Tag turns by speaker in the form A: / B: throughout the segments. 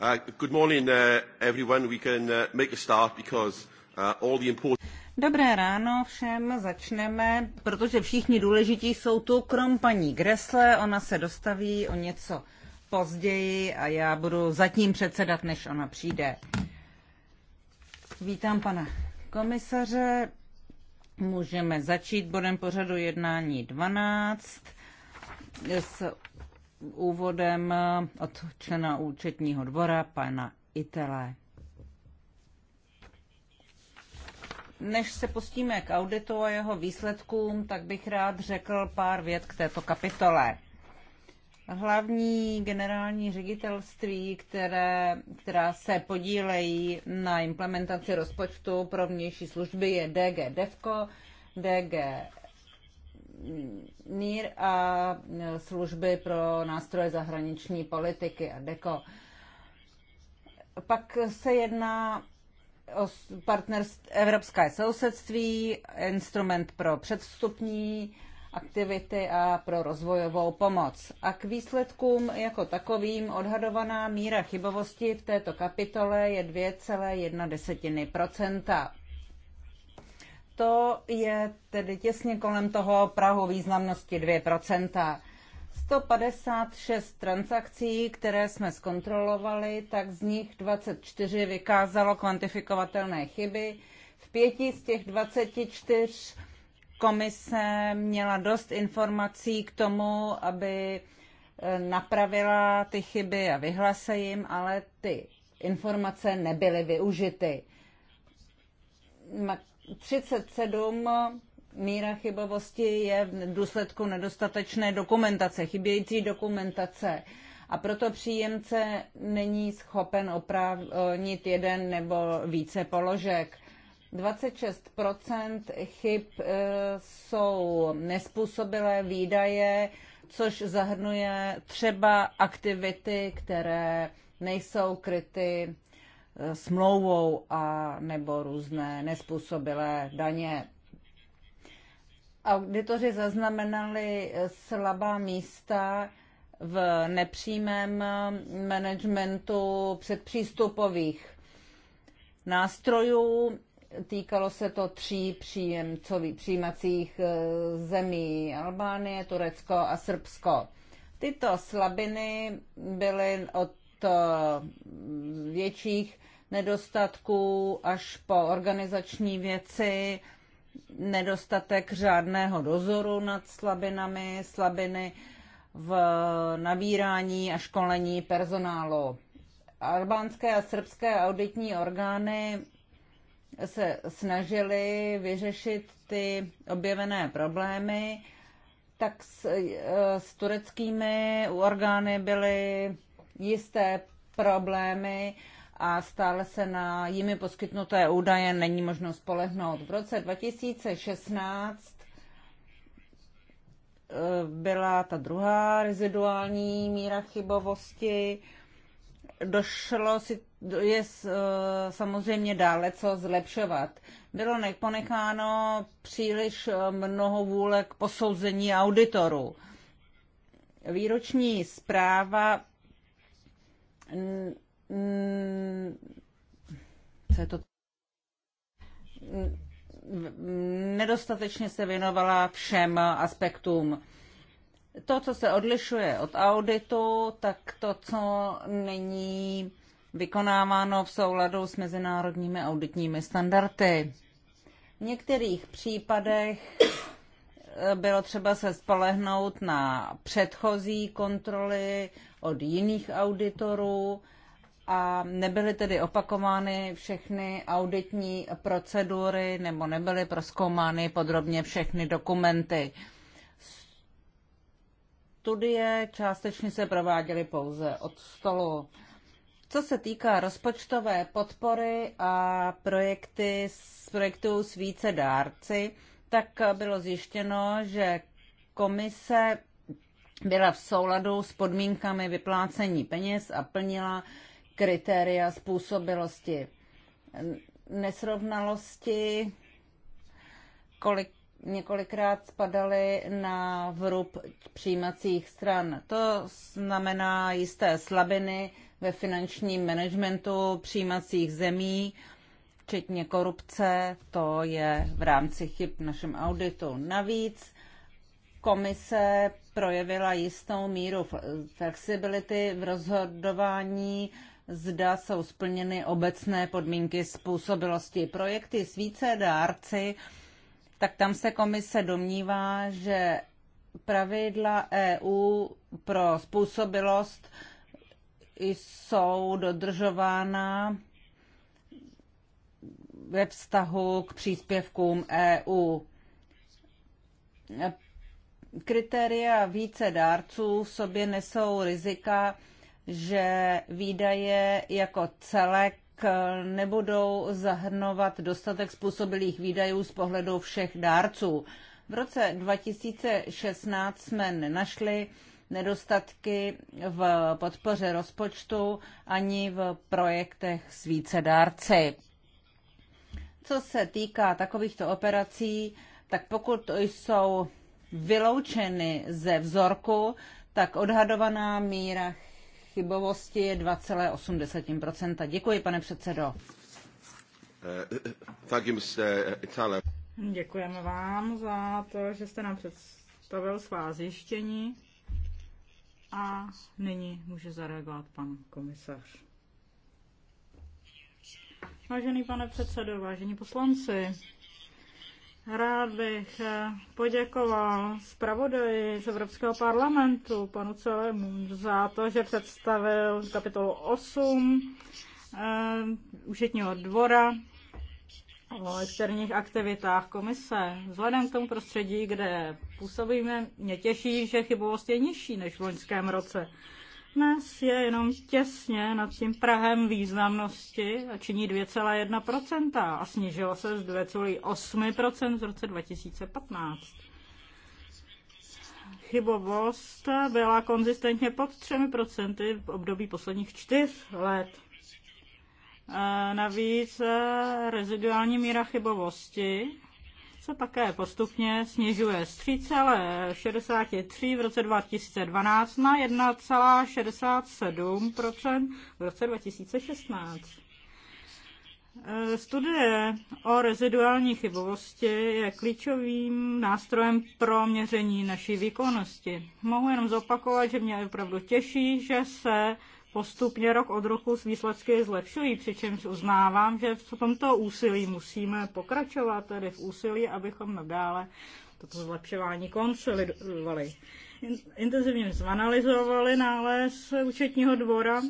A: Uh, good morning, uh, everyone. We can uh, make a start because all the important...
B: Dobré ráno všem, začneme, protože všichni důležití jsou tu, krom paní Gresle, ona se dostaví o něco později a já budu zatím předsedat, než ona přijde. Vítám pana komisaře, můžeme začít bodem pořadu jednání 12 s úvodem eh, od člena účetního dvora, pana Itele. Než se pustíme k auditu a jeho výsledkům, tak bych rád řekl pár vět k této kapitole. Hlavní generální ředitelství, které, která se podílejí na implementaci rozpočtu pro vnější služby, je DG DEVCO, DG mír a služby pro nástroje zahraniční politiky a deko. Pak se jedná o partnerství Evropské sousedství, instrument pro předstupní aktivity a pro rozvojovou pomoc. A k výsledkům jako takovým odhadovaná míra chybovosti v této kapitole je 2,1 procenta to je tedy těsně kolem toho Prahu významnosti 2%. 156 transakcí, které jsme zkontrolovali, tak z nich 24 vykázalo kvantifikovatelné chyby. V pěti z těch 24 komise měla dost informací k tomu, aby eh, napravila ty chyby a vyhlase jim, ale ty informace nebyly využity 37 míra chybovosti je v důsledku nedostatečné dokumentace, chybějící dokumentace. A proto příjemce není schopen oprávnit jeden nebo více položek. 26 chyb e, jsou nespůsobilé výdaje, což zahrnuje třeba aktivity, které nejsou kryty smlouvou a nebo různé nespůsobilé daně. Auditoři zaznamenali slabá místa v nepřímém managementu předpřístupových nástrojů. Týkalo se to tří příjemcových přijímacích e, zemí Albánie, Turecko a Srbsko. Tyto slabiny byly od e, větších nedostatků až po organizační věci, nedostatek řádného dozoru nad slabinami, slabiny v nabírání a školení personálu. Albánské a srbské auditní orgány se snažili vyřešit ty objevené problémy, tak s, e, s tureckými orgány byly jisté problémy, a stále se na jimi poskytnuté údaje není možno spolehnout. V roce 2016 eh, byla ta druhá reziduální míra chybovosti. Došlo si, je eh, samozřejmě dále co zlepšovat. Bylo neponecháno příliš eh, mnoho vůle k posouzení auditorů. Výroční zpráva Mm, co je to? Mm, nedostatečně se věnovala všem aspektům. To, co se odlišuje od auditu, tak to, co není vykonáváno v souladu s mezinárodními auditními standardy. V některých případech bylo třeba se spolehnout na předchozí kontroly od jiných auditorů, a nebyly tedy opakovány všechny auditní procedury nebo nebyly proskoumány podrobně všechny dokumenty. Studie částečně se prováděly pouze od stolu. Co se týká rozpočtové podpory a projekty z projektů s více dárci, tak bylo zjištěno, že komise byla v souladu s podmínkami vyplácení peněz a plnila kritéria způsobilosti. Nesrovnalosti kolik, několikrát spadaly na vrub přijímacích stran. To znamená jisté slabiny ve finančním managementu přijímacích zemí, včetně korupce, to je v rámci chyb v našem auditu. Navíc komise projevila jistou míru flexibility v rozhodování zda jsou splněny obecné podmínky způsobilosti. Projekty s více dárci, tak tam se komise domnívá, že pravidla EU pro způsobilost jsou dodržována ve vztahu k příspěvkům EU. Kritéria více dárců v sobě nesou rizika, že výdaje jako celek eh, nebudou zahrnovat dostatek způsobilých výdajů z pohledu všech dárců. V roce 2016 jsme nenašli nedostatky v podpoře rozpočtu ani v projektech s více dárci. Co se týká takovýchto operací, tak pokud jsou vyloučeny ze vzorku, tak odhadovaná míra chybovosti je 2,8%. Děkuji, pane předsedo.
A: Eh,
C: Děkujeme vám za to, že jste nám představil svá zjištění a nyní může zareagovat pan komisař. Vážený pane předsedo, vážení poslanci, Rád bych eh, poděkoval zpravodaji z Evropského parlamentu, panu Celému, za to, že představil kapitolu 8 e, eh, účetního dvora o externích aktivitách komise. Vzhledem k tomu prostředí, kde působíme, mě těší, že chybovost je nižší než v loňském roce fitness je jenom těsně nad tím Prahem významnosti a činí 2,1% a snížilo se z 2,8% v roce 2015. Chybovost byla konzistentně pod 3% v období posledních čtyř let. E, navíc e, reziduální míra chybovosti se také postupně snižuje z 3,63 v roce 2012 na 1,67 v roce 2016. E, studie o reziduální chybovosti je klíčovým nástrojem pro měření naší výkonnosti. Mohu jenom zopakovat, že mě opravdu těší, že se postupně rok od roku s výsledky zlepšují, přičemž uznávám, že v tomto úsilí musíme pokračovat, tedy v úsilí, abychom nadále toto zlepšování konsolidovali. Intenzivně zanalizovali nález účetního dvora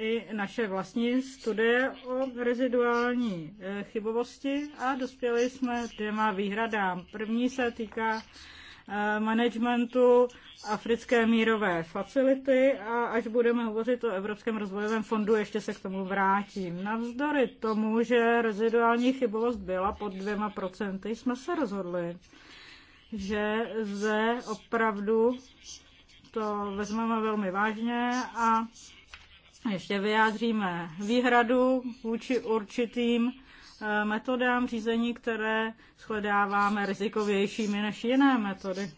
C: i naše vlastní studie o reziduální eh, chybovosti a dospěli jsme dvěma výhradám. První se týká Eh, managementu Africké mírové facility a až budeme hovořit o Evropském rozvojovém fondu, ještě se k tomu vrátím. Navzdory tomu, že reziduální chybovost byla pod dvěma procenty, jsme se rozhodli, že zde opravdu to vezmeme velmi vážně a ještě vyjádříme výhradu vůči určitým Eh, metodám řízení, které shledáváme rizikovějšími než jiné metody.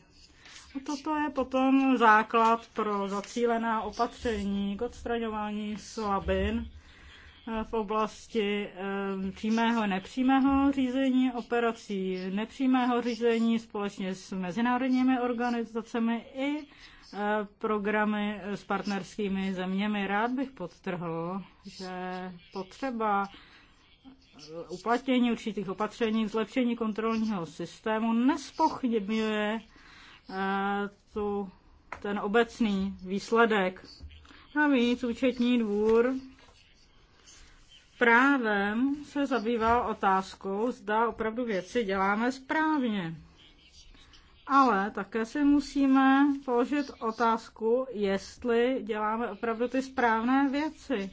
C: A toto je potom základ pro zacílená opatření k odstraňování slabin eh, v oblasti eh, přímého a nepřímého řízení operací, nepřímého řízení společně s mezinárodními organizacemi i programy s partnerskými zeměmi. Rád bych podtrhl, že potřeba uplatnění určitých opatření, zlepšení kontrolního systému nespochybňuje eh, tu, ten obecný výsledek. Navíc účetní dvůr právem se zabýval otázkou, zda opravdu věci děláme správně. Ale také si musíme položit otázku, jestli děláme opravdu ty správné věci.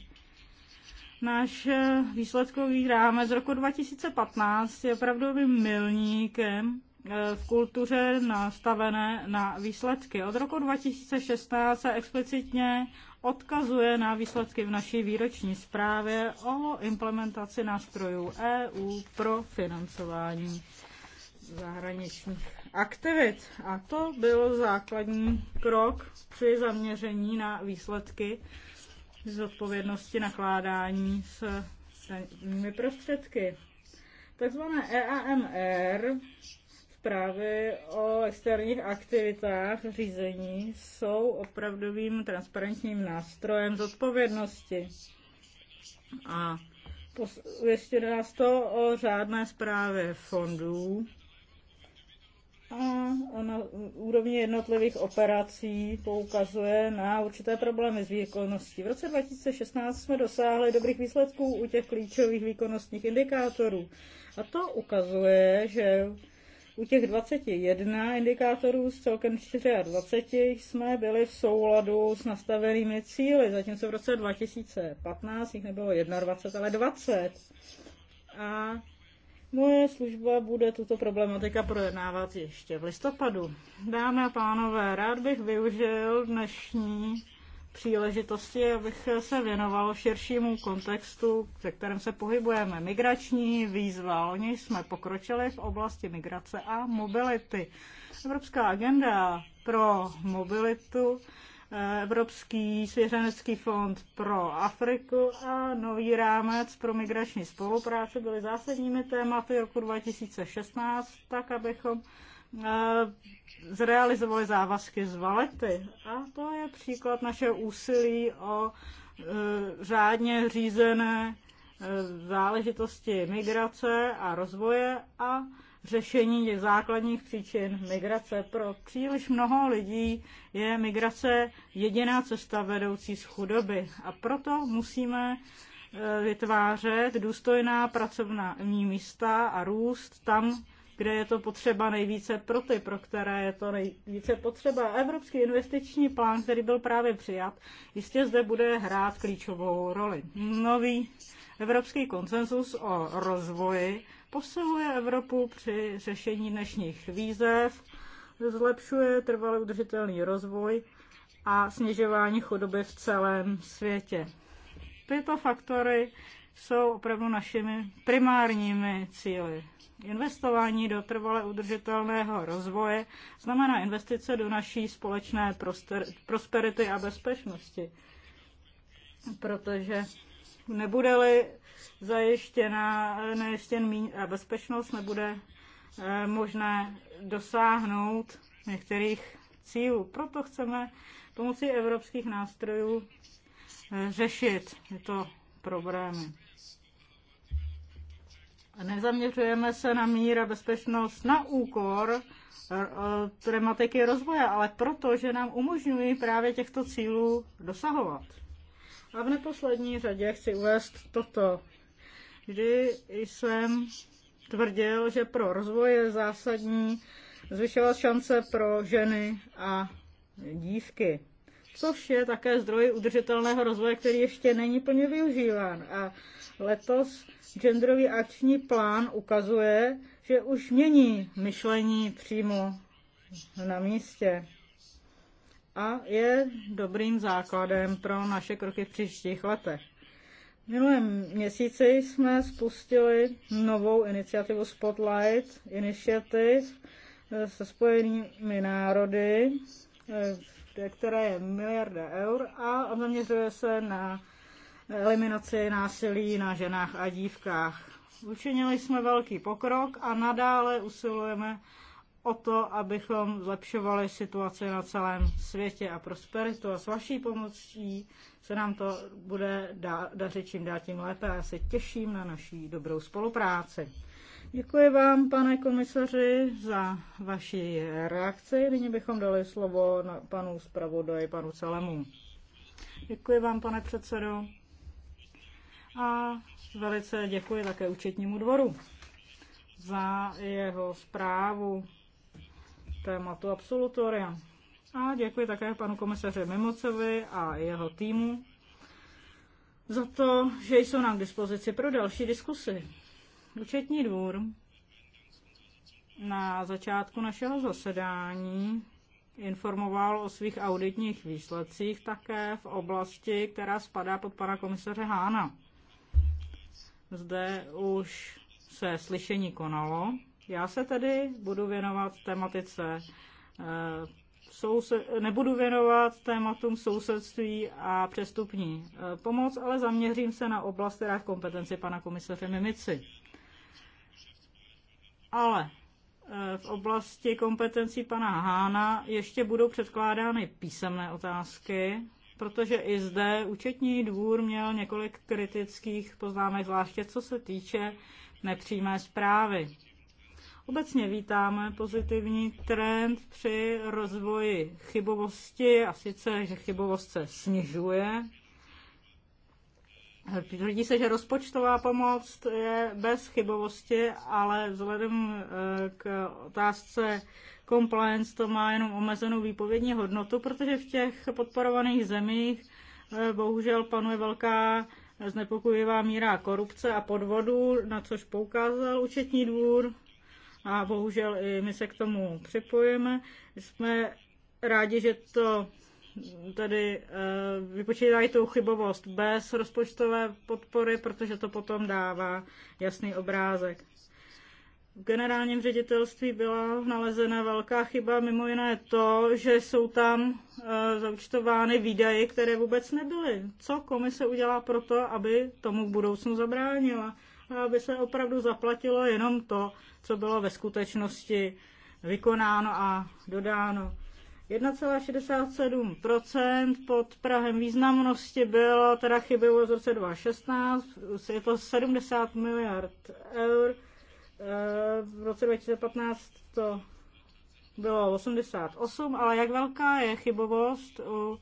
C: Náš eh, výsledkový rámec z roku 2015 je opravdovým milníkem eh, v kultuře nastavené na výsledky. Od roku 2016 se explicitně odkazuje na výsledky v naší výroční zprávě o implementaci nástrojů EU pro financování zahraničních aktivit. A to byl základní krok při zaměření na výsledky zodpovědnosti nakládání s daňovými prostředky. Takzvané EAMR, zprávy o externích aktivitách řízení, jsou opravdovým transparentním nástrojem zodpovědnosti. A ujišťuje nás to o řádné zprávě fondů a úrovně jednotlivých operací poukazuje na určité problémy s výkonností. V roce 2016 jsme dosáhli dobrých výsledků u těch klíčových výkonnostních indikátorů. A to ukazuje, že u těch 21 indikátorů z celkem 24 jsme byli v souladu s nastavenými cíly, zatímco v roce 2015 jich nebylo 21, ale 20. A Moje služba bude tuto problematika projednávat ještě v listopadu. Dámy a pánové, rád bych využil dnešní příležitosti, abych se věnoval širšímu kontextu, ve kterém se pohybujeme. Migrační výzva, o něj jsme pokročili v oblasti migrace a mobility. Evropská agenda pro mobilitu Evropský svěřenecký fond pro Afriku a nový rámec pro migrační spolupráci byly zásadními tématy roku 2016, tak abychom eh, zrealizovali závazky z Valety. A to je příklad našeho úsilí o eh, řádně řízené eh, záležitosti migrace a rozvoje a řešení těch základních příčin migrace. Pro příliš mnoho lidí je migrace jediná cesta vedoucí z chudoby a proto musíme e, vytvářet důstojná pracovná místa a růst tam, kde je to potřeba nejvíce pro ty, pro které je to nejvíce potřeba. Evropský investiční plán, který byl právě přijat, jistě zde bude hrát klíčovou roli. Nový evropský konsenzus o rozvoji posiluje Evropu při řešení dnešních výzev, zlepšuje trvalý udržitelný rozvoj a snižování chudoby v celém světě. Tyto faktory jsou opravdu našimi primárními cíly. Investování do trvale udržitelného rozvoje znamená investice do naší společné prosperity a bezpečnosti, protože Nebude-li zajištěna nejištěn míň a bezpečnost, nebude eh, možné dosáhnout některých cílů. Proto chceme pomocí evropských nástrojů eh, řešit tyto problémy. Nezaměřujeme se na mír a bezpečnost na úkor eh, tematiky rozvoje, ale proto, že nám umožňují právě těchto cílů dosahovat. A v neposlední řadě chci uvést toto. Kdy jsem tvrdil, že pro rozvoj je zásadní zvyšovat šance pro ženy a dívky, což je také zdroj udržitelného rozvoje, který ještě není plně využíván. A letos genderový akční plán ukazuje, že už mění myšlení přímo na místě a je dobrým základem pro naše kroky v příštích letech. V minulém měsíci jsme spustili novou iniciativu Spotlight Initiative se spojenými národy, eh, které je miliarda eur a zaměřuje se na eliminaci násilí na ženách a dívkách. Učinili jsme velký pokrok a nadále usilujeme o to, abychom zlepšovali situaci na celém světě a prosperitu. A s vaší pomocí se nám to bude dařit čím dál tím lépe a já se těším na naší dobrou spolupráci. Děkuji vám, pane komisaři, za vaši reakci. Nyní bychom dali slovo na panu zpravodaji, panu celému. Děkuji vám, pane předsedo. A velice děkuji také účetnímu dvoru za jeho zprávu tématu absolutoria. A děkuji také panu komisaři Mimocovi a jeho týmu za to, že jsou nám k dispozici pro další diskusy. Účetní dvůr na začátku našeho zasedání informoval o svých auditních výsledcích také v oblasti, která spadá pod pana komisaře Hána. Zde už se slyšení konalo já se tedy budu věnovat tematice eh, souse- nebudu věnovat tématům sousedství a přestupní eh, pomoc, ale zaměřím se na oblast, která je v kompetenci pana komisaře Mimici. Ale eh, v oblasti kompetencí pana Hána ještě budou předkládány písemné otázky, protože i zde účetní dvůr měl několik kritických poznámek, zvláště co se týče nepřímé zprávy. Obecně vítáme pozitivní trend při rozvoji chybovosti a sice, že chybovost se snižuje. Tvrdí se, že rozpočtová pomoc je bez chybovosti, ale vzhledem eh, k otázce compliance to má jenom omezenou výpovědní hodnotu, protože v těch podporovaných zemích eh, bohužel panuje velká znepokojivá míra korupce a podvodu, na což poukázal účetní dvůr a bohužel i my se k tomu připojíme. Jsme rádi, že to tady eh, vypočítají tu chybovost bez rozpočtové podpory, protože to potom dává jasný obrázek. V generálním ředitelství byla nalezena velká chyba, mimo jiné to, že jsou tam e, zaučtovány výdaje, které vůbec nebyly. Co komise udělá pro to, aby tomu v budoucnu zabránila? aby se opravdu zaplatilo jenom to, co bylo ve skutečnosti vykonáno a dodáno. 1,67% pod Prahem významnosti bylo teda chybilo eh, v roce 2016, je to 70 miliard eur, v roce 2015 to bylo 88, ale jak velká je chybovost u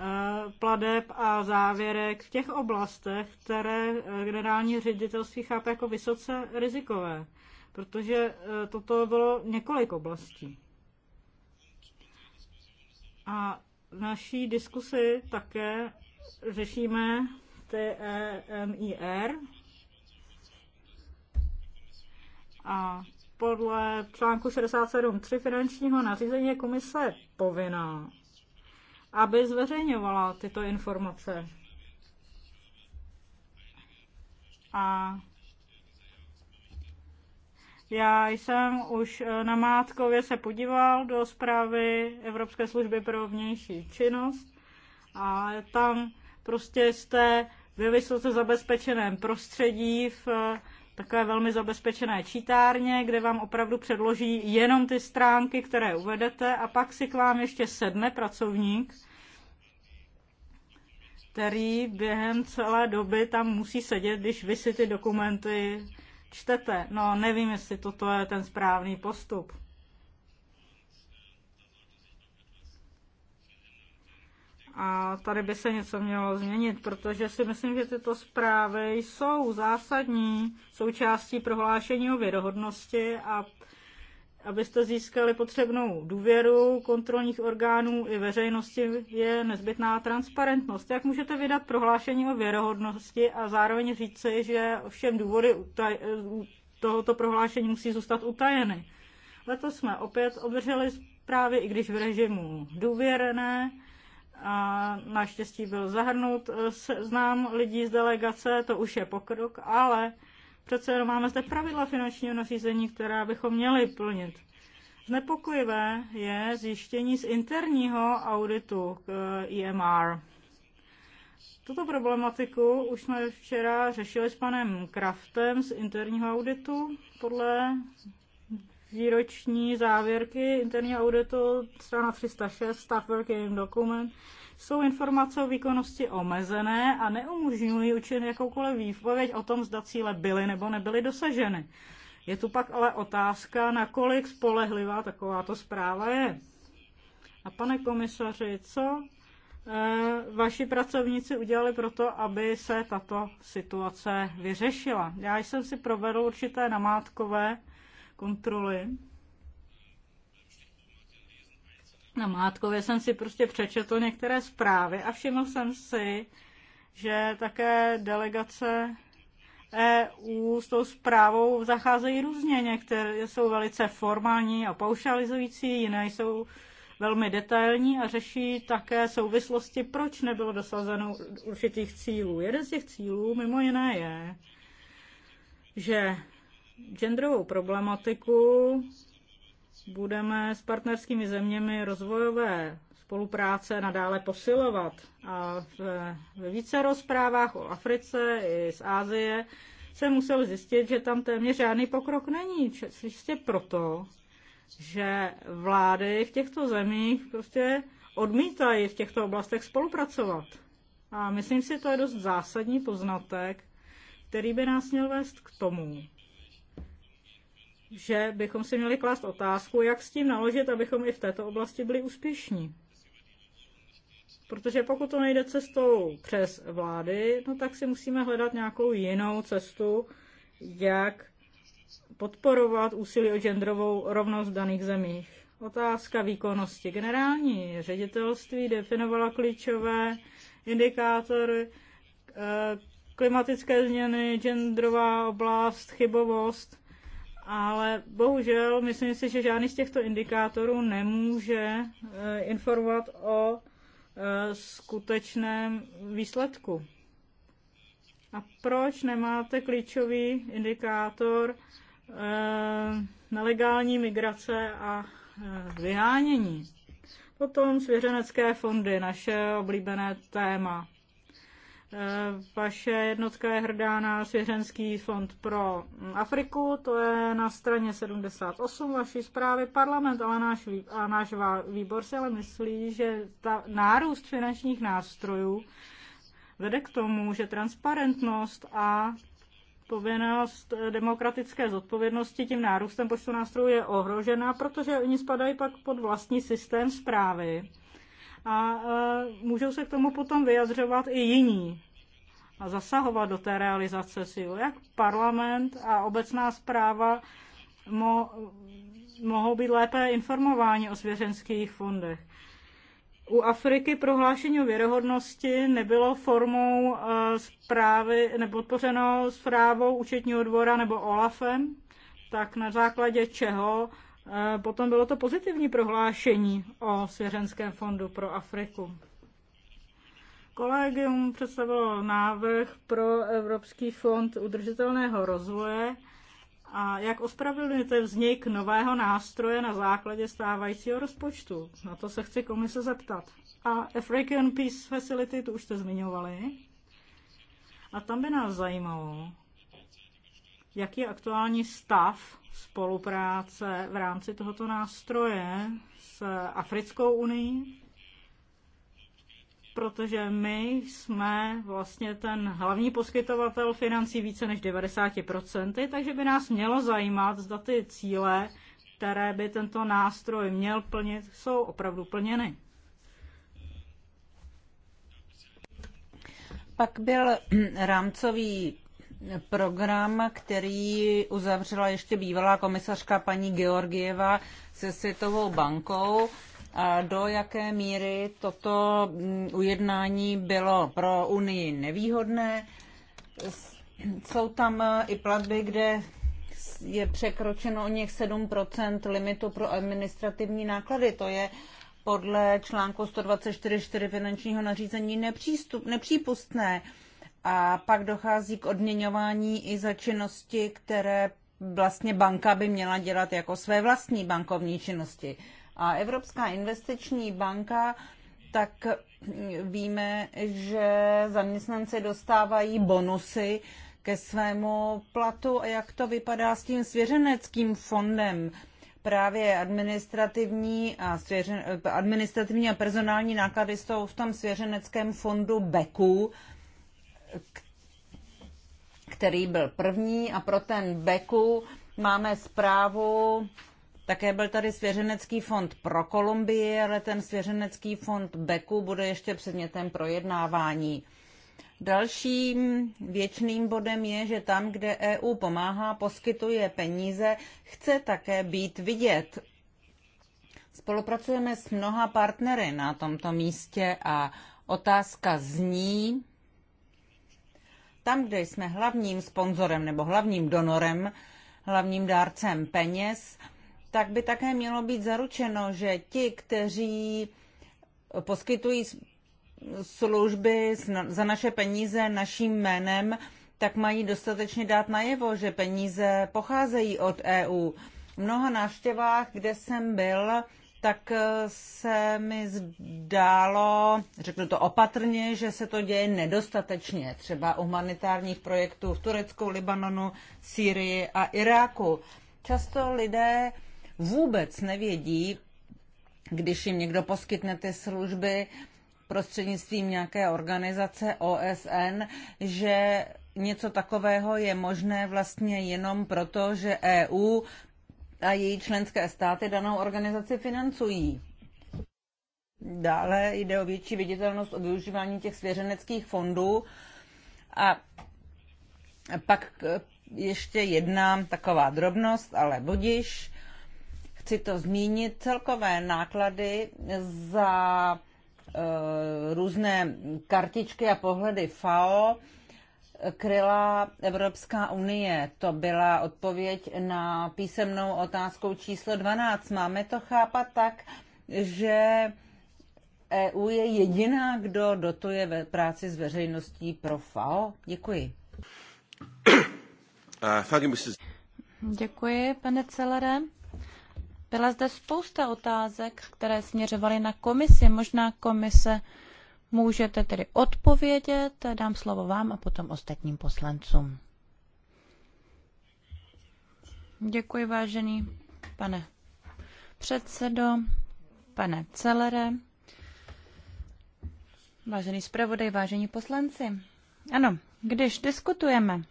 C: Eh, pladeb a závěrek v těch oblastech, které eh, generální ředitelství chápe jako vysoce rizikové, protože eh, toto bylo několik oblastí. A v naší diskusi také řešíme TEMIR a podle článku 67.3 finančního nařízení je komise povinná aby zveřejňovala tyto informace. A já jsem už eh, na Mátkově se podíval do zprávy Evropské služby pro vnější činnost a tam prostě jste ve vysoce zabezpečeném prostředí v eh, takové velmi zabezpečené čítárně, kde vám opravdu předloží jenom ty stránky, které uvedete a pak si k vám ještě sedne pracovník, který během celé doby tam musí sedět, když vy si ty dokumenty čtete. No nevím, jestli toto je ten správný postup. A tady by se něco mělo změnit, protože si myslím, že tyto zprávy jsou zásadní součástí prohlášení o věrohodnosti a abyste získali potřebnou důvěru kontrolních orgánů i veřejnosti, je nezbytná transparentnost. Jak můžete vydat prohlášení o věrohodnosti a zároveň říci, že všem důvody tohoto prohlášení musí zůstat utajeny? Letos jsme opět obdrželi zprávy, i když v režimu důvěrné, a naštěstí byl zahrnut eh, znám lidí z delegace, to už je pokrok, ale přece jenom máme zde pravidla finančního nařízení, která bychom měli plnit. Znepokojivé je zjištění z interního auditu k eh, IMR. Tuto problematiku už jsme včera řešili s panem Kraftem z interního auditu. Podle výroční závěrky interního auditu, strana 306, Staff working Document, jsou informace o výkonnosti omezené a neumožňují učinit jakoukoliv výpověď o tom, zda cíle byly nebo nebyly dosaženy. Je tu pak ale otázka, nakolik spolehlivá takováto zpráva je. A pane komisaři, co eh, vaši pracovníci udělali pro to, aby se tato situace vyřešila. Já jsem si provedl určité namátkové kontroly. Na Mátkově jsem si prostě přečetl některé zprávy a všiml jsem si, že také delegace EU s tou zprávou zacházejí různě. Některé jsou velice formální a paušalizující, jiné jsou velmi detailní a řeší také souvislosti, proč nebylo dosazeno určitých cílů. Jeden z těch cílů mimo jiné je, že genderovou problematiku budeme s partnerskými zeměmi rozvojové spolupráce nadále posilovat. A ve více rozprávách o Africe i z Ázie se musel zjistit, že tam téměř žádný pokrok není. Čistě proto, že vlády v těchto zemích prostě odmítají v těchto oblastech spolupracovat. A myslím si, to je dost zásadní poznatek, který by nás měl vést k tomu, že bychom si měli klást otázku, jak s tím naložit, abychom i v této oblasti byli úspěšní. Protože pokud to nejde cestou přes vlády, no tak si musíme hledat nějakou jinou cestu, jak podporovat úsilí o genderovou rovnost v daných zemích. Otázka výkonnosti. Generální ředitelství definovala klíčové indikátory eh, klimatické změny, genderová oblast, chybovost ale bohužel myslím si, že žádný z těchto indikátorů nemůže eh, informovat o eh, skutečném výsledku. A proč nemáte klíčový indikátor eh, nelegální migrace a vyhánění? Potom svěřenecké fondy, naše oblíbené téma. Eh, vaše jednotka je hrdá na Svěřenský fond pro Afriku, to je na straně 78 vaší zprávy. Parlament ale náš, a náš výbor si ale myslí, že ta nárůst finančních nástrojů vede k tomu, že transparentnost a povinnost demokratické zodpovědnosti tím nárůstem počtu nástrojů je ohrožena, protože oni spadají pak pod vlastní systém zprávy a e, můžou se k tomu potom vyjadřovat i jiní a zasahovat do té realizace sil. Jak parlament a obecná zpráva mo, mohou být lépe informováni o svěřenských fondech. U Afriky prohlášení o věrohodnosti nebylo formou e, zprávy, nebo podpořeno zprávou účetního dvora nebo OLAFem, tak na základě čeho Eh, potom bylo to pozitivní prohlášení o Svěřenském fondu pro Afriku. Kolegium představilo návrh pro Evropský fond udržitelného rozvoje a jak ospravedlňujete vznik nového nástroje na základě stávajícího rozpočtu? Na to se chci komise zeptat. A African Peace Facility, tu už jste zmiňovali. A tam by nás zajímalo, Jaký je aktuální stav spolupráce v rámci tohoto nástroje s Africkou unii? Protože my jsme vlastně ten hlavní poskytovatel financí více než 90%, takže by nás mělo zajímat, zda ty cíle, které by tento nástroj měl plnit, jsou opravdu plněny.
B: Pak byl rámcový program, který uzavřela ještě bývalá komisařka paní Georgieva se Světovou bankou. A do jaké míry toto mm, ujednání bylo pro Unii nevýhodné? Jsou tam i platby, kde je překročeno o něch 7 limitu pro administrativní náklady. To je podle článku 124.4 finančního nařízení nepřístup, nepřípustné a pak dochází k odměňování i za činnosti, které vlastně banka by měla dělat jako své vlastní bankovní činnosti. A Evropská investiční banka, tak víme, že zaměstnanci dostávají bonusy ke svému platu a jak to vypadá s tím svěřeneckým fondem. Právě administrativní a, svěřen, administrativní a personální náklady jsou v tom svěřeneckém fondu BEKu který byl první a pro ten Beku máme zprávu, také byl tady svěřenecký fond pro Kolumbii, ale ten svěřenecký fond Beku bude ještě předmětem projednávání. Dalším věčným bodem je, že tam, kde EU pomáhá, poskytuje peníze, chce také být vidět. Spolupracujeme s mnoha partnery na tomto místě a otázka zní, tam, kde jsme hlavním sponzorem nebo hlavním donorem, hlavním dárcem peněz, tak by také mělo být zaručeno, že ti, kteří poskytují služby za naše peníze naším jménem, tak mají dostatečně dát najevo, že peníze pocházejí od EU. V mnoha návštěvách, kde jsem byl, tak eh, se mi zdálo, řeknu to opatrně, že se to děje nedostatečně, třeba u humanitárních projektů v Turecku, Libanonu, Sýrii a Iráku. Často lidé vůbec nevědí, když jim někdo poskytne ty služby prostřednictvím nějaké organizace OSN, že něco takového je možné vlastně jenom proto, že EU a její členské státy danou organizaci financují. Dále jde o větší viditelnost o využívání těch svěřeneckých fondů a pak ještě jedna taková drobnost, ale budiš. Chci to zmínit. Celkové náklady za e, různé kartičky a pohledy FAO kryla Evropská unie. To byla odpověď na písemnou otázkou číslo 12. Máme to chápat tak, že EU je jediná, kdo dotuje ve práci s veřejností
D: pro FAO? Děkuji. Uh, Děkuji, pane Celere. Byla zde spousta otázek, které směřovaly na komisi. Možná komise Můžete tedy odpovědět, dám slovo vám a potom ostatním poslancům. Děkuji, vážený pane předsedo, pane Celere, vážený zpravodaj, vážení poslanci. Ano, když diskutujeme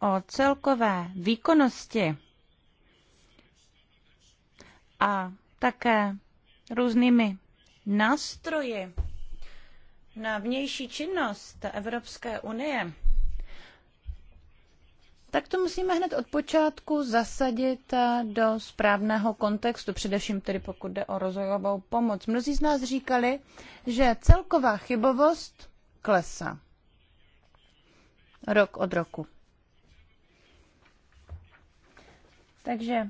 D: o celkové výkonnosti a také různými nástroji na vnější činnost Evropské unie, tak to musíme hned od počátku zasadit do správného kontextu, především tedy pokud jde o rozvojovou pomoc. Mnozí z nás říkali, že celková chybovost klesá rok od roku. Takže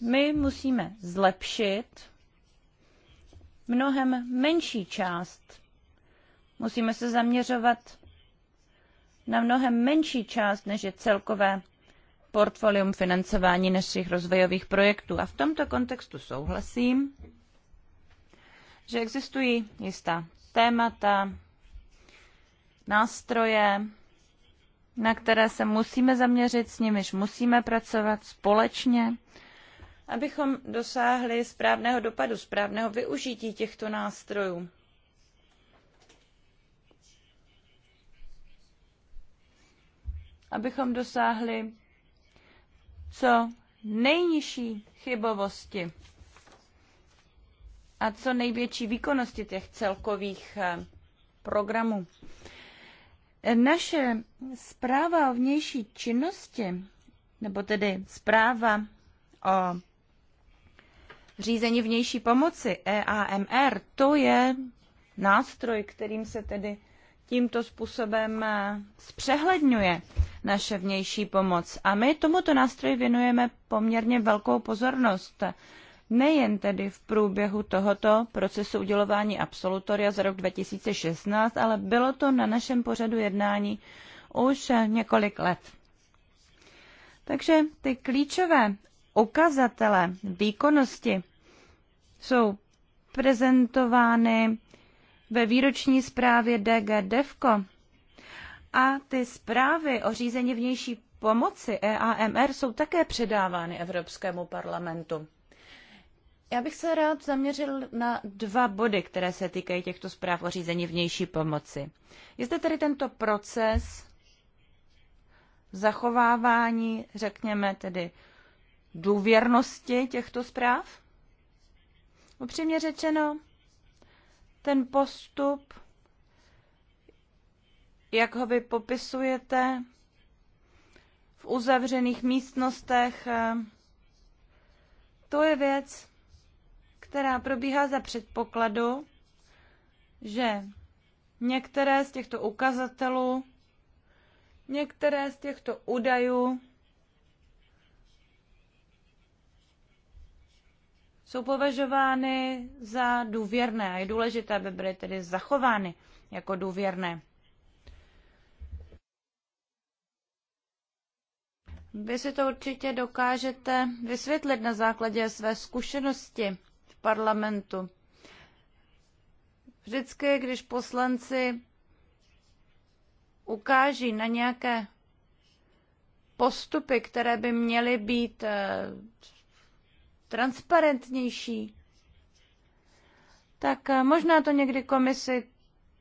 D: my musíme zlepšit mnohem menší část. Musíme se zaměřovat na mnohem menší část, než je celkové portfolium financování našich rozvojových projektů. A v tomto kontextu souhlasím, že existují jistá témata, nástroje, na které se musíme zaměřit, s nimiž musíme pracovat společně abychom dosáhli správného dopadu, správného využití těchto nástrojů. Abychom dosáhli co nejnižší chybovosti a co největší výkonnosti těch celkových eh, programů. Naše zpráva o vnější činnosti, nebo tedy zpráva o řízení vnější pomoci, EAMR, to je nástroj, kterým se tedy tímto způsobem eh, zpřehledňuje naše vnější pomoc. A my tomuto nástroji věnujeme poměrně velkou pozornost. Nejen tedy v průběhu tohoto procesu udělování absolutoria za rok 2016, ale bylo to na našem pořadu jednání už eh, několik let. Takže ty klíčové ukazatele výkonnosti jsou prezentovány ve výroční zprávě DG DEVCO a ty zprávy o řízení vnější pomoci EAMR jsou také předávány Evropskému parlamentu. Já bych se rád zaměřil na dva body, které se týkají těchto zpráv o řízení vnější pomoci. Je zde tedy tento proces zachovávání, řekněme tedy, důvěrnosti těchto zpráv? Upřímně řečeno, ten postup, jak ho vy popisujete, v uzavřených místnostech, eh, to je věc, která probíhá za předpokladu, že některé z těchto ukazatelů, některé z těchto údajů jsou považovány za důvěrné a je důležité, aby byly tedy zachovány jako důvěrné. Vy si to určitě dokážete vysvětlit na základě své zkušenosti v parlamentu. Vždycky, když poslanci ukáží na nějaké postupy, které by měly být eh, transparentnější, tak eh, možná to někdy komisi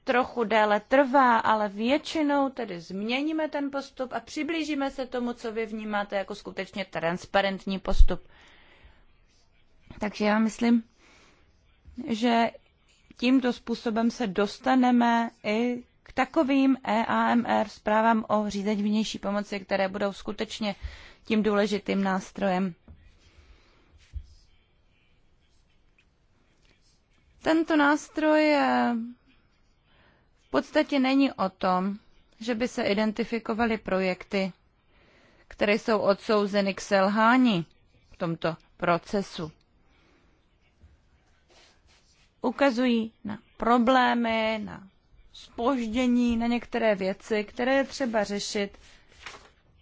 D: trochu déle trvá, ale většinou tedy změníme ten postup a přiblížíme se tomu, co vy vnímáte jako skutečně transparentní postup. Takže já myslím, že tímto způsobem se dostaneme i k takovým EAMR zprávám o řízení vnější pomoci, které budou skutečně tím důležitým nástrojem Tento nástroj v podstatě není o tom, že by se identifikovaly projekty, které jsou odsouzeny k selhání v tomto procesu. Ukazují na problémy, na spoždění, na některé věci, které je třeba řešit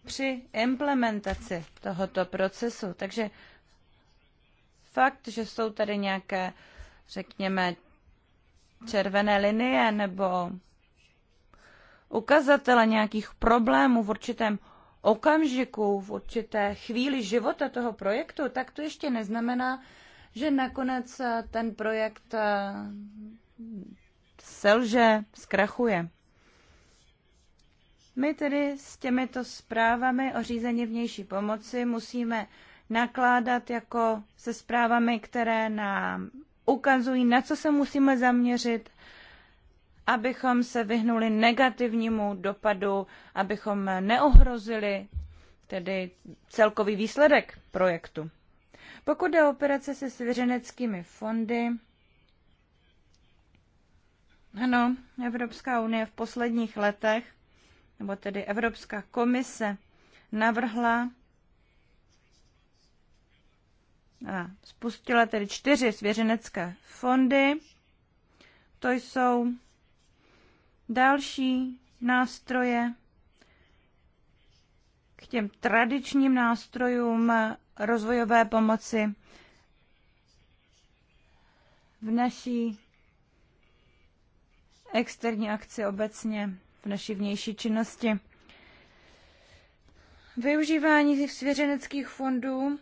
D: při implementaci tohoto procesu. Takže fakt, že jsou tady nějaké uh, řekněme, červené linie nebo ukazatele nějakých problémů v určitém okamžiku, v určité chvíli života toho projektu, tak to ještě neznamená, že nakonec ten projekt eh, selže, zkrachuje. My tedy s těmito zprávami o řízení vnější pomoci musíme nakládat jako se zprávami, které nám ukazují, na co se musíme zaměřit, abychom se vyhnuli negativnímu dopadu, abychom neohrozili tedy celkový výsledek projektu. Pokud je operace se svěřeneckými fondy, ano, Evropská unie v posledních letech, nebo tedy Evropská komise, navrhla spustila tedy čtyři svěřenecké fondy. To jsou další nástroje k těm tradičním nástrojům rozvojové pomoci v naší externí akci obecně, v naší vnější činnosti. Využívání svěřeneckých fondů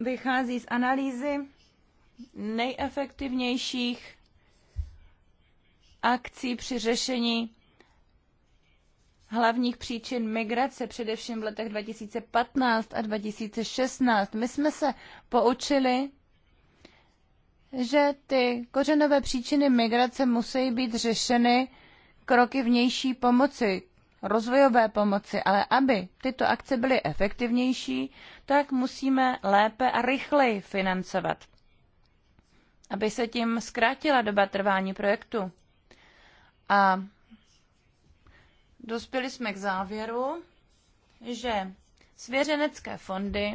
D: vychází z analýzy nejefektivnějších akcí při řešení hlavních příčin migrace, především v letech 2015 a 2016. My jsme se poučili, že ty kořenové příčiny migrace musí být řešeny kroky vnější pomoci, rozvojové pomoci, ale aby tyto akce byly efektivnější, tak musíme lépe a rychleji financovat, aby se tím zkrátila doba trvání projektu. A dospěli jsme k závěru, že svěřenecké fondy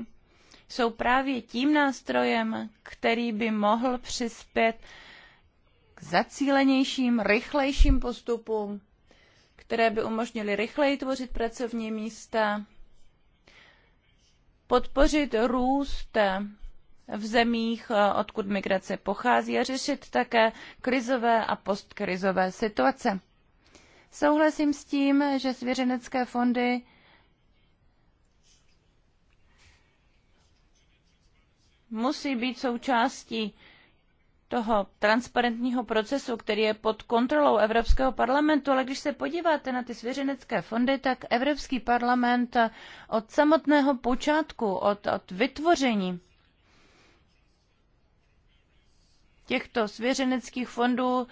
D: jsou právě tím nástrojem, který by mohl přispět k zacílenějším, rychlejším postupům které by umožnily rychleji tvořit pracovní místa, podpořit růst v zemích, eh, odkud migrace pochází a řešit také krizové a postkrizové situace. Souhlasím s tím, že svěřenecké fondy musí být součástí toho transparentního procesu, který je pod kontrolou Evropského parlamentu, ale když se podíváte na ty svěřenecké fondy, tak Evropský parlament od samotného počátku, od, od vytvoření těchto svěřeneckých fondů,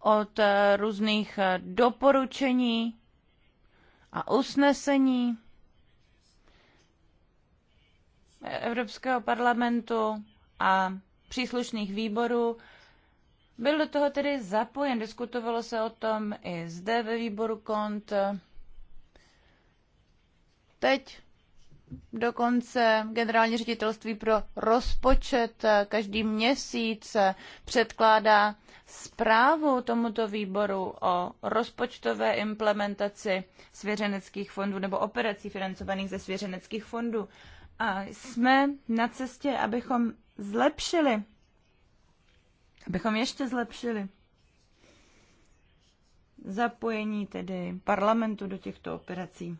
D: od eh, různých eh, doporučení a usnesení Evropského parlamentu a příslušných výborů. Byl do toho tedy zapojen, diskutovalo se o tom i zde ve výboru KONT. Teď dokonce generální ředitelství pro rozpočet každý měsíc předkládá zprávu tomuto výboru o rozpočtové implementaci svěřeneckých fondů nebo operací financovaných ze svěřeneckých fondů a jsme na cestě, abychom zlepšili, abychom ještě zlepšili zapojení tedy parlamentu do těchto operací.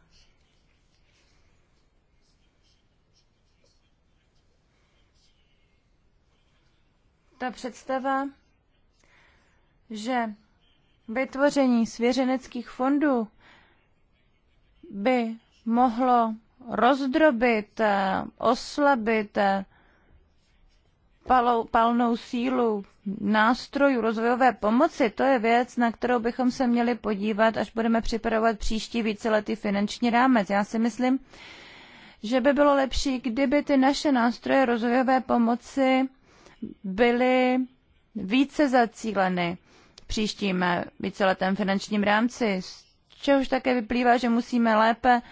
D: Ta představa, že vytvoření svěřeneckých fondů by mohlo rozdrobit, eh, oslabit eh, palou, palnou sílu nástrojů rozvojové pomoci, to je věc, na kterou bychom se měli podívat, až budeme připravovat příští víceletý finanční rámec. Já si myslím, že by bylo lepší, kdyby ty naše nástroje rozvojové pomoci byly více zacíleny v příštím eh, víceletém finančním rámci, z čehož také vyplývá, že musíme lépe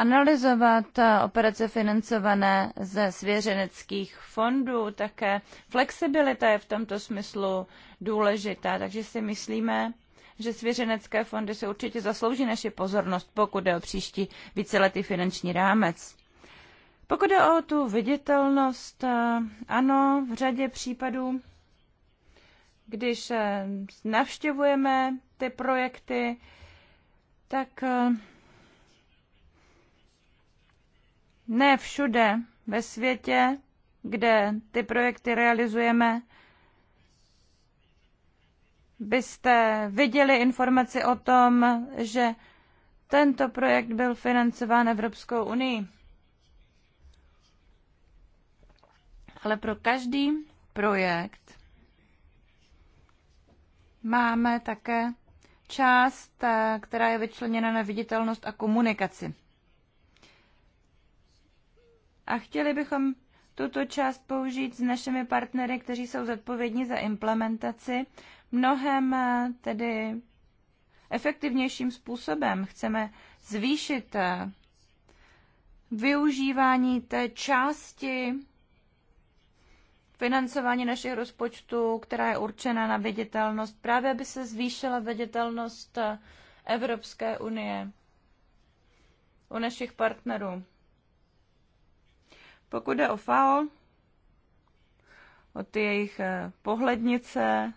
D: analyzovat eh, operace financované ze svěřeneckých fondů. Také flexibilita je v tomto smyslu důležitá, takže si myslíme, že svěřenecké fondy se určitě zaslouží naši pozornost, pokud jde o příští víceletý finanční rámec. Pokud jde o tu viditelnost, eh, ano, v řadě případů, když eh, navštěvujeme ty projekty, tak Ne všude ve světě, kde ty projekty realizujeme, byste viděli informaci o tom, že tento projekt byl financován Evropskou unii. Ale pro každý projekt máme také část, eh, která je vyčleněna na viditelnost a komunikaci a chtěli bychom tuto část použít s našimi partnery, kteří jsou zodpovědní za implementaci, mnohem eh, tedy efektivnějším způsobem. Chceme zvýšit eh, využívání té části financování našich rozpočtů, která je určena na viditelnost, právě aby se zvýšila viditelnost eh, Evropské unie u našich partnerů. Pokud jde o FAO, o ty jejich eh, pohlednice,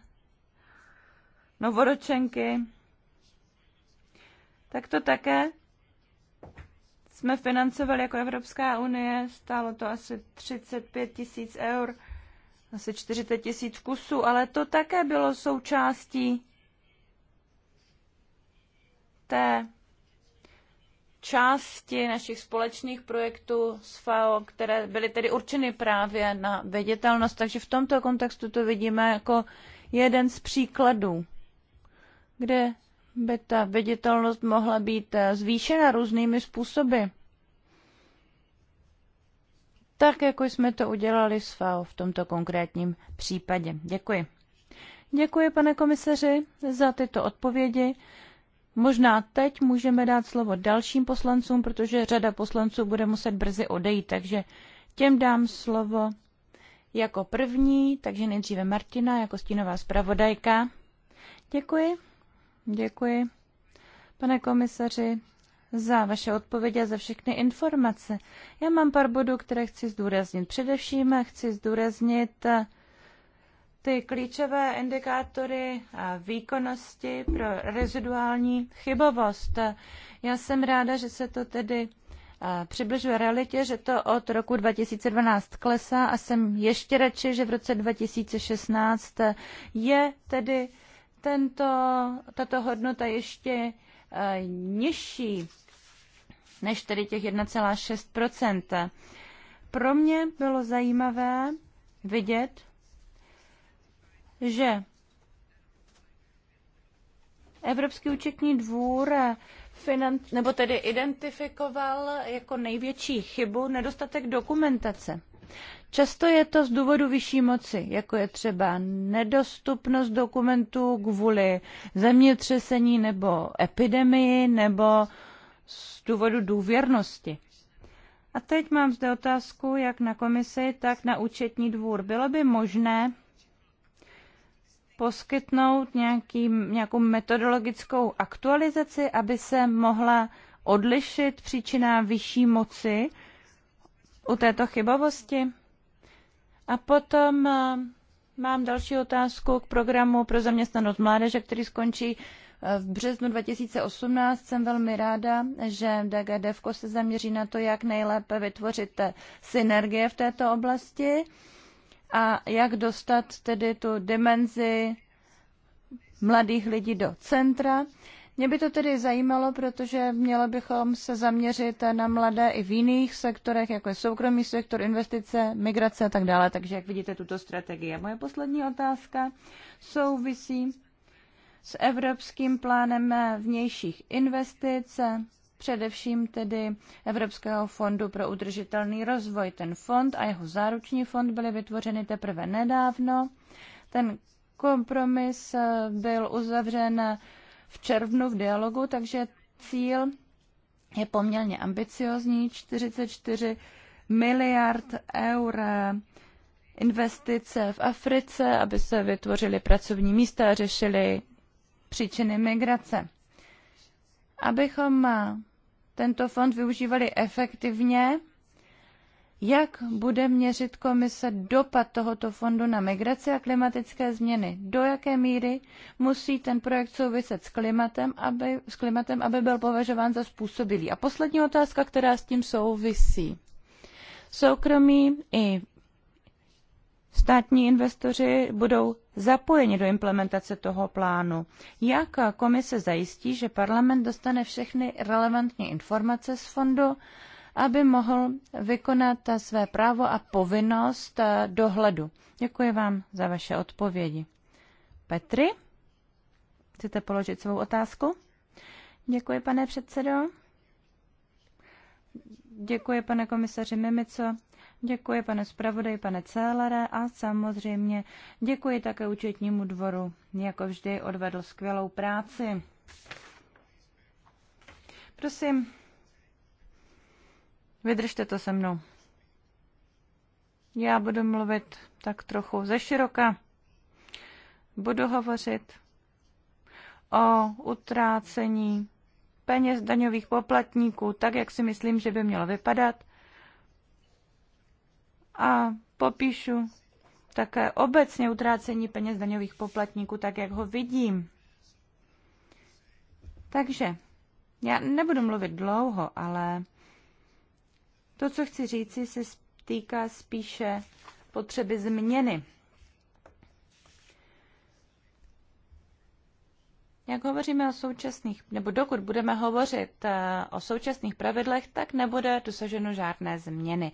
D: novoročenky, tak to také jsme financovali jako Evropská unie, stálo to asi 35 tisíc eur, asi 40 tisíc kusů, ale to také bylo součástí té části našich společných projektů s FAO, které byly tedy určeny právě na vědětelnost. Takže v tomto kontextu to vidíme jako jeden z příkladů, kde by ta vědětelnost mohla být eh, zvýšena různými způsoby. Tak, jako jsme to udělali s FAO v tomto konkrétním případě. Děkuji. Děkuji, pane komisaři, za tyto odpovědi. Možná teď můžeme dát slovo dalším poslancům, protože řada poslanců bude muset brzy odejít, takže těm dám slovo jako první, takže nejdříve Martina jako stínová zpravodajka. Děkuji, děkuji, pane komisaři, za vaše odpovědi a za všechny informace. Já mám pár bodů, které chci zdůraznit. Především chci zdůraznit ty klíčové indikátory výkonnosti pro reziduální chybovost. Já jsem ráda, že se to tedy přibližuje realitě, že to od roku 2012 klesá a jsem ještě radši, že v roce 2016 je tedy tento, tato hodnota ještě nižší než tedy těch 1,6 Pro mě bylo zajímavé vidět, že Evropský účetní dvůr finan, nebo tedy identifikoval jako největší chybu nedostatek dokumentace. Často je to z důvodu vyšší moci, jako je třeba nedostupnost dokumentů kvůli zemětřesení nebo epidemii nebo z důvodu důvěrnosti. A teď mám zde otázku jak na komisi, tak na účetní dvůr. Bylo by možné poskytnout nějaký, nějakou metodologickou aktualizaci, aby se mohla odlišit příčina vyšší moci u této chybovosti? A potom eh, mám další otázku k programu pro zaměstnanost mládeže, který skončí eh, v březnu 2018 jsem velmi ráda, že DGDF se zaměří na to, jak nejlépe vytvořit eh, synergie v této oblasti a jak dostat tedy tu dimenzi mladých lidí do centra. Mě by to tedy zajímalo, protože měli bychom se zaměřit na mladé i v jiných sektorech, jako je soukromý sektor, investice, migrace a tak dále. Takže jak vidíte tuto strategii. A moje poslední otázka souvisí s evropským plánem vnějších investic především tedy Evropského fondu pro udržitelný rozvoj. Ten fond a jeho záruční fond byly vytvořeny teprve nedávno. Ten kompromis eh, byl uzavřen v červnu v dialogu, takže cíl je poměrně ambiciozní, 44 miliard eur investice v Africe, aby se vytvořily pracovní místa a řešily příčiny migrace. Abychom tento fond využívali efektivně. Jak bude měřit komise dopad tohoto fondu na migraci a klimatické změny? Do jaké míry musí ten projekt souviset s klimatem, aby, s klimatem, aby byl považován za způsobilý? A poslední otázka, která s tím souvisí. Soukromí i státní investoři budou zapojeni do implementace toho plánu. Jak komise zajistí, že parlament dostane všechny relevantní informace z fondu, aby mohl vykonat své právo a povinnost dohledu? Děkuji vám za vaše odpovědi. Petri, chcete položit svou otázku? Děkuji, pane předsedo. Děkuji, pane komisaři Mimico, Děkuji pane zpravodaj, pane Celere a samozřejmě děkuji také účetnímu dvoru. Jako vždy odvedl skvělou práci. Prosím, vydržte to se mnou. Já budu mluvit tak trochu ze široka. Budu hovořit o utrácení peněz daňových poplatníků, tak jak si myslím, že by mělo vypadat – a popíšu také obecně utrácení peněz daňových poplatníků, tak jak ho vidím. Takže já nebudu mluvit dlouho, ale to, co chci říci, se týká spíše potřeby změny Jak hovoříme o současných, nebo dokud budeme hovořit eh, o současných pravidlech, tak nebude dosaženo žádné změny.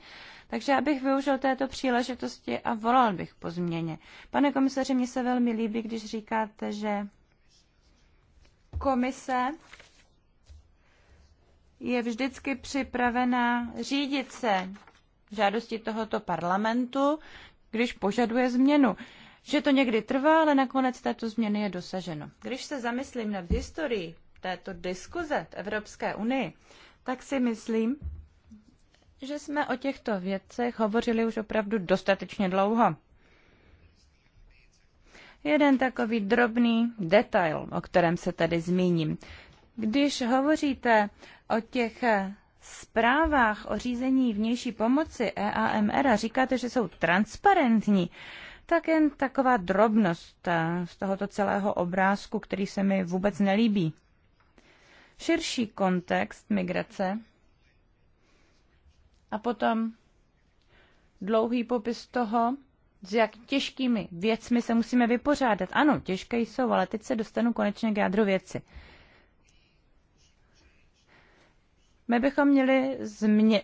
D: Takže abych využil této příležitosti a volal bych po změně. Pane komisaři, mně se velmi líbí, když říkáte, že komise je vždycky připravena řídit se žádosti tohoto parlamentu, když požaduje změnu že to někdy trvá, ale nakonec této změny je dosaženo. Když se zamyslím nad historií této diskuze v Evropské unii, tak si myslím, že jsme o těchto věcech hovořili už opravdu dostatečně dlouho. Jeden takový drobný detail, o kterém se tady zmíním. Když hovoříte o těch zprávách o řízení vnější pomoci EAMR a říkáte, že jsou transparentní, tak jen taková drobnost eh, z tohoto celého obrázku, který se mi vůbec nelíbí. Širší kontext migrace a potom dlouhý popis toho, s jak těžkými věcmi se musíme vypořádat. Ano, těžké jsou, ale teď se dostanu konečně k jádru věci. My bychom měli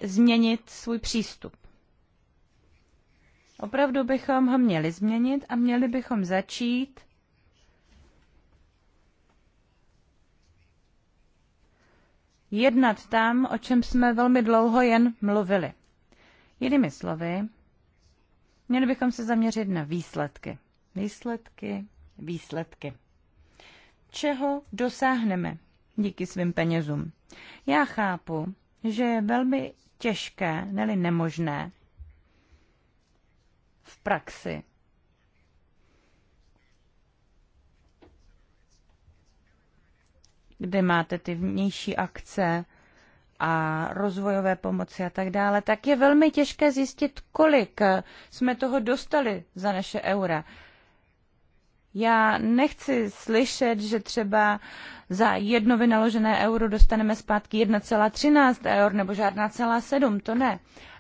D: změnit svůj přístup. Opravdu bychom ho měli změnit a měli bychom začít jednat tam, o čem jsme velmi dlouho jen mluvili. Jinými slovy, měli bychom se zaměřit na výsledky. Výsledky, výsledky. Čeho dosáhneme díky svým penězům? Já chápu, že je velmi těžké, neli nemožné, v praxi. Kde máte ty vnější akce a rozvojové pomoci a tak dále, tak je velmi těžké zjistit, kolik jsme toho dostali za naše eura. Já nechci slyšet, že třeba za jedno vynaložené euro dostaneme zpátky 1,13 eur nebo žádná celá 7, to ne.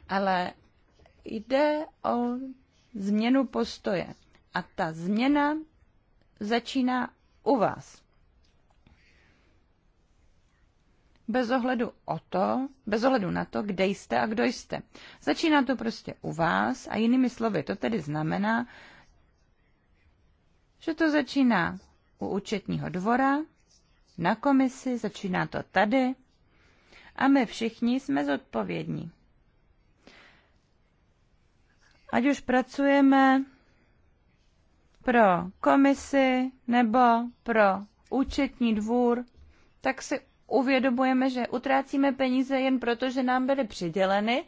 D: Ale jde o změnu postoje. A ta změna začíná u vás. Bez ohledu, o to, bez ohledu na to, kde jste a kdo jste. Začíná to prostě u vás a jinými slovy to tedy znamená, že to začíná u účetního dvora, na komisi, začíná to tady a my všichni jsme zodpovědní ať už pracujeme pro komisi nebo pro účetní dvůr, tak si uvědomujeme, že utrácíme peníze jen proto, že nám byly přiděleny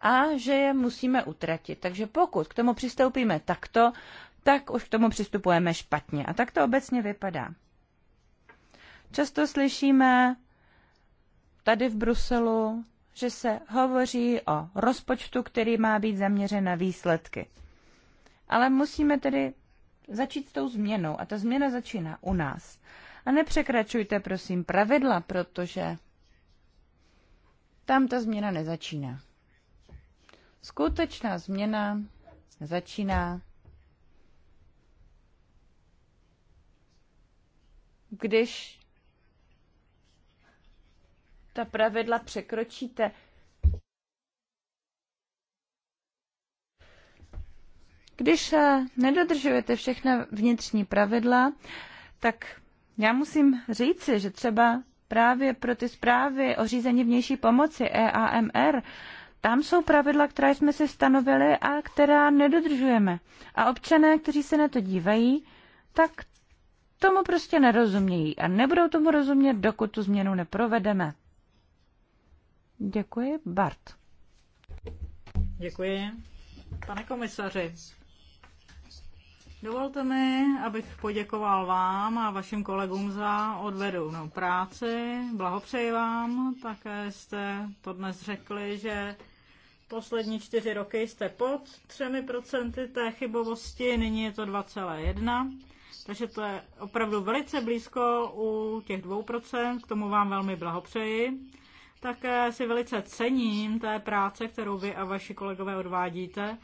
D: a že je musíme utratit. Takže pokud k tomu přistoupíme takto, tak už k tomu přistupujeme špatně. A tak to obecně vypadá. Často slyšíme tady v Bruselu že se hovoří o rozpočtu, který má být zaměřen na výsledky. Ale musíme tedy začít s tou změnou a ta změna začíná u nás. A nepřekračujte, prosím, pravidla, protože tam ta změna nezačíná. Skutečná změna začíná když ta pravidla překročíte. Když eh, nedodržujete všechna vnitřní pravidla, tak já musím říci, že třeba právě pro ty zprávy o řízení vnější pomoci EAMR, tam jsou pravidla, která jsme si stanovili a která nedodržujeme. A občané, kteří se na to dívají, tak tomu prostě nerozumějí a nebudou tomu rozumět, dokud tu změnu neprovedeme. Děkuji. Bart.
C: Děkuji. Pane komisaři, dovolte mi, abych poděkoval vám a vašim kolegům za odvedenou práci. Blahopřeji vám. Také jste to dnes řekli, že poslední čtyři roky jste pod třemi procenty té chybovosti, nyní je to 2,1. Takže to je opravdu velice blízko u těch 2%, k tomu vám velmi blahopřeji. Také si velice cením té práce, kterou vy a vaši kolegové odvádíte.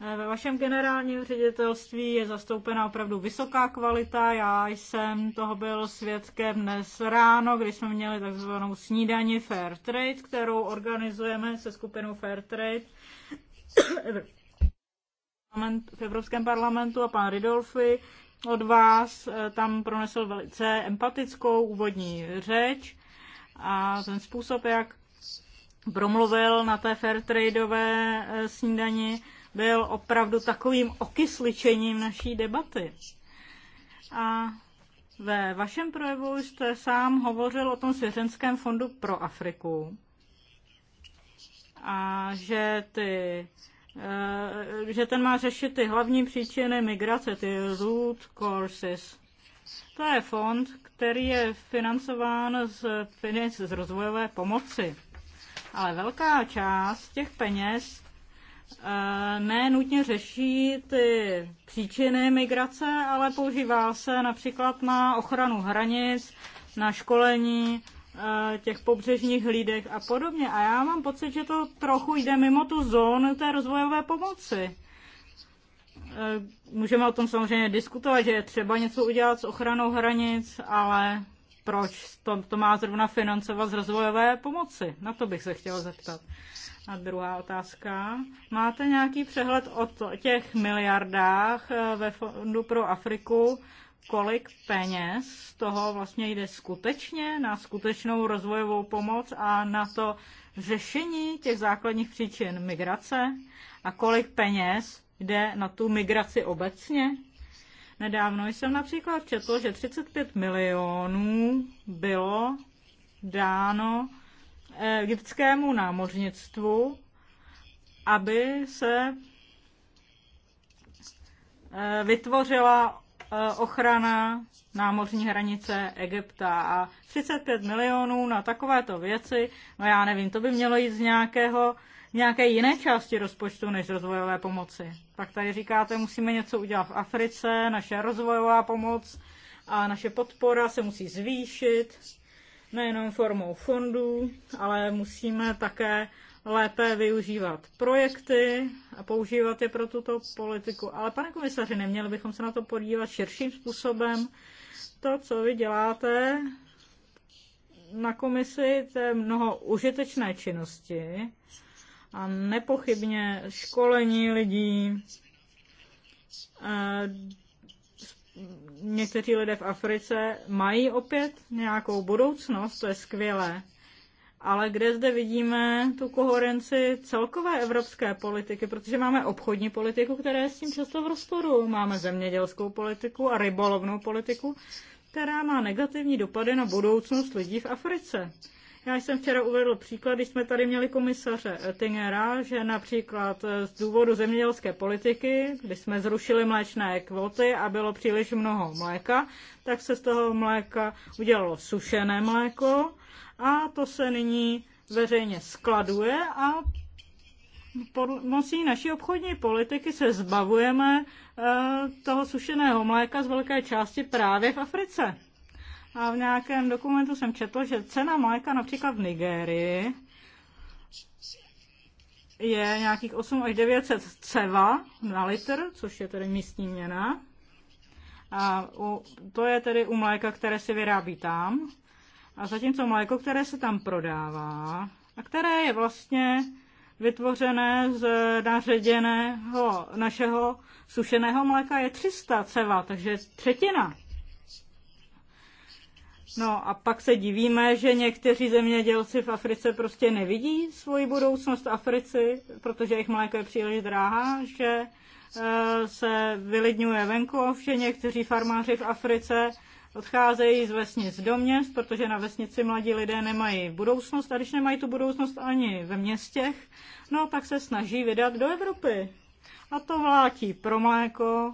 C: Eh, ve vašem generálním ředitelství je zastoupena opravdu vysoká kvalita. Já jsem toho byl svědkem dnes ráno, kdy jsme měli takzvanou snídani Fair Trade, kterou organizujeme se skupinou Fair Trade v Evropském parlamentu a pan Ridolfi od vás eh, tam pronesl velice empatickou úvodní řeč a ten způsob, jak promluvil na té tradeové eh, snídani, byl opravdu takovým okysličením naší debaty. A ve vašem projevu jste sám hovořil o tom Svěřenském fondu pro Afriku a že ty eh, že ten má řešit ty hlavní příčiny migrace, ty root courses. To je fond, který je financován z peněz z rozvojové pomoci. Ale velká část těch peněz eh, ne nutně řeší ty příčiny migrace, ale používá se například na ochranu hranic, na školení eh, těch pobřežních hlídek a podobně. A já mám pocit, že to trochu jde mimo tu zónu té rozvojové pomoci. Eh, můžeme o tom samozřejmě diskutovat, že je třeba něco udělat s ochranou hranic, ale proč to, to má zrovna financovat z rozvojové pomoci? Na to bych se chtěla zeptat. A druhá otázka. Máte nějaký přehled o těch miliardách eh, ve Fondu pro Afriku? Kolik peněz z toho vlastně jde skutečně na skutečnou rozvojovou pomoc a na to řešení těch základních příčin migrace? A kolik peněz jde na tu migraci obecně? Nedávno jsem například četl, že 35 milionů bylo dáno eh, egyptskému námořnictvu, aby se eh, vytvořila eh, ochrana námořní hranice Egypta a 35 milionů na takovéto věci, no já nevím, to by mělo jít z nějakého nějaké jiné části rozpočtu než rozvojové pomoci. Tak tady říkáte, musíme něco udělat v Africe, naše rozvojová pomoc a naše podpora se musí zvýšit, nejenom formou fondů, ale musíme také lépe využívat projekty a používat je pro tuto politiku. Ale pane komisaři, neměli bychom se na to podívat širším způsobem. To, co vy děláte na komisi, to je mnoho užitečné činnosti, a nepochybně školení lidí. Někteří lidé v Africe mají opět nějakou budoucnost, to je skvělé. Ale kde zde vidíme tu koherenci celkové evropské politiky, protože máme obchodní politiku, která je s tím často v rozporu. Máme zemědělskou politiku a rybolovnou politiku, která má negativní dopady na budoucnost lidí v Africe. Já jsem včera uvedl příklad, když jsme tady měli komisaře Tingera, že například z důvodu zemědělské politiky, kdy jsme zrušili mléčné kvoty a bylo příliš mnoho mléka, tak se z toho mléka udělalo sušené mléko a to se nyní veřejně skladuje a pomocí naší obchodní politiky se zbavujeme eh, toho sušeného mléka z velké části právě v Africe. A v nějakém dokumentu jsem četl, že cena mléka například v Nigérii je nějakých 8 až 900 ceva na litr, což je tedy místní měna. A u, to je tedy u mléka, které se vyrábí tam. A zatímco mléko, které se tam prodává, a které je vlastně vytvořené z naředěného našeho sušeného mléka, je 300 ceva, takže třetina. No a pak se divíme, že někteří zemědělci v Africe prostě nevidí svoji budoucnost v Africi, protože jejich mléko je příliš drahá, že eh, se vylidňuje venkov, že někteří farmáři v Africe odcházejí z vesnic do měst, protože na vesnici mladí lidé nemají budoucnost a když nemají tu budoucnost ani ve městěch, no tak se snaží vydat do Evropy. A to vlátí pro mléko,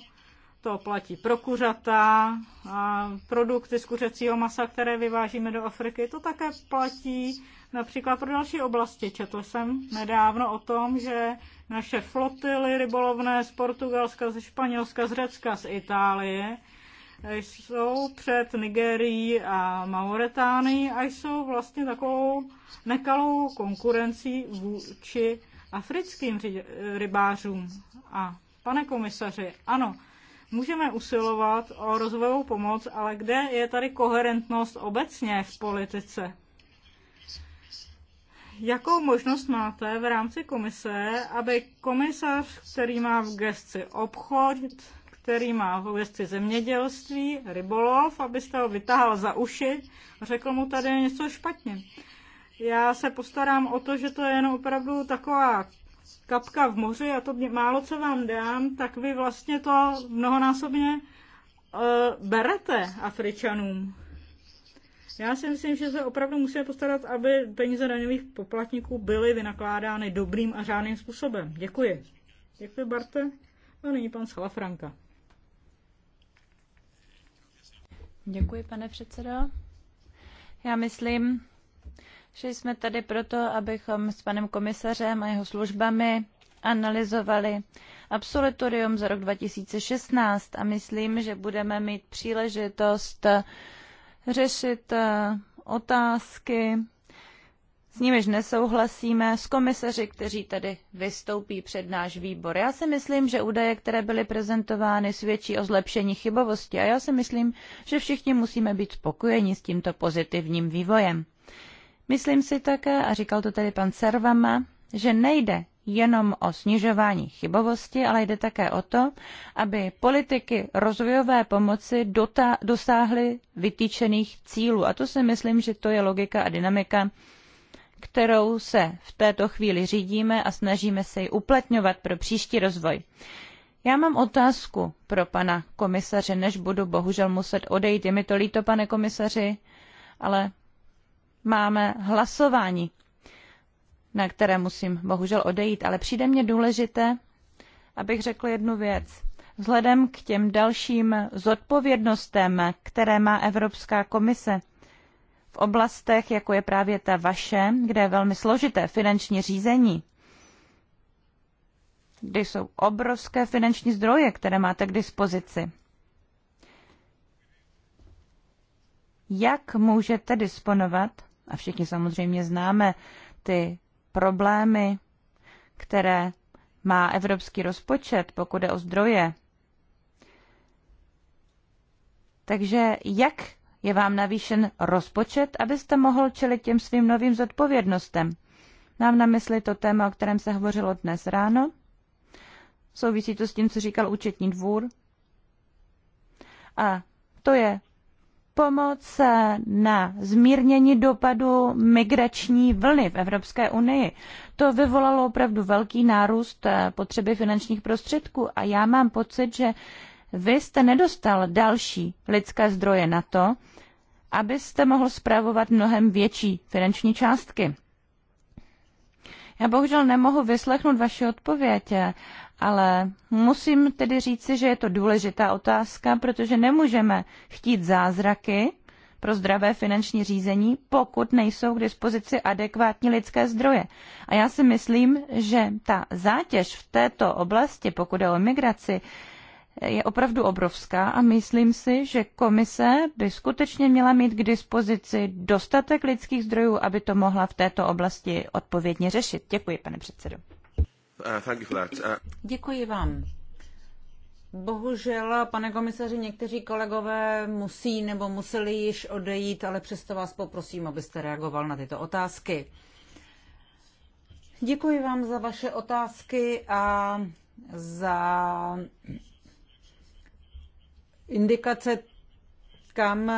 C: to platí pro kuřata, a produkty z kuřecího masa, které vyvážíme do Afriky. To také platí například pro další oblasti. Četl jsem nedávno o tom, že naše flotily rybolovné z Portugalska, ze Španělska, z Řecka, z Itálie jsou před Nigerií a Mauretánií a jsou vlastně takovou nekalou konkurencí vůči africkým rybářům. A pane komisaři, ano, Můžeme usilovat o rozvojovou pomoc, ale kde je tady koherentnost obecně v politice? Jakou možnost máte v rámci komise, aby komisař, který má v gesci obchod, který má v gesci zemědělství, rybolov, abyste ho vytáhl za uši a řekl mu tady něco špatně. Já se postarám o to, že to je jen opravdu taková kapka v moři a to mě, málo co vám dám, tak vy vlastně to mnohonásobně uh, berete Afričanům. Já si myslím, že se opravdu musíme postarat, aby peníze daňových poplatníků byly vynakládány dobrým a řádným způsobem. Děkuji. Děkuji, Barte. A nyní pan Schalafranka.
D: Děkuji, pane předsedo. Já myslím, že jsme tady proto, abychom s panem komisařem a jeho službami analyzovali absolutorium za rok 2016 a myslím, že budeme mít příležitost řešit eh, otázky, s nimiž nesouhlasíme, s komisaři, kteří tady vystoupí před náš výbor. Já si myslím, že údaje, které byly prezentovány, svědčí o zlepšení chybovosti a já si myslím, že všichni musíme být spokojeni s tímto pozitivním vývojem. Myslím si také, a říkal to tedy pan Servama, že nejde jenom o snižování chybovosti, ale jde také o to, aby politiky rozvojové pomoci dosáhly vytýčených cílů. A to si myslím, že to je logika a dynamika, kterou se v této chvíli řídíme a snažíme se ji uplatňovat pro příští rozvoj. Já mám otázku pro pana komisaře, než budu bohužel muset odejít. Je mi to líto, pane komisaři, ale máme hlasování, na které musím bohužel odejít, ale přijde mně důležité, abych řekl jednu věc. Vzhledem k těm dalším zodpovědnostem, které má Evropská komise v oblastech, jako je právě ta vaše, kde je velmi složité finanční řízení, kde jsou obrovské finanční zdroje, které máte k dispozici. Jak můžete disponovat a všichni samozřejmě známe ty problémy, které má evropský rozpočet, pokud je o zdroje. Takže jak je vám navýšen rozpočet, abyste mohl čelit těm svým novým zodpovědnostem? Nám na mysli to téma, o kterém se hovořilo dnes ráno. Souvisí to s tím, co říkal účetní dvůr. A to je pomoc na zmírnění dopadu migrační vlny v Evropské unii. To vyvolalo opravdu velký nárůst eh, potřeby finančních prostředků a já mám pocit, že vy jste nedostal další lidské zdroje na to, abyste mohl zpravovat mnohem větší finanční částky. Já bohužel nemohu vyslechnout vaši odpověď, ale musím tedy říci, že je to důležitá otázka, protože nemůžeme chtít zázraky pro zdravé finanční řízení, pokud nejsou k dispozici adekvátní lidské zdroje. A já si myslím, že ta zátěž v této oblasti, pokud je o migraci, je opravdu obrovská a myslím si, že komise by skutečně měla mít k dispozici dostatek lidských zdrojů, aby to mohla v této oblasti odpovědně řešit. Děkuji, pane předsedo. Uh, uh, Děkuji vám.
B: Bohužel, pane komisaři, někteří kolegové musí nebo museli již odejít, ale přesto vás poprosím, abyste reagoval na tyto otázky. Děkuji vám za vaše otázky a za indikace, kam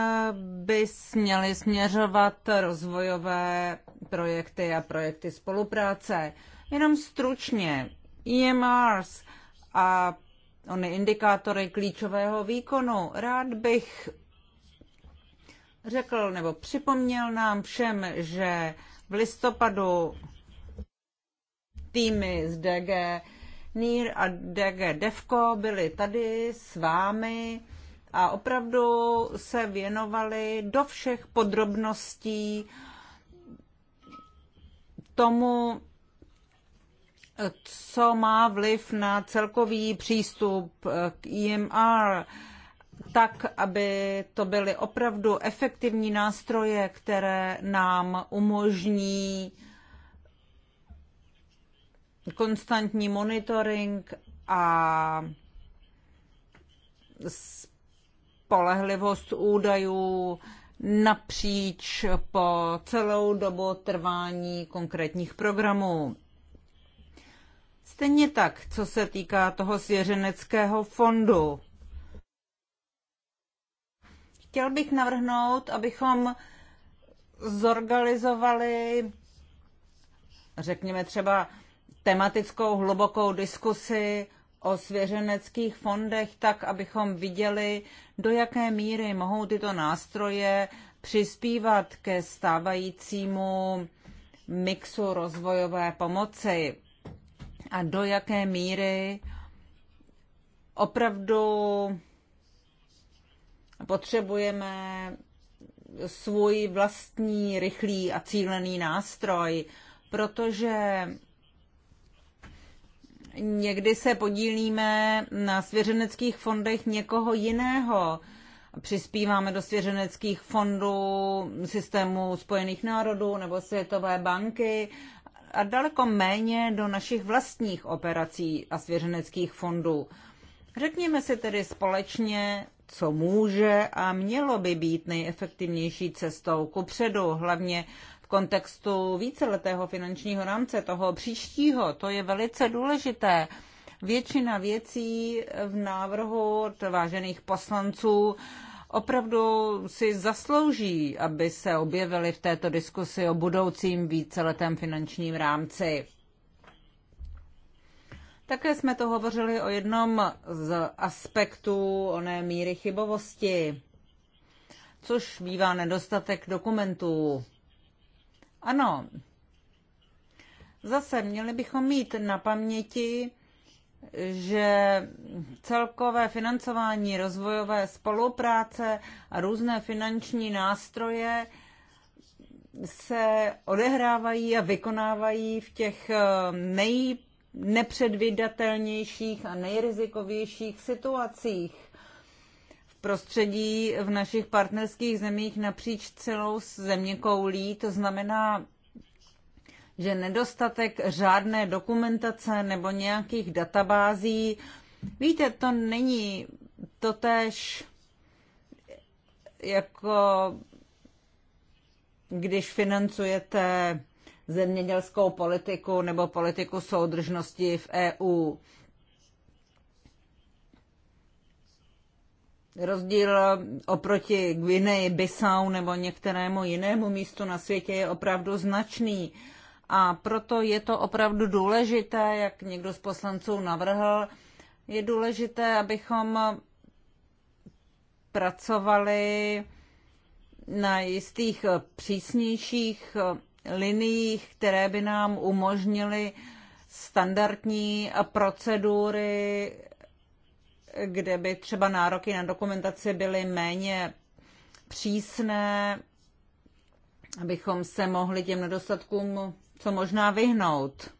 B: by směly směřovat rozvojové projekty a projekty spolupráce. Jenom stručně, EMRs a ony indikátory klíčového výkonu. Rád bych řekl nebo připomněl nám všem, že v listopadu týmy z DG NIR a DG DEVCO byly tady s vámi a opravdu se věnovali do všech podrobností tomu, co má vliv na celkový přístup k EMR, tak, aby to byly opravdu efektivní nástroje, které nám umožní konstantní monitoring a spolehlivost údajů napříč po celou dobu trvání konkrétních programů. Stejně tak, co se týká toho svěřeneckého fondu. Chtěl bych navrhnout, abychom zorganizovali, řekněme třeba, tematickou hlubokou diskusi o svěřeneckých fondech, tak abychom viděli, do jaké míry mohou tyto nástroje přispívat ke stávajícímu mixu rozvojové pomoci a do jaké míry opravdu potřebujeme svůj vlastní rychlý a cílený nástroj, protože někdy se podílíme na svěřeneckých fondech někoho jiného. Přispíváme do svěřeneckých fondů systému Spojených národů nebo Světové banky a daleko méně do našich vlastních operací a svěřeneckých fondů. Řekněme si tedy společně, co může a mělo by být nejefektivnější cestou ku předu, hlavně v kontextu víceletého finančního rámce toho příštího. To je velice důležité. Většina věcí v návrhu od vážených poslanců opravdu si zaslouží, aby se objevili v této diskusi o budoucím víceletém finančním rámci. Také jsme to hovořili o jednom z aspektů oné míry chybovosti, což bývá nedostatek dokumentů. Ano, zase měli bychom mít na paměti, že celkové financování rozvojové spolupráce a různé finanční nástroje se odehrávají a vykonávají v těch eh, nejnepředvydatelnějších a nejrizikovějších situacích v prostředí v našich partnerských zemích napříč celou zeměkoulí. To znamená, že nedostatek řádné dokumentace nebo nějakých databází, víte, to není totéž jako když financujete zemědělskou politiku nebo politiku soudržnosti v EU. Rozdíl oproti Gvineji, Bissau nebo některému jinému místu na světě je opravdu značný a proto je to opravdu důležité, jak někdo z poslanců navrhl, je důležité, abychom pracovali na jistých přísnějších liniích, které by nám umožnily standardní procedury, kde by třeba nároky na dokumentaci byly méně přísné, abychom se mohli těm nedostatkům co možná vyhnout.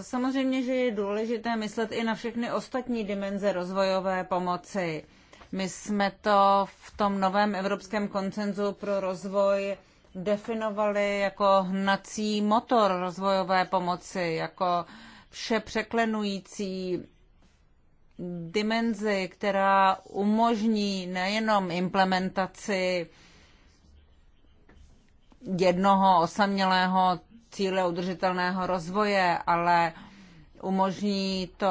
B: Samozřejmě, že je důležité myslet i na všechny ostatní dimenze rozvojové pomoci. My jsme to v tom novém evropském koncenzu pro rozvoj definovali jako hnací motor rozvojové pomoci, jako vše překlenující dimenzi, která umožní nejenom implementaci jednoho osamělého cíle udržitelného rozvoje, ale umožní to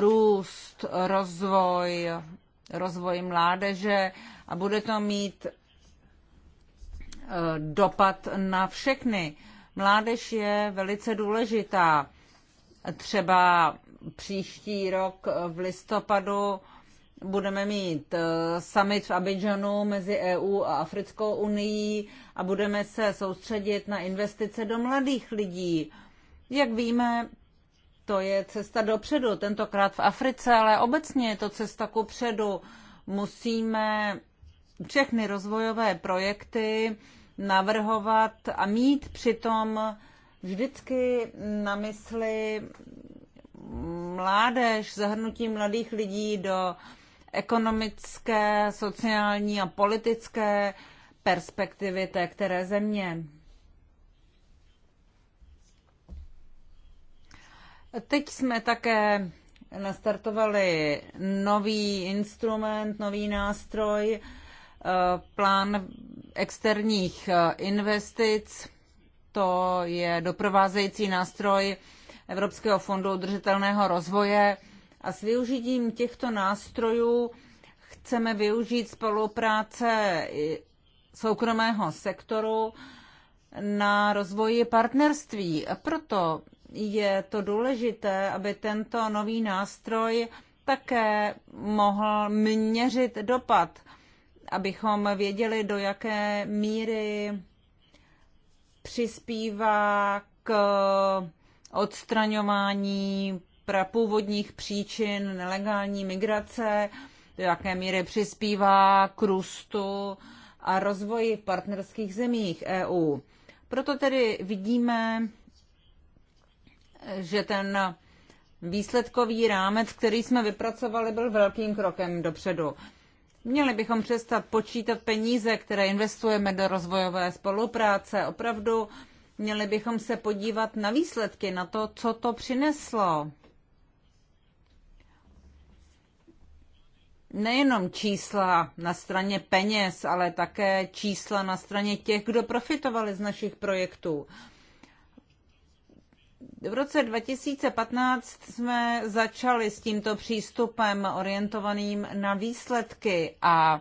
B: růst, rozvoj, rozvoj mládeže a bude to mít e, dopad na všechny. Mládež je velice důležitá. Třeba příští rok v listopadu budeme mít eh, summit v Abidžanu mezi EU a Africkou unii a budeme se soustředit na investice do mladých lidí. Jak víme, to je cesta dopředu, tentokrát v Africe, ale obecně je to cesta ku předu. Musíme všechny rozvojové projekty navrhovat a mít přitom vždycky na mysli mládež, zahrnutí mladých lidí do ekonomické, sociální a politické perspektivy té které země. Teď jsme také nastartovali nový instrument, nový nástroj, eh, plán externích eh, investic. To je doprovázející nástroj Evropského fondu udržitelného rozvoje a s využitím těchto nástrojů chceme využít spolupráce soukromého sektoru na rozvoji partnerství. A proto je to důležité, aby tento nový nástroj také mohl měřit dopad, abychom věděli, do jaké míry přispívá k odstraňování prapůvodních příčin nelegální migrace, do jaké míry přispívá k růstu a rozvoji v partnerských zemích EU. Proto tedy vidíme, že ten výsledkový rámec, který jsme vypracovali, byl velkým krokem dopředu. Měli bychom přestat počítat peníze, které investujeme do rozvojové spolupráce. Opravdu měli bychom se podívat na výsledky, na to, co to přineslo. nejenom čísla na straně peněz, ale také čísla na straně těch, kdo profitovali z našich projektů. V roce 2015 jsme začali s tímto přístupem orientovaným na výsledky a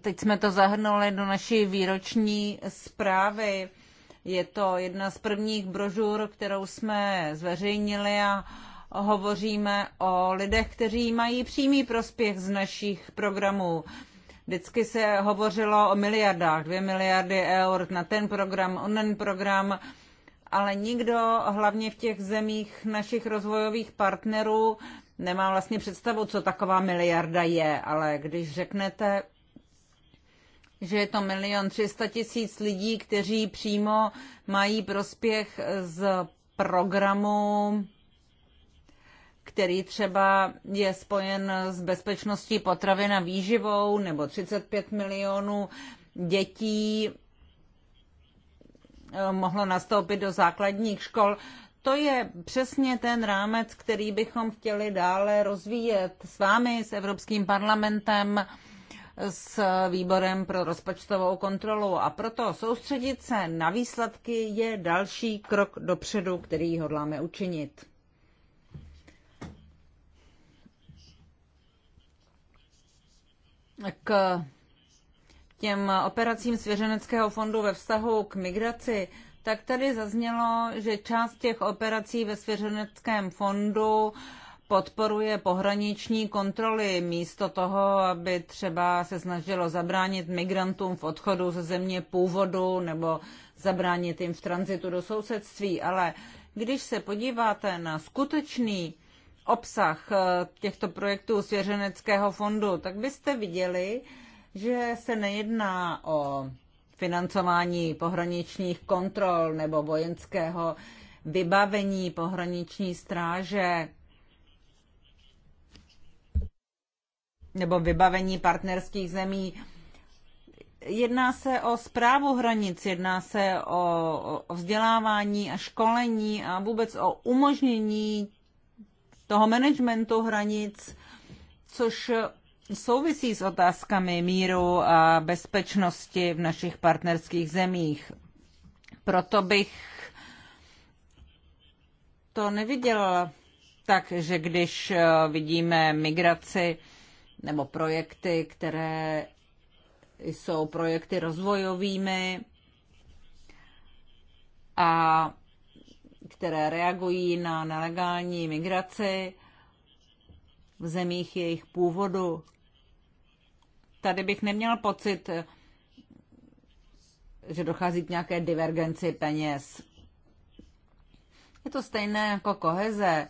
B: teď jsme to zahrnuli do naší výroční zprávy. Je to jedna z prvních brožur, kterou jsme zveřejnili a hovoříme o lidech, kteří mají přímý prospěch z našich programů. Vždycky se hovořilo o miliardách, dvě miliardy eur na ten program, onen program, ale nikdo, hlavně v těch zemích našich rozvojových partnerů, nemá vlastně představu, co taková miliarda je, ale když řeknete, že je to milion třista tisíc lidí, kteří přímo mají prospěch z programu který třeba je spojen s bezpečností potravin a výživou, nebo 35 milionů dětí eh, mohlo nastoupit do základních škol. To je přesně ten rámec, který bychom chtěli dále rozvíjet s vámi, s Evropským parlamentem, s výborem pro rozpočtovou kontrolu. A proto soustředit se na výsledky je další krok dopředu, který hodláme učinit. k těm operacím svěřeneckého fondu ve vztahu k migraci, tak tady zaznělo, že část těch operací ve svěřeneckém fondu podporuje pohraniční kontroly místo toho, aby třeba se snažilo zabránit migrantům v odchodu ze země původu nebo zabránit jim v tranzitu do sousedství. Ale když se podíváte na skutečný obsah eh, těchto projektů svěřeneckého fondu, tak byste viděli, že se nejedná o financování pohraničních kontrol nebo vojenského vybavení pohraniční stráže nebo vybavení partnerských zemí. Jedná se o zprávu hranic, jedná se o, vzdělávání a školení a vůbec o umožnění toho managementu hranic, což souvisí s otázkami míru a bezpečnosti v našich partnerských zemích. Proto bych to neviděla, tak, že když eh, vidíme migraci nebo projekty, které jsou projekty rozvojovými a které reagují na nelegální migraci v zemích jejich původu. Tady bych neměl pocit, že dochází k nějaké divergenci peněz. Je to stejné jako koheze.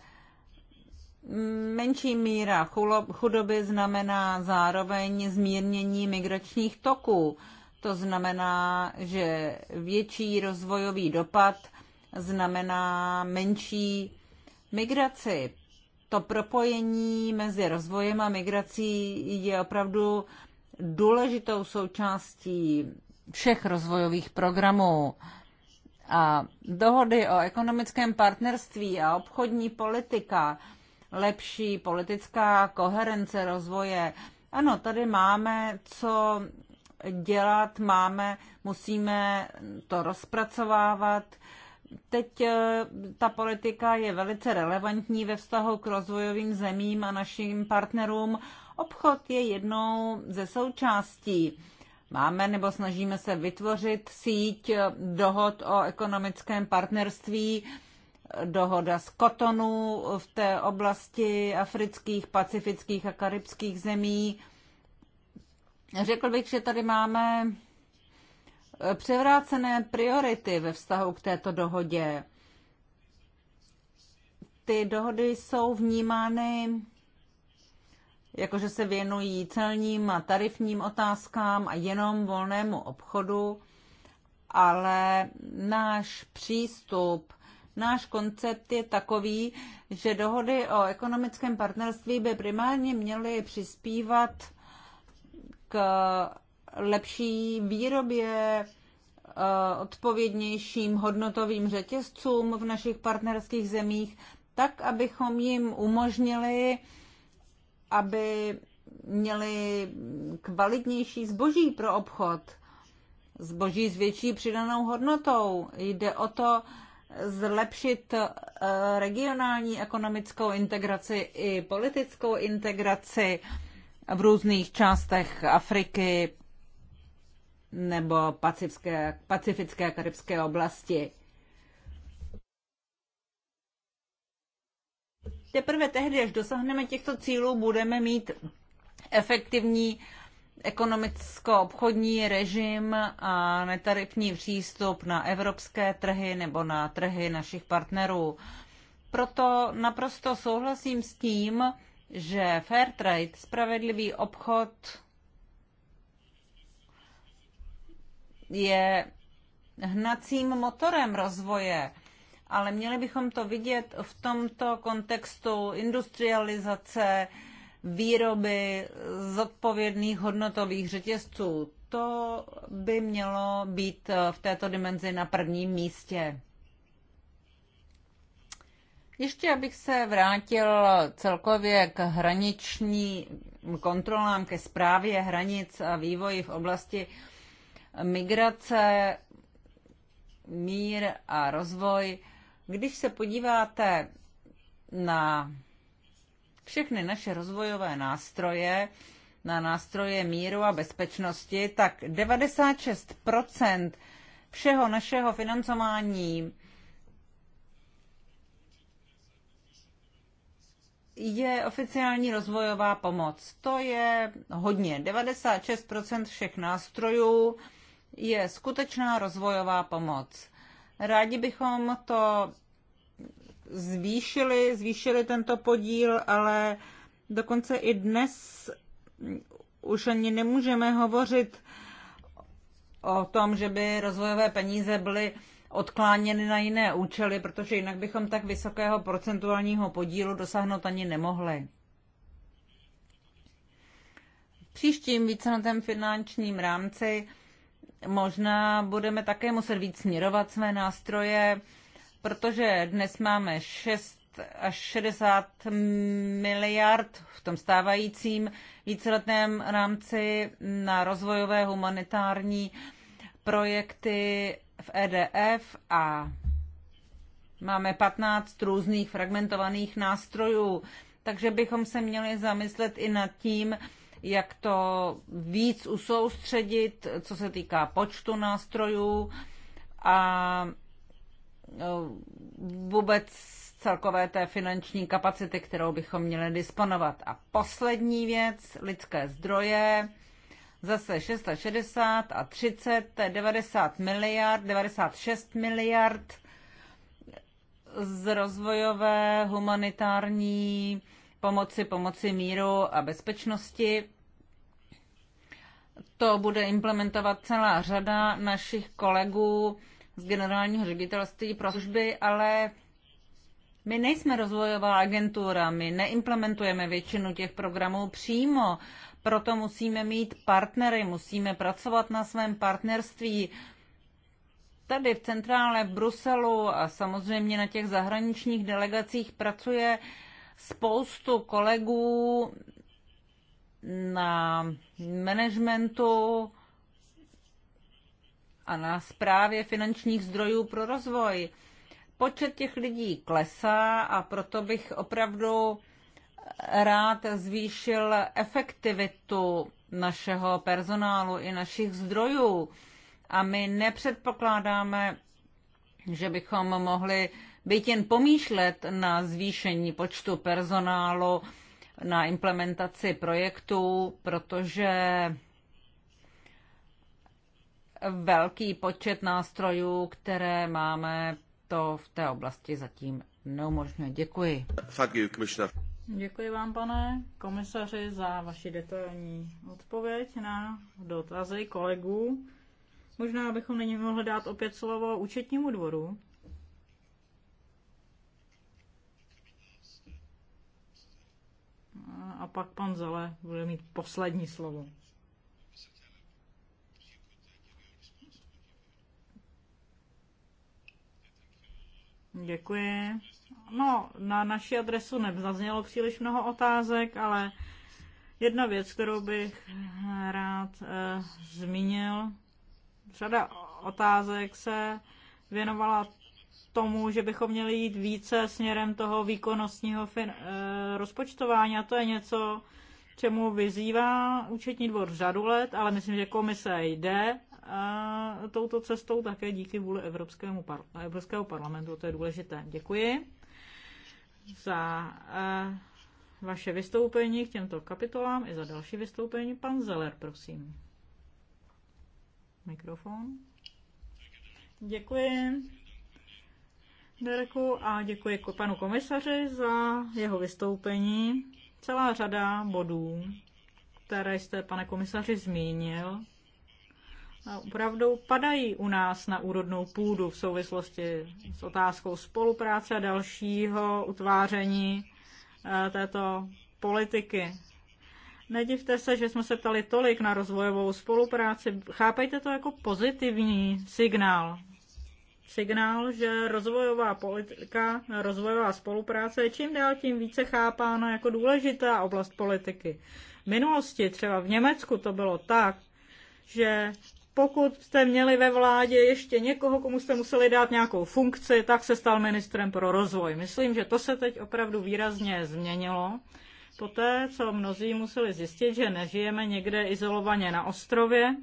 B: Menší míra chudoby znamená zároveň zmírnění migračních toků. To znamená, že větší rozvojový dopad znamená menší migraci. To propojení mezi rozvojem a migrací je opravdu důležitou součástí všech rozvojových programů. A dohody o ekonomickém partnerství a obchodní politika, lepší politická koherence rozvoje. Ano, tady máme co dělat, máme, musíme to rozpracovávat, teď eh, ta politika je velice relevantní ve vztahu k rozvojovým zemím a našim partnerům. Obchod je jednou ze součástí. Máme nebo snažíme se vytvořit síť eh, dohod o ekonomickém partnerství, eh, dohoda z kotonu v té oblasti afrických, pacifických a karibských zemí. Řekl bych, že tady máme převrácené priority ve vztahu k této dohodě. Ty dohody jsou vnímány jakože se věnují celním a tarifním otázkám a jenom volnému obchodu, ale náš přístup, náš koncept je takový, že dohody o ekonomickém partnerství by primárně měly přispívat k lepší výrobě, eh, odpovědnějším hodnotovým řetězcům v našich partnerských zemích, tak, abychom jim umožnili, aby měli kvalitnější zboží pro obchod, zboží s větší přidanou hodnotou. Jde o to zlepšit eh, regionální ekonomickou integraci i politickou integraci v různých částech Afriky, nebo pacifické, pacifické karibské oblasti. Teprve tehdy, až dosáhneme těchto cílů, budeme mít efektivní ekonomicko-obchodní režim a netarifní přístup na evropské trhy nebo na trhy našich partnerů. Proto naprosto souhlasím s tím, že fair trade, spravedlivý obchod, je hnacím motorem rozvoje, ale měli bychom to vidět v tomto kontextu industrializace, výroby zodpovědných hodnotových řetězců. To by mělo být v této dimenzi na prvním místě. Ještě abych se vrátil celkově k hraniční kontrolám, ke zprávě hranic a vývoji v oblasti uh, migrace, mír a rozvoj. Když se podíváte na všechny naše rozvojové nástroje, na nástroje míru a bezpečnosti, tak 96 všeho našeho financování je oficiální rozvojová pomoc. To je hodně. 96 všech nástrojů je skutečná rozvojová pomoc. Rádi bychom to zvýšili, zvýšili tento podíl, ale dokonce i dnes už ani nemůžeme hovořit o tom, že by rozvojové peníze byly odkláněny na jiné účely, protože jinak bychom tak vysokého procentuálního podílu dosáhnout ani nemohli. V příštím víceletém finančním rámci možná budeme také muset víc směrovat své nástroje, protože dnes máme 6 až 60 miliard v tom stávajícím víceletném rámci na rozvojové humanitární projekty v EDF a máme 15 různých fragmentovaných nástrojů, takže bychom se měli zamyslet i nad tím, jak to víc usoustředit, co se týká počtu nástrojů a e, vůbec celkové té finanční kapacity, kterou bychom měli disponovat. A poslední věc, lidské zdroje, zase 660 a 30, to je 90 miliard, 96 miliard z rozvojové, humanitární, pomoci, pomoci míru a bezpečnosti. To bude implementovat celá řada našich kolegů z generálního ředitelství pro služby, ale my nejsme rozvojová agentura, my neimplementujeme většinu těch programů přímo, proto musíme mít partnery, musíme pracovat na svém partnerství tady v centrále v Bruselu a samozřejmě na těch zahraničních delegacích pracuje spoustu kolegů na managementu a na správě finančních zdrojů pro rozvoj. Počet těch lidí klesá a proto bych opravdu rád zvýšil efektivitu našeho personálu i našich zdrojů. A my nepředpokládáme, že bychom mohli byť jen pomýšlet na zvýšení počtu personálu, na implementaci projektů, protože velký počet nástrojů, které máme, to v té oblasti zatím neumožňuje. Děkuji.
A: Thank you,
C: Děkuji vám, pane komisaři, za vaši detailní odpověď na dotazy kolegů. Možná bychom nyní mohli dát opět slovo účetnímu dvoru. pak pan Zale bude mít poslední slovo. Děkuji. No, na naši adresu nezaznělo příliš mnoho otázek, ale jedna věc, kterou bych rád e, zmínil, řada otázek se věnovala tomu, že bychom měli jít více směrem toho výkonnostního fin- eh, rozpočtování a to je něco, čemu vyzývá účetní dvor řadu let, ale myslím, že komise jde a eh, touto cestou také díky vůli Evropskému par- Evropského parlamentu, to je důležité. Děkuji za uh, vaše vystoupení k těmto kapitolám i za další vystoupení. Pan Zeller, prosím. Mikrofon. Děkuji. Mirku, a děkuji panu komisaři za jeho vystoupení. Celá řada bodů, které jste, pane komisaři, zmínil, opravdu padají u nás na úrodnou půdu v souvislosti s otázkou spolupráce a dalšího utváření e, této politiky. Nedivte se, že jsme se ptali tolik na rozvojovou spolupráci. Chápejte to jako pozitivní signál signál, že rozvojová politika, rozvojová spolupráce je čím dál tím více chápána jako důležitá oblast politiky. V minulosti, třeba v Německu, to bylo tak, že pokud jste měli ve vládě ještě někoho, komu jste museli dát nějakou funkci, tak se stal ministrem pro rozvoj. Myslím, že to se teď opravdu výrazně změnilo. Poté, co mnozí museli zjistit, že nežijeme někde izolovaně na ostrově,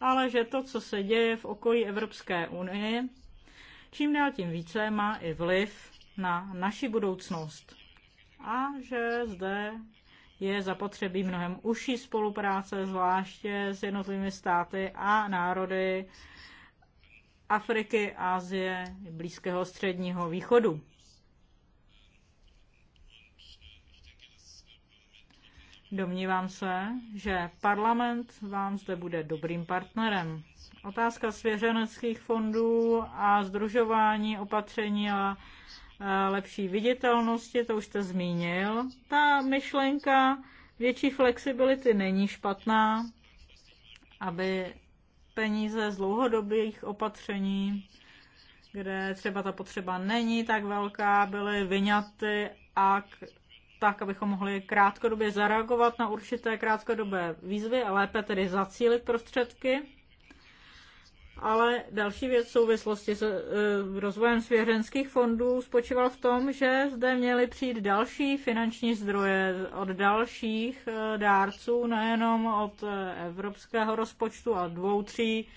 C: ale že to, co se děje v okolí Evropské unie, čím dál tím více má i vliv na naši budoucnost. A že zde je zapotřebí mnohem užší spolupráce, zvláště s jednotlivými státy a národy Afriky, Asie, Blízkého středního východu. Domnívám se, že parlament vám zde bude dobrým partnerem. Otázka svěřeneckých fondů a združování opatření a lepší viditelnosti, to už jste zmínil. Ta myšlenka větší flexibility není špatná, aby peníze z dlouhodobých opatření, kde třeba ta potřeba není tak velká, byly vyňaty a tak, abychom mohli krátkodobě zareagovat na určité krátkodobé výzvy a lépe tedy zacílit prostředky ale další věc v souvislosti s e, rozvojem svěřenských fondů spočíval v tom, že zde měly přijít další finanční zdroje od dalších e, dárců, nejenom od e, evropského rozpočtu, a dvou, tří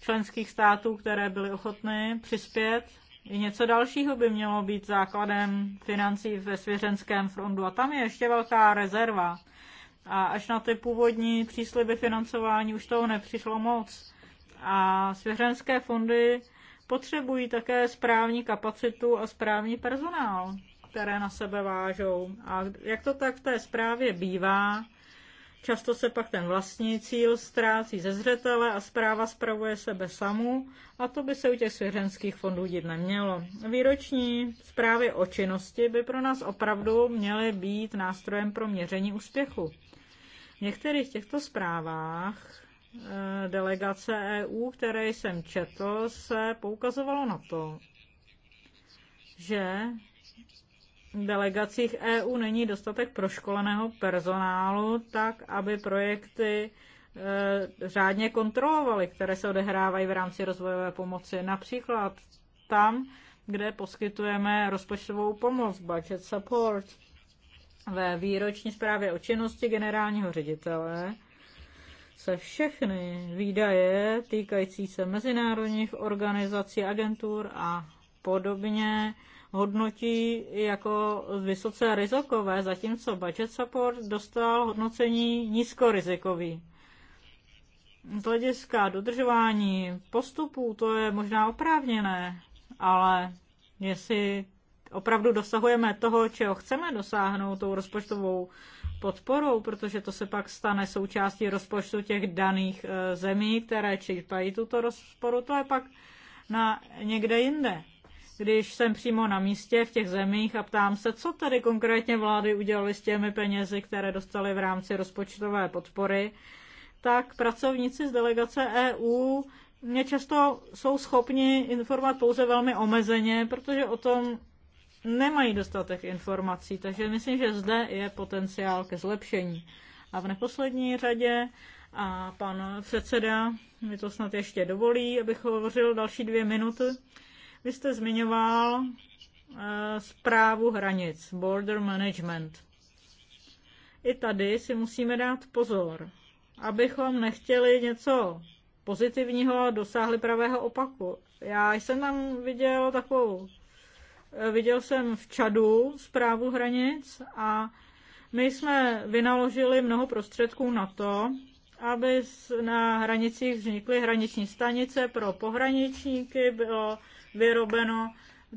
C: členských států, které byly ochotny přispět. I něco dalšího by mělo být základem financí ve svěřenském fondu. A tam je ještě velká rezerva. A až na ty původní přísliby financování už toho nepřišlo moc. A svěřenské fondy potřebují také správní kapacitu a správní personál, které na sebe vážou. A jak to tak v té zprávě bývá, Často se pak ten vlastní cíl ztrácí ze zřetele a zpráva spravuje sebe samu a to by se u těch svěřenských fondů dít nemělo. Výroční zprávy o činnosti by pro nás opravdu měly být nástrojem pro měření úspěchu. V některých těchto zprávách Eh, delegace EU, které jsem četl, se poukazovalo na to, že v delegacích EU není dostatek proškoleného personálu, tak aby projekty eh, řádně kontrolovaly, které se odehrávají v rámci rozvojové pomoci. Například tam, kde poskytujeme rozpočtovou pomoc, budget support, ve výroční zprávě o činnosti generálního ředitele se všechny výdaje týkající se mezinárodních organizací, agentur a podobně hodnotí jako vysoce rizikové, zatímco budget support dostal hodnocení nízkorizikový. Z hlediska dodržování postupů to je možná oprávněné, ale jestli opravdu dosahujeme toho, čeho chceme dosáhnout tou rozpočtovou podporou, protože to se pak stane součástí rozpočtu těch daných e, zemí, které čerpají tuto rozporu, to je pak na někde jinde. Když jsem přímo na místě v těch zemích a ptám se, co tady konkrétně vlády udělaly s těmi penězi, které dostaly v rámci rozpočtové podpory, tak pracovníci z delegace EU mě často jsou schopni informovat pouze velmi omezeně, protože o tom nemají dostatek informací, takže myslím, že zde je potenciál ke zlepšení. A v neposlední řadě a pan předseda mi to snad ještě dovolí, abych hovořil další dvě minuty. Vy jste zmiňoval e, zprávu hranic, border management. I tady si musíme dát pozor, abychom nechtěli něco pozitivního a dosáhli pravého opaku. Já jsem tam viděl takovou Viděl jsem v Čadu zprávu hranic a my jsme vynaložili mnoho prostředků na to, aby na hranicích vznikly hraniční stanice pro pohraničníky. Bylo vyrobeno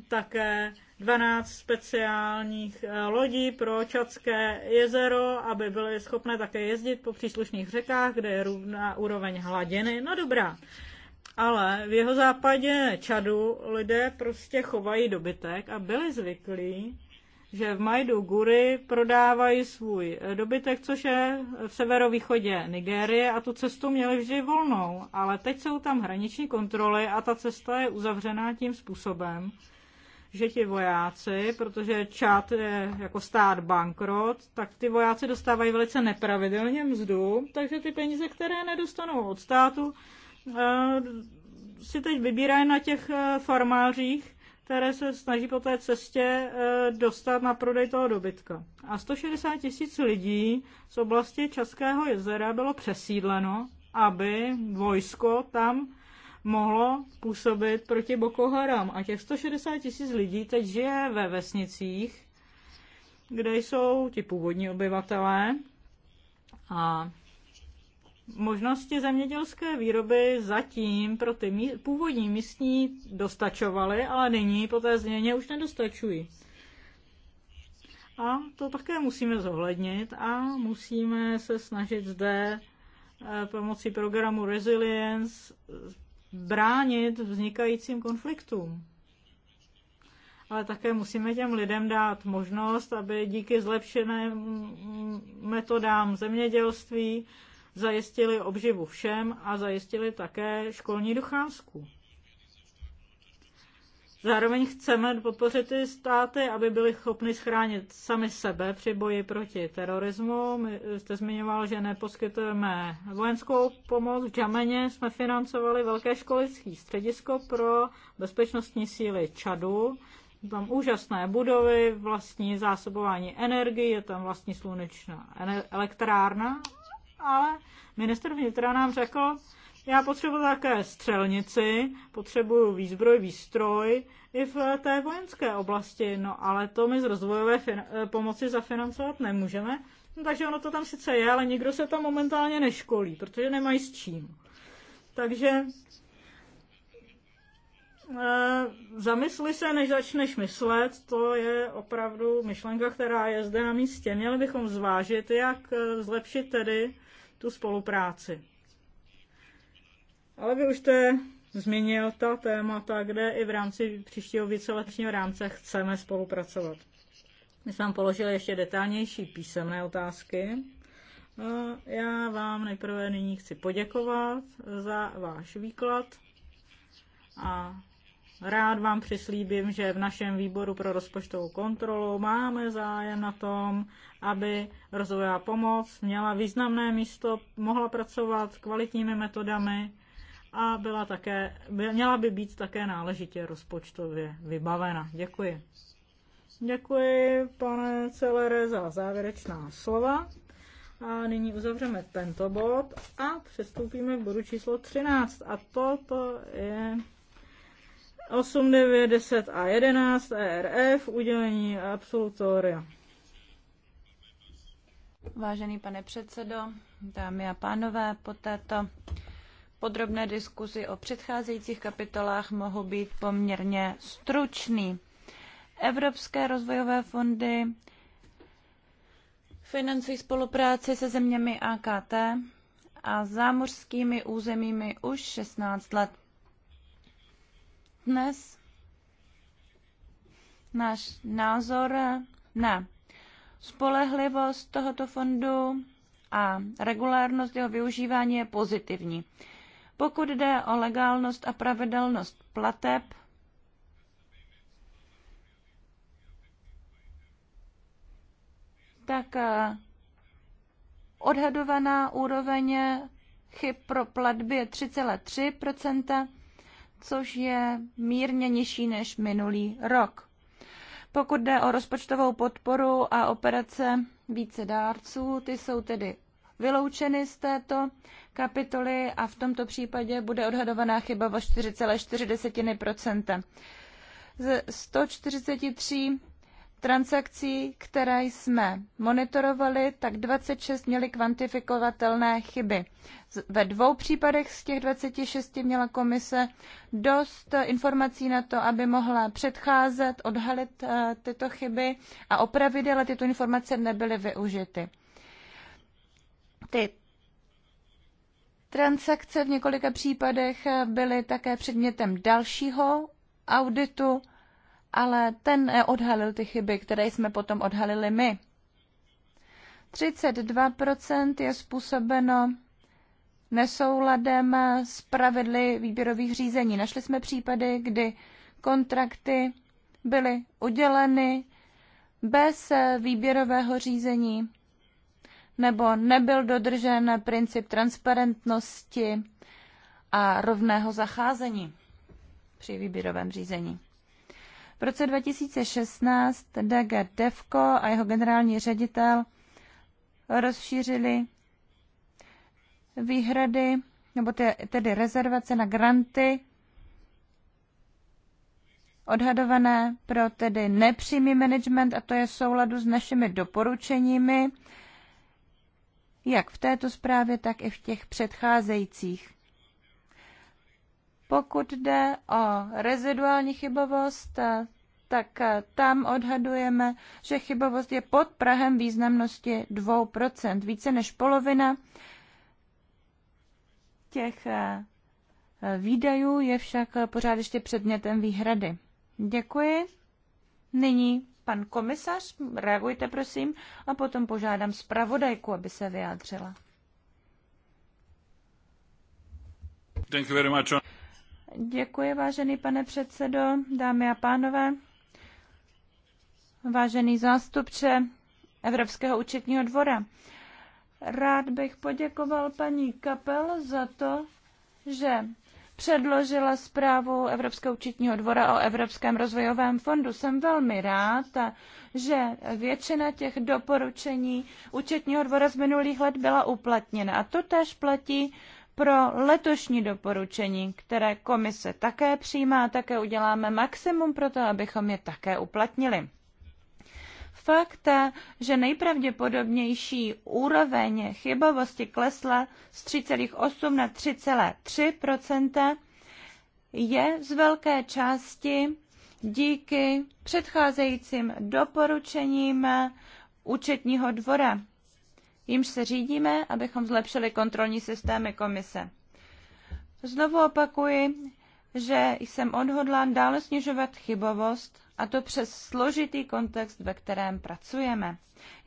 C: také 12 speciálních eh, lodí pro Čadské jezero, aby byly schopné také jezdit po příslušných řekách, kde je rovná úroveň hladiny. No dobrá, ale v jeho západě Čadu lidé prostě chovají dobytek a byli zvyklí, že v Majdu Guri prodávají svůj eh, dobytek, což je v severovýchodě Nigérie a tu cestu měli vždy volnou. Ale teď jsou tam hraniční kontroly a ta cesta je uzavřená tím způsobem, že ti vojáci, protože Čad je jako stát bankrot, tak ty vojáci dostávají velice nepravidelně mzdu, takže ty peníze, které nedostanou od státu, Eh, si teď vybírají na těch eh, farmářích, které se snaží po té cestě eh, dostat na prodej toho dobytka. A 160 tisíc lidí z oblasti Českého jezera bylo přesídleno, aby vojsko tam mohlo působit proti Boko Haram. A těch 160 tisíc lidí teď žije ve vesnicích, kde jsou ti původní obyvatelé. A možnosti zemědělské výroby zatím pro ty mí- původní místní dostačovaly, ale nyní po té změně už nedostačují. A to také musíme zohlednit a musíme se snažit zde eh, pomocí programu Resilience bránit vznikajícím konfliktům. Ale také musíme těm lidem dát možnost, aby díky zlepšeným metodám zemědělství zajistili obživu všem a zajistili také školní docházku. Zároveň chceme podpořit ty státy, aby byly schopny schránit sami sebe při boji proti terorismu. My jste zmiňoval, že neposkytujeme vojenskou pomoc. V Džameně jsme financovali velké školické středisko pro bezpečnostní síly Čadu. Tam úžasné budovy, vlastní zásobování energie je tam vlastní slunečná elektrárna ale minister vnitra nám řekl, já potřebuji také střelnici, potřebuji výzbroj, výstroj i v té vojenské oblasti, no ale to my z rozvojové eh, pomoci zafinancovat nemůžeme, no, takže ono to tam sice je, ale nikdo se tam momentálně neškolí, protože nemají s čím. Takže eh, zamysli se, než začneš myslet, to je opravdu myšlenka, která je zde na místě. Měli bychom zvážit, jak eh, zlepšit tedy tu spolupráci. Ale vy už jste zmínil ta témata, kde i v rámci příštího víceletního rámce chceme spolupracovat. My jsme vám položili ještě detailnější písemné otázky. Já vám nejprve nyní chci poděkovat za váš výklad a Rád vám přislíbím, že v našem výboru pro rozpočtovou kontrolu máme zájem na tom, aby rozvojová pomoc měla významné místo, mohla pracovat kvalitními metodami a byla také, měla by být také náležitě rozpočtově vybavena. Děkuji. Děkuji, pane Celere, za závěrečná slova. A nyní uzavřeme tento bod a přestoupíme k bodu číslo 13. A toto je 8, 9, 10 a 11 ERF, udělení absolutoria.
D: Vážený pane předsedo, dámy a pánové, po této podrobné diskuzi o předcházejících kapitolách mohu být poměrně stručný. Evropské rozvojové fondy financují spolupráci se zeměmi AKT a zámořskými územími už 16 let dnes náš názor na spolehlivost tohoto fondu a regulárnost jeho využívání je pozitivní. Pokud jde o legálnost a pravidelnost plateb, tak eh, odhadovaná úroveň chyb pro platby je 3,3 což je mírně nižší než minulý rok. Pokud jde o rozpočtovou podporu a operace více dárců, ty jsou tedy vyloučeny z této kapitoly a v tomto případě bude odhadovaná chyba o 4,4 z 143 transakcí, které jsme monitorovali, tak 26 měly kvantifikovatelné chyby. Ve dvou případech z těch 26 měla komise dost informací na to, aby mohla předcházet, odhalit eh, tyto chyby a opravit, ale tyto informace nebyly využity. Ty transakce v několika případech byly také předmětem dalšího auditu ale ten neodhalil eh, ty chyby, které jsme potom odhalili my. 32% je způsobeno nesouladem eh, s pravidly výběrových řízení. Našli jsme případy, kdy kontrakty byly uděleny bez eh, výběrového řízení nebo nebyl dodržen princip transparentnosti a rovného zacházení při výběrovém řízení. V roce 2016 DG Devko a jeho generální ředitel rozšířili výhrady, nebo tedy rezervace na granty odhadované pro tedy nepřímý management a to je v souladu s našimi doporučeními, jak v této zprávě, tak i v těch předcházejících. Pokud jde o reziduální chybovost, eh, tak eh, tam odhadujeme, že chybovost je pod Prahem významnosti 2%, více než polovina těch eh, výdajů je však pořád ještě předmětem výhrady. Děkuji. Nyní pan komisař, reagujte prosím, a potom požádám zpravodajku, aby se vyjádřila. Thank you very much. Děkuji, vážený pane předsedo, dámy a pánové, vážený zástupče Evropského účetního dvora. Rád bych poděkoval paní Kapel za to, že předložila zprávu Evropského účetního dvora o Evropském rozvojovém fondu. Jsem velmi rád, že většina těch doporučení účetního dvora z minulých let byla uplatněna. A to tež platí pro letošní doporučení, které komise také přijímá také uděláme maximum pro to, abychom je také uplatnili. Fakt, že nejpravděpodobnější úroveň chybovosti klesla z 3,8 na 3,3 je z velké části díky předcházejícím doporučením účetního dvora jimž se řídíme, abychom zlepšili kontrolní systémy komise. Znovu opakuji, že jsem odhodlán dále snižovat chybovost, a to přes složitý kontext, ve kterém pracujeme.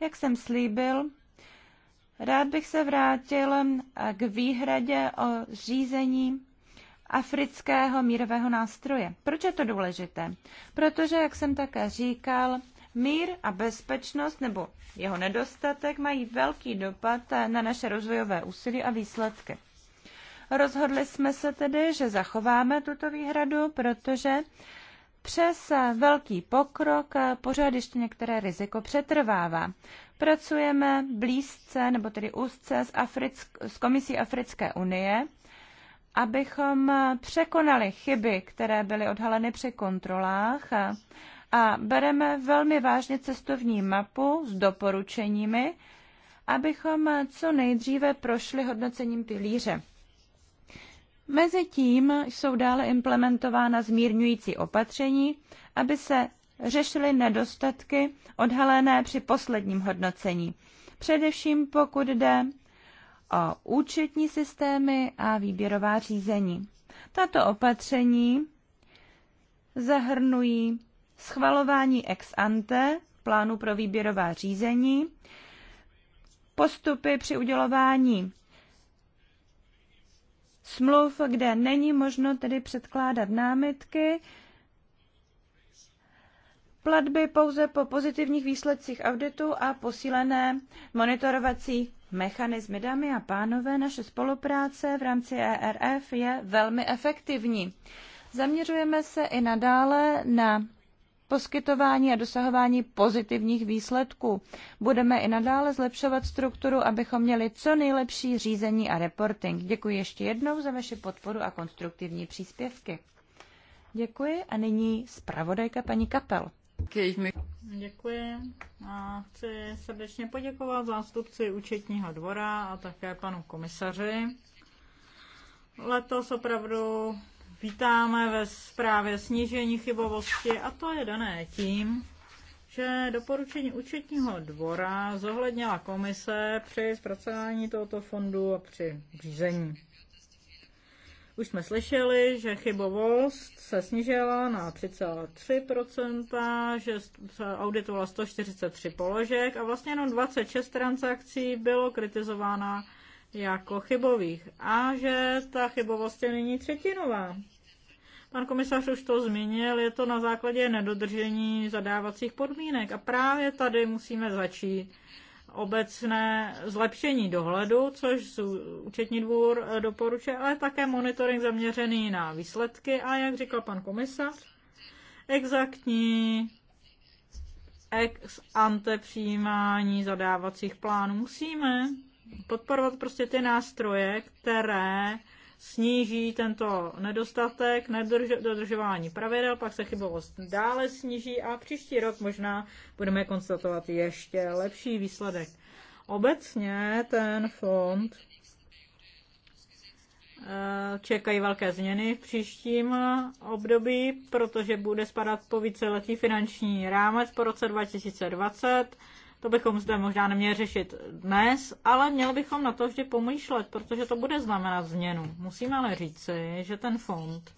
D: Jak jsem slíbil, rád bych se vrátil eh, k výhradě o řízení afrického mírového nástroje. Proč je to důležité? Protože, jak jsem také říkal, Mír a bezpečnost nebo jeho nedostatek mají velký dopad na naše rozvojové úsilí a výsledky. Rozhodli jsme se tedy, že zachováme tuto výhradu, protože přes velký pokrok pořád ještě některé riziko přetrvává. Pracujeme blízce, nebo tedy úzce s, Africk- s Komisí Africké unie, abychom překonali chyby, které byly odhaleny při kontrolách a bereme velmi vážně cestovní mapu s doporučeními, abychom co nejdříve prošli hodnocením pilíře. Mezitím jsou dále implementována zmírňující opatření, aby se řešily nedostatky odhalené při posledním hodnocení, především pokud jde o účetní systémy a výběrová řízení. Tato opatření zahrnují schvalování ex ante plánu pro výběrová řízení, postupy při udělování smluv, kde není možno tedy předkládat námitky, platby pouze po pozitivních výsledcích auditu a posílené monitorovací mechanizmy. Dámy a pánové, naše spolupráce v rámci ERF je velmi efektivní. Zaměřujeme se i nadále na poskytování a dosahování pozitivních výsledků. Budeme i nadále zlepšovat strukturu, abychom měli co nejlepší řízení a reporting. Děkuji ještě jednou za vaši podporu a konstruktivní příspěvky. Děkuji a nyní zpravodajka paní Kapel.
C: Děkuji a chci srdečně poděkovat zástupci účetního dvora a také panu komisaři. Letos opravdu vítáme ve zprávě snížení chybovosti a to je dané tím, že doporučení účetního dvora zohlednila komise při zpracování tohoto fondu a při řízení. Už jsme slyšeli, že chybovost se snížila na 3,3%, že se auditovala 143 položek a vlastně jenom 26 transakcí bylo kritizována jako chybových a že ta chybovost je nyní třetinová. Pan komisař už to zmínil, je to na základě nedodržení zadávacích podmínek a právě tady musíme začít obecné zlepšení dohledu, což účetní dvůr eh, doporučuje, ale také monitoring zaměřený na výsledky a, jak říkal pan komisař, exaktní ex ante přijímání zadávacích plánů. Musíme podporovat prostě ty nástroje, které sníží tento nedostatek, nedodržování pravidel, pak se chybovost dále sníží a příští rok možná budeme konstatovat ještě lepší výsledek. Obecně ten fond eh, čekají velké změny v příštím eh, období, protože bude spadat po víceletý finanční rámec po roce 2020 to bychom zde možná neměli řešit dnes, ale měli bychom na to vždy pomýšlet, protože to bude znamenat změnu. Musím ale říci, že ten fond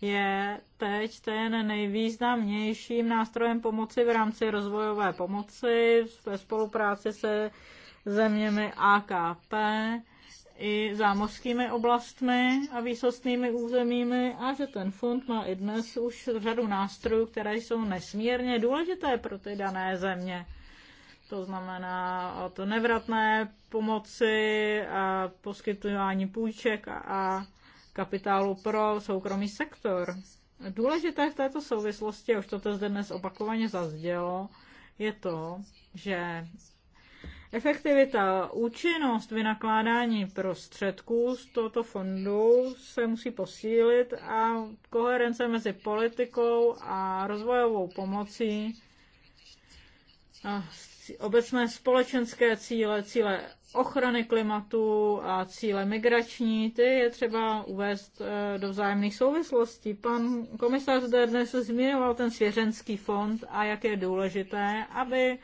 C: je teď ten nejvýznamnějším nástrojem pomoci v rámci rozvojové pomoci ve spolupráci se zeměmi AKP i zámořskými oblastmi a výsostnými územími a že ten fond má i dnes už řadu nástrojů, které jsou nesmírně důležité pro ty dané země to znamená to nevratné pomoci a poskytování půjček a kapitálu pro soukromý sektor. Důležité v této souvislosti, už to zde dnes opakovaně zazdělo, je to, že efektivita, účinnost vynakládání prostředků z tohoto fondu se musí posílit a koherence mezi politikou a rozvojovou pomocí obecné společenské cíle, cíle ochrany klimatu a cíle migrační, ty je třeba uvést eh, do vzájemných souvislostí. Pan komisař zde dnes zmiňoval ten svěřenský fond a jak je důležité, aby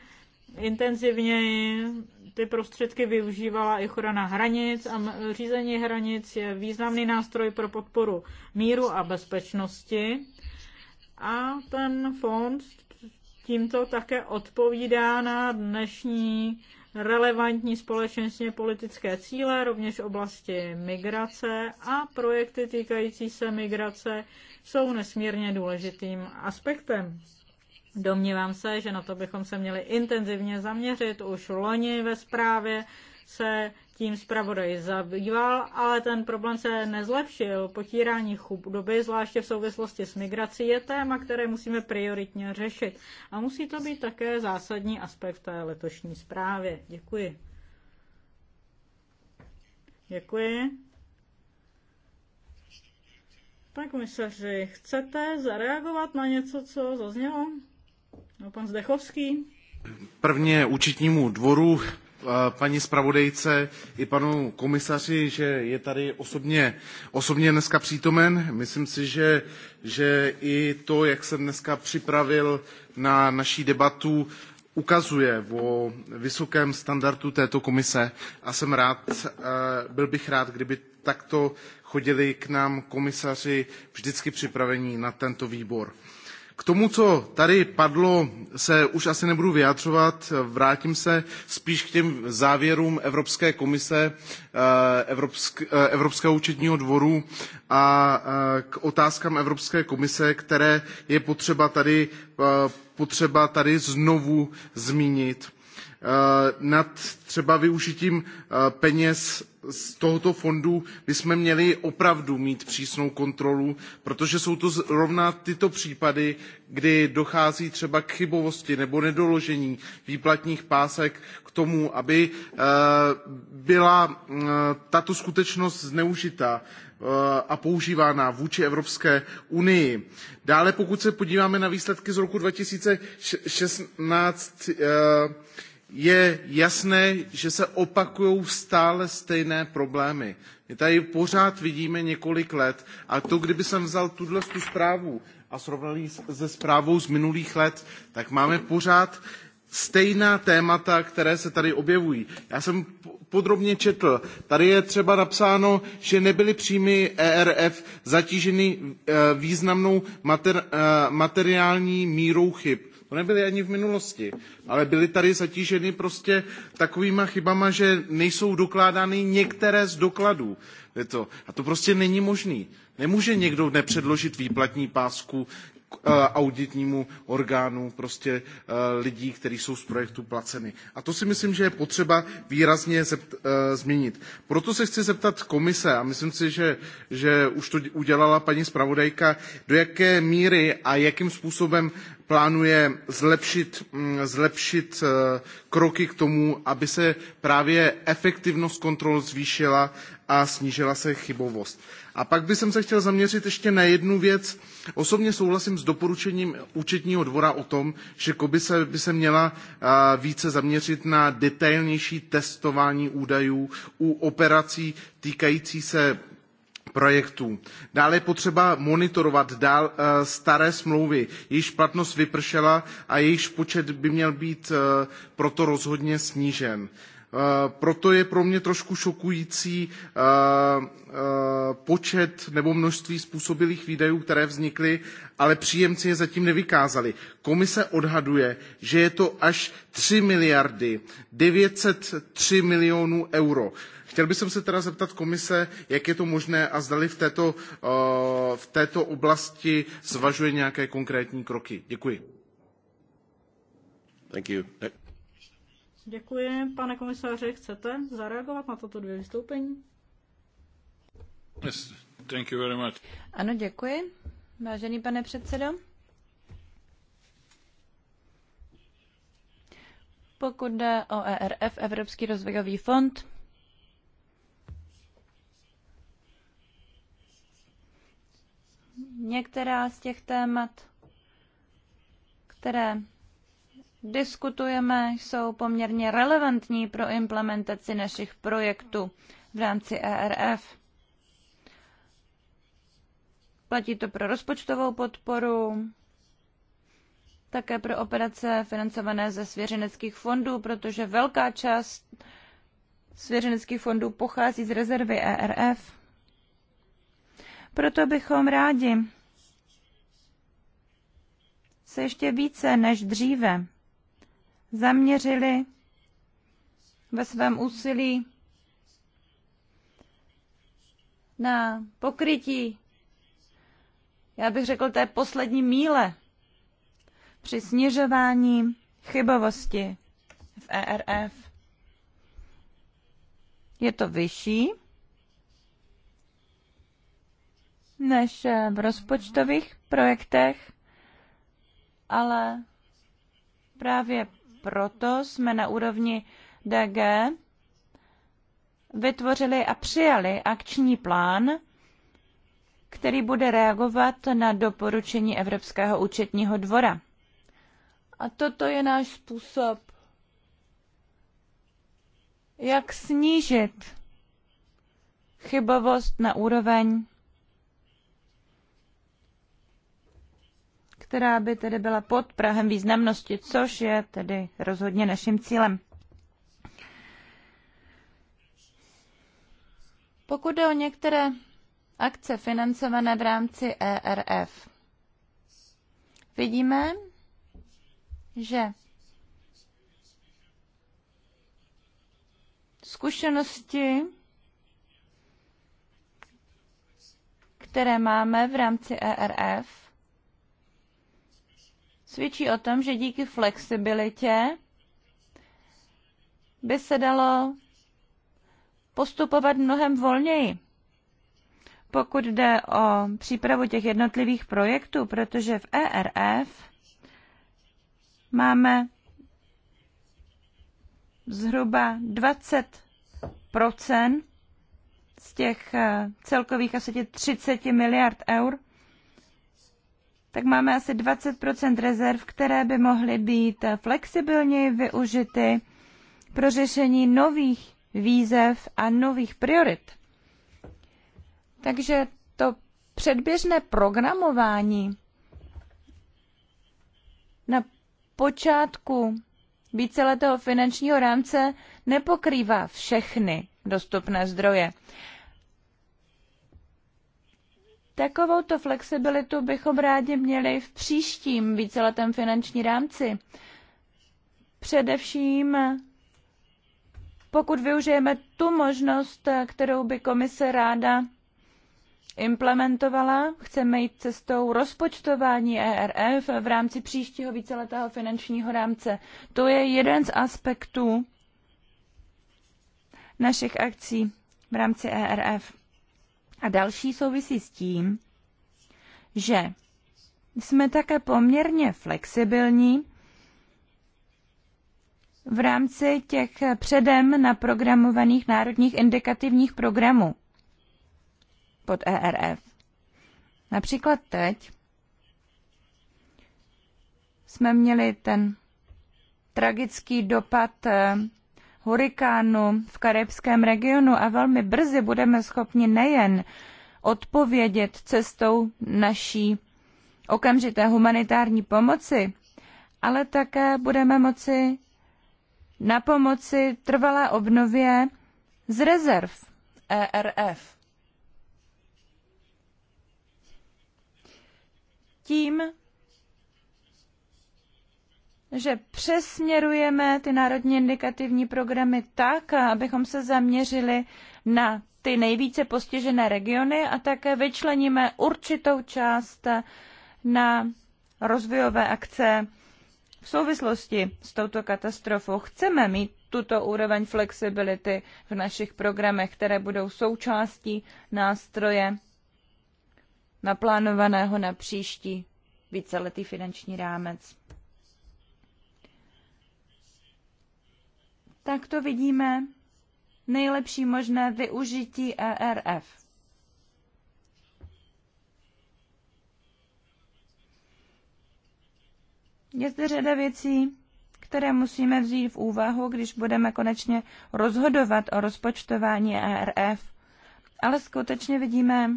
C: intenzivněji ty prostředky využívala i ochrana hranic a řízení hranic je významný nástroj pro podporu míru a bezpečnosti. A ten fond tímto také odpovídá na dnešní relevantní společensně politické cíle, rovněž oblasti migrace a projekty týkající se migrace jsou nesmírně důležitým aspektem. Domnívám se, že na to bychom se měli intenzivně zaměřit. Už loni ve zprávě se tím zpravodaj zabýval, ale ten problém se nezlepšil. Potírání chudoby, zvláště v souvislosti s migrací, je téma, které musíme prioritně řešit. A musí to být také zásadní aspekt té letošní zprávě. Děkuji. Děkuji. Pane komisaři, chcete zareagovat na něco, co zaznělo? No, pan Zdechovský.
A: Prvně účetnímu dvoru Eh, paní zpravodajce i panu komisaři, že je tady osobně, osobně dneska přítomen. Myslím si, že, že i to, jak jsem dneska připravil na naší debatu, ukazuje o vysokém standardu této komise a jsem rád, eh, byl bych rád, kdyby takto chodili k nám komisaři vždycky připravení na tento výbor. K tomu, co tady padlo, se už asi nebudu vyjadřovat. Vrátím se spíš k těm závěrům Evropské komise, eh, eh, Evropského účetního dvoru a eh, k otázkám Evropské komise, které je potřeba tady, potřeba tady znovu zmínit nad třeba využitím peněz z tohoto fondu bychom měli opravdu mít přísnou kontrolu, protože jsou to zrovna tyto případy, kdy dochází třeba k chybovosti nebo nedoložení výplatních pásek k tomu, aby eh, byla eh, tato skutečnost zneužita eh, a používána vůči Evropské unii. Dále, pokud se podíváme na výsledky z roku 2016, je jasné, že se opakují stále stejné problémy. My tady pořád vidíme několik let a to, kdyby jsem vzal tuhle tu zprávu a srovnal ji se zprávou z minulých let, tak máme pořád stejná témata, které se tady objevují. Já jsem podrobně četl. Tady je třeba napsáno, že nebyly příjmy ERF zatíženy e, významnou mater, e, materiální mírou chyb. To nebyly ani v minulosti, ale byly tady zatíženy prostě takovýma chybama, že nejsou dokládány některé z dokladů. Je to, a to prostě není možné. Nemůže někdo nepředložit výplatní pásku Eh, auditnímu orgánu prostě eh, lidí, kteří jsou z projektu placeni. A to si myslím, že je potřeba výrazně zept, eh, změnit. Proto se chci zeptat komise, a myslím si, že, že už to udělala paní zpravodajka, do jaké míry a jakým způsobem plánuje zlepšit, mm, zlepšit kroky k tomu, aby se právě efektivnost kontrol zvýšila a snížila se chybovost. A pak bych se chtěl zaměřit ještě na jednu věc. Osobně souhlasím s doporučením účetního dvora o tom, že komise by se měla více zaměřit na detailnější testování údajů u operací týkající se projektů. Dále je potřeba monitorovat dál e, staré smlouvy, jejichž platnost vypršela a jejichž počet by měl být e, proto rozhodně snížen. Eh, proto je pro mě trošku šokující eh, eh, počet nebo množství způsobilých výdajů, které vznikly, ale příjemci je zatím nevykázali. Komise odhaduje, že je to až 3 miliardy 903 milionů euro. Chtěl bych se teda zeptat komise, jak je to možné a zdali v této, v této oblasti zvažuje nějaké konkrétní kroky. Děkuji. Thank you.
C: Děkuji. Pane komisáře, chcete zareagovat na toto dvě vystoupení?
D: Yes, thank you very much. Ano, děkuji. Vážený pane předsedo. Pokud jde o ERF, Evropský rozvojový fond, některá z těch témat, které diskutujeme, jsou poměrně relevantní pro implementaci našich projektů v rámci ERF. Platí to pro rozpočtovou podporu, také pro operace financované ze svěřeneckých fondů, protože velká část svěřeneckých fondů pochází z rezervy ERF. Proto bychom rádi se ještě více než dříve zaměřili ve svém úsilí na pokrytí, já bych řekl, té poslední míle při snižování chybovosti v ERF. Je to vyšší než v rozpočtových projektech, ale právě proto jsme na úrovni DG vytvořili a přijali akční plán, který bude reagovat na doporučení Evropského účetního dvora. A toto je náš způsob, jak snížit chybovost na úroveň která by tedy byla pod Prahem významnosti, což je tedy rozhodně naším cílem. Pokud jde o některé akce financované v rámci ERF, vidíme, že zkušenosti, které máme v rámci ERF, svědčí o tom, že díky flexibilitě by se dalo postupovat mnohem volněji, pokud jde o přípravu těch jednotlivých projektů, protože v ERF máme zhruba 20 z těch eh, celkových asi 30 miliard eur tak máme asi 20 rezerv, které by mohly být flexibilněji využity pro řešení nových výzev a nových priorit. Takže to předběžné programování na počátku víceletého finančního rámce nepokrývá všechny dostupné zdroje. Takovouto flexibilitu bychom rádi měli v příštím víceletém finanční rámci. Především pokud využijeme tu možnost, kterou by komise ráda implementovala, chceme jít cestou rozpočtování ERF v rámci příštího víceletého finančního rámce. To je jeden z aspektů našich akcí v rámci ERF. A další souvisí s tím, že jsme také poměrně flexibilní v rámci těch předem naprogramovaných národních indikativních programů pod ERF. Například teď jsme měli ten tragický dopad eh, hurikánu v karibském regionu a velmi brzy budeme schopni nejen odpovědět cestou naší okamžité humanitární pomoci, ale také budeme moci na pomoci trvalé obnově z rezerv ERF. Tím že přesměrujeme ty národní indikativní programy tak, abychom se zaměřili na ty nejvíce postižené regiony a také vyčleníme určitou část na rozvojové akce v souvislosti s touto katastrofou. Chceme mít tuto úroveň flexibility v našich programech, které budou součástí nástroje naplánovaného na příští víceletý finanční rámec. tak to vidíme nejlepší možné využití ERF. Je zde řada věcí, které musíme vzít v úvahu, když budeme konečně rozhodovat o rozpočtování ERF. Ale skutečně vidíme,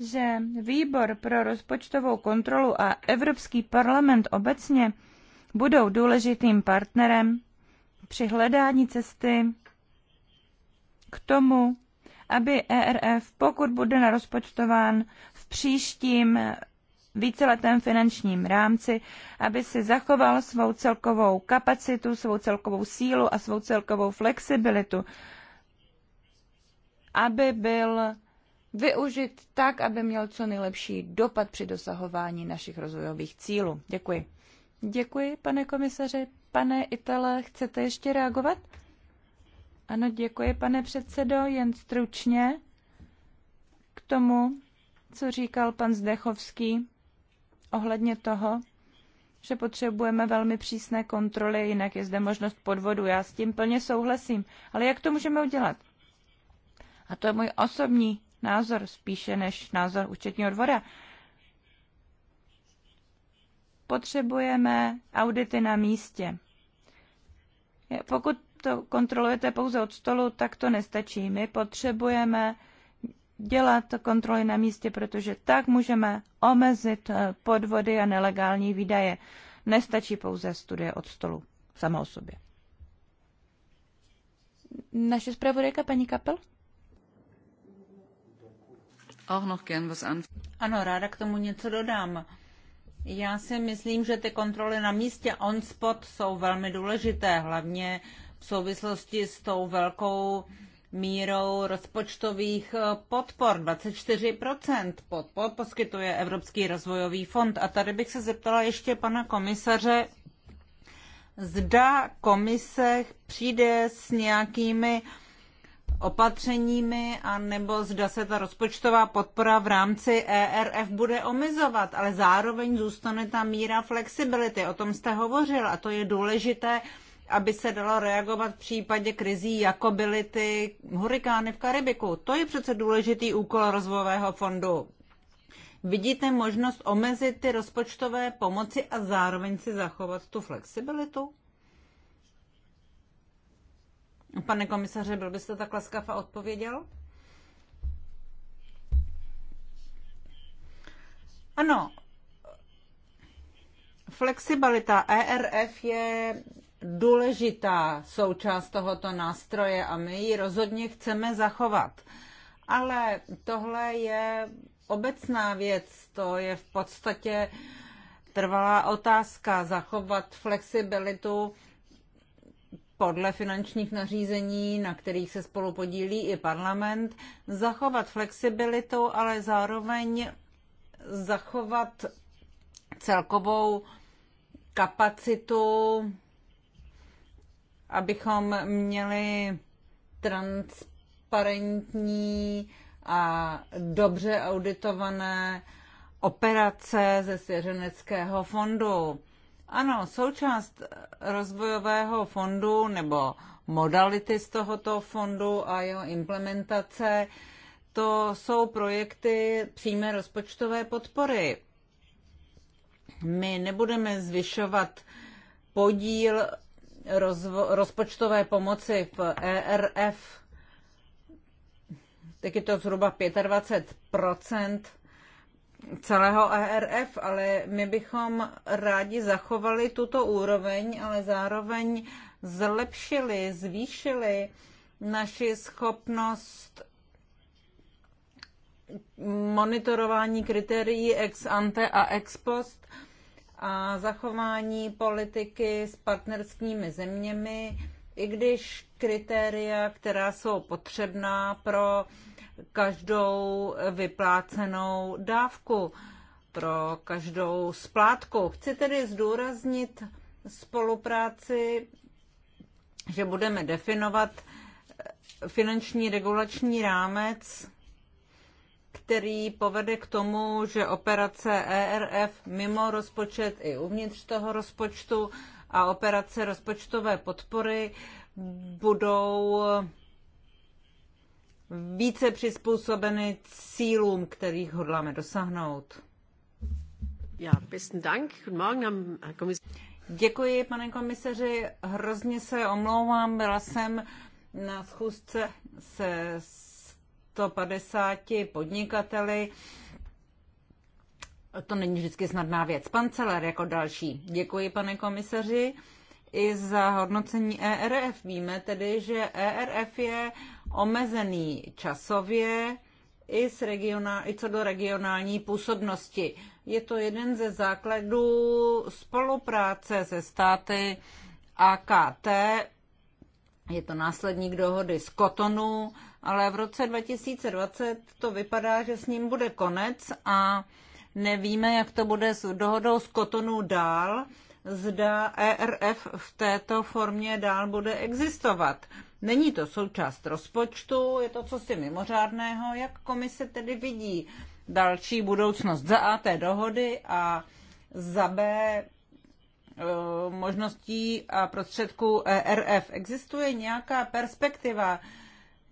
D: že Výbor pro rozpočtovou kontrolu a Evropský parlament obecně budou důležitým partnerem při hledání cesty k tomu, aby ERF, pokud bude narozpočtován v příštím víceletém finančním rámci, aby si zachoval svou celkovou kapacitu, svou celkovou sílu a svou celkovou flexibilitu, aby byl využit tak, aby měl co nejlepší dopad při dosahování našich rozvojových cílů. Děkuji. Děkuji, pane komisaři. Pane Itale, chcete ještě reagovat? Ano, děkuji, pane předsedo, jen stručně k tomu, co říkal pan Zdechovský ohledně toho, že potřebujeme velmi přísné kontroly, jinak je zde možnost podvodu. Já s tím plně souhlasím. Ale jak to můžeme udělat? A to je můj osobní názor spíše než názor účetního dvora. Potřebujeme audity na místě. Pokud to kontrolujete pouze od stolu, tak to nestačí. My potřebujeme dělat kontroly na místě, protože tak můžeme omezit eh, podvody a nelegální výdaje. Nestačí pouze studie od stolu sama o sobě. Naše zpravodajka paní Kapel?
B: Ano, ráda k tomu něco dodám. Já si myslím, že ty kontroly na místě on-spot jsou velmi důležité, hlavně v souvislosti s tou velkou mírou rozpočtových eh, podpor. 24% podpor poskytuje Evropský rozvojový fond. A tady bych se zeptala ještě pana komisaře, zda komise přijde s nějakými opatřeními, anebo zda se ta rozpočtová podpora v rámci ERF bude omezovat, ale zároveň zůstane ta míra flexibility. O tom jste hovořil a to je důležité, aby se dalo reagovat v případě krizí, jako byly ty hurikány v Karibiku. To je přece důležitý úkol rozvojového fondu. Vidíte možnost omezit ty rozpočtové pomoci a zároveň si zachovat tu flexibilitu? Pane komisaře, byl byste tak laskav a odpověděl? Ano, flexibilita ERF je důležitá součást tohoto nástroje a my ji rozhodně chceme zachovat. Ale tohle je obecná věc, to je v podstatě trvalá otázka zachovat flexibilitu podle finančních nařízení, na kterých se spolu podílí i parlament, zachovat flexibilitu, ale zároveň zachovat celkovou kapacitu, abychom měli transparentní a dobře auditované operace ze svěřeneckého fondu. Ano, součást rozvojového fondu nebo modality z tohoto fondu a jeho implementace, to jsou projekty přímé rozpočtové podpory. My nebudeme zvyšovat podíl rozpočtové pomoci v ERF, tak je to zhruba 25 celého ERF, ale my bychom rádi zachovali tuto úroveň, ale zároveň zlepšili, zvýšili naši schopnost monitorování kritérií ex ante a ex post a zachování politiky s partnerskými zeměmi, i když kritéria, která jsou potřebná pro uh, každou vyplácenou dávku, pro každou splátku. Chci tedy zdůraznit spolupráci, že budeme definovat eh, finanční regulační rámec, který povede k tomu, že operace ERF mimo rozpočet i uvnitř toho rozpočtu a operace rozpočtové podpory budou více přizpůsobeny cílům, kterých hodláme dosáhnout. Ja, besten Dank. Guten Morgen, Herr Kommissar. Děkuji, pane komisaři. Hrozně se omlouvám, byla jsem na schůzce se 150 podnikateli. To není vždycky snadná věc. Pan Celer jako další. Děkuji, pane komisaři i za hodnocení ERF. Víme tedy, že ERF je omezený časově i, s regionál, i co do regionální působnosti. Je to jeden ze základů spolupráce se státy AKT. Je to následník dohody z Kotonu, ale v roce 2020 to vypadá, že s ním bude konec a nevíme, jak to bude s dohodou z Kotonu dál zda ERF v této formě dál bude existovat. Není to součást rozpočtu, je to cosi mimořádného, jak komise tedy vidí další budoucnost za A té dohody a za B eh, možností a prostředků ERF. Existuje nějaká perspektiva,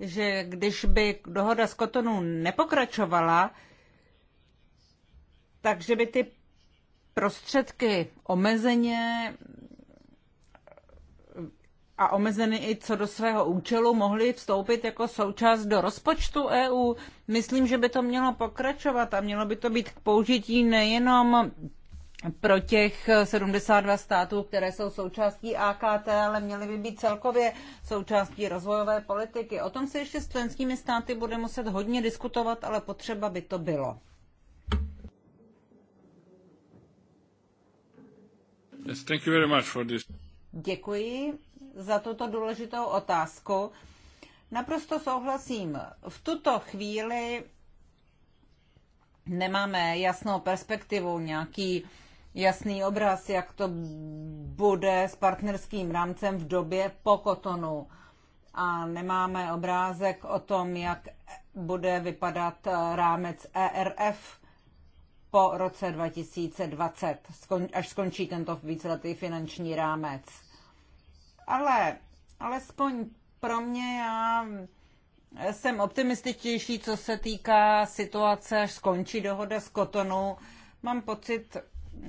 B: že když by dohoda s Kotonu nepokračovala, takže by ty prostředky omezeně a omezeny i co do svého účelu, mohly vstoupit jako součást do rozpočtu EU. Myslím, že by to mělo pokračovat a mělo by to být k použití nejenom pro těch 72 států, které jsou součástí AKT, ale měly by být celkově součástí rozvojové politiky. O tom se ještě s členskými státy bude muset hodně diskutovat, ale potřeba by to bylo. Děkuji za tuto důležitou otázku. Naprosto souhlasím. V tuto chvíli nemáme jasnou perspektivu, nějaký jasný obraz, jak to bude s partnerským rámcem v době po kotonu. A nemáme obrázek o tom, jak bude vypadat rámec ERF po roce 2020, až skončí tento víceletý finanční rámec. Ale alespoň pro mě já jsem optimističtější, co se týká situace, až skončí dohoda s Kotonu. Mám pocit,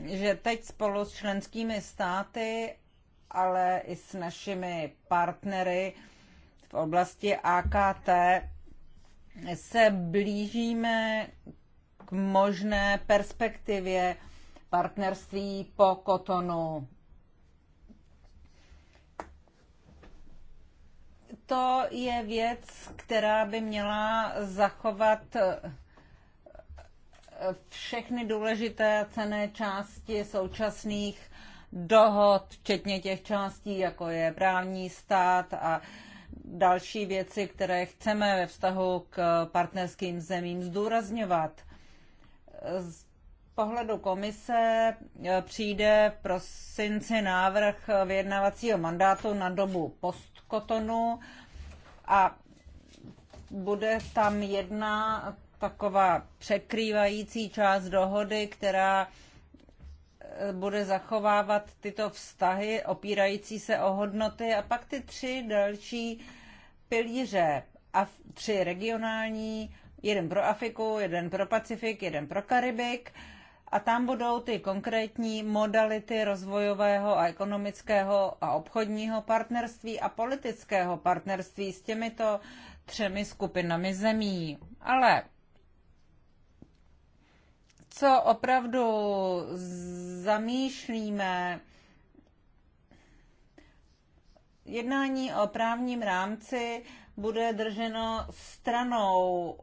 B: že teď spolu s členskými státy, ale i s našimi partnery v oblasti AKT se blížíme možné perspektivě partnerství po kotonu. To je věc, která by měla zachovat eh, všechny důležité a cené části současných dohod, včetně těch částí, jako je právní stát a další věci, které chceme ve vztahu k partnerským zemím zdůrazňovat. Z pohledu komise e, přijde v prosinci návrh vyjednávacího mandátu na dobu postkotonu a bude tam jedna taková překrývající část dohody, která e, bude zachovávat tyto vztahy opírající se o hodnoty a pak ty tři další pilíře a tři regionální, jeden pro Afriku, jeden pro Pacifik, jeden pro Karibik. A tam budou ty konkrétní modality rozvojového a ekonomického a obchodního partnerství a politického partnerství s těmito třemi skupinami zemí. Ale co opravdu zamýšlíme, jednání o právním rámci bude drženo stranou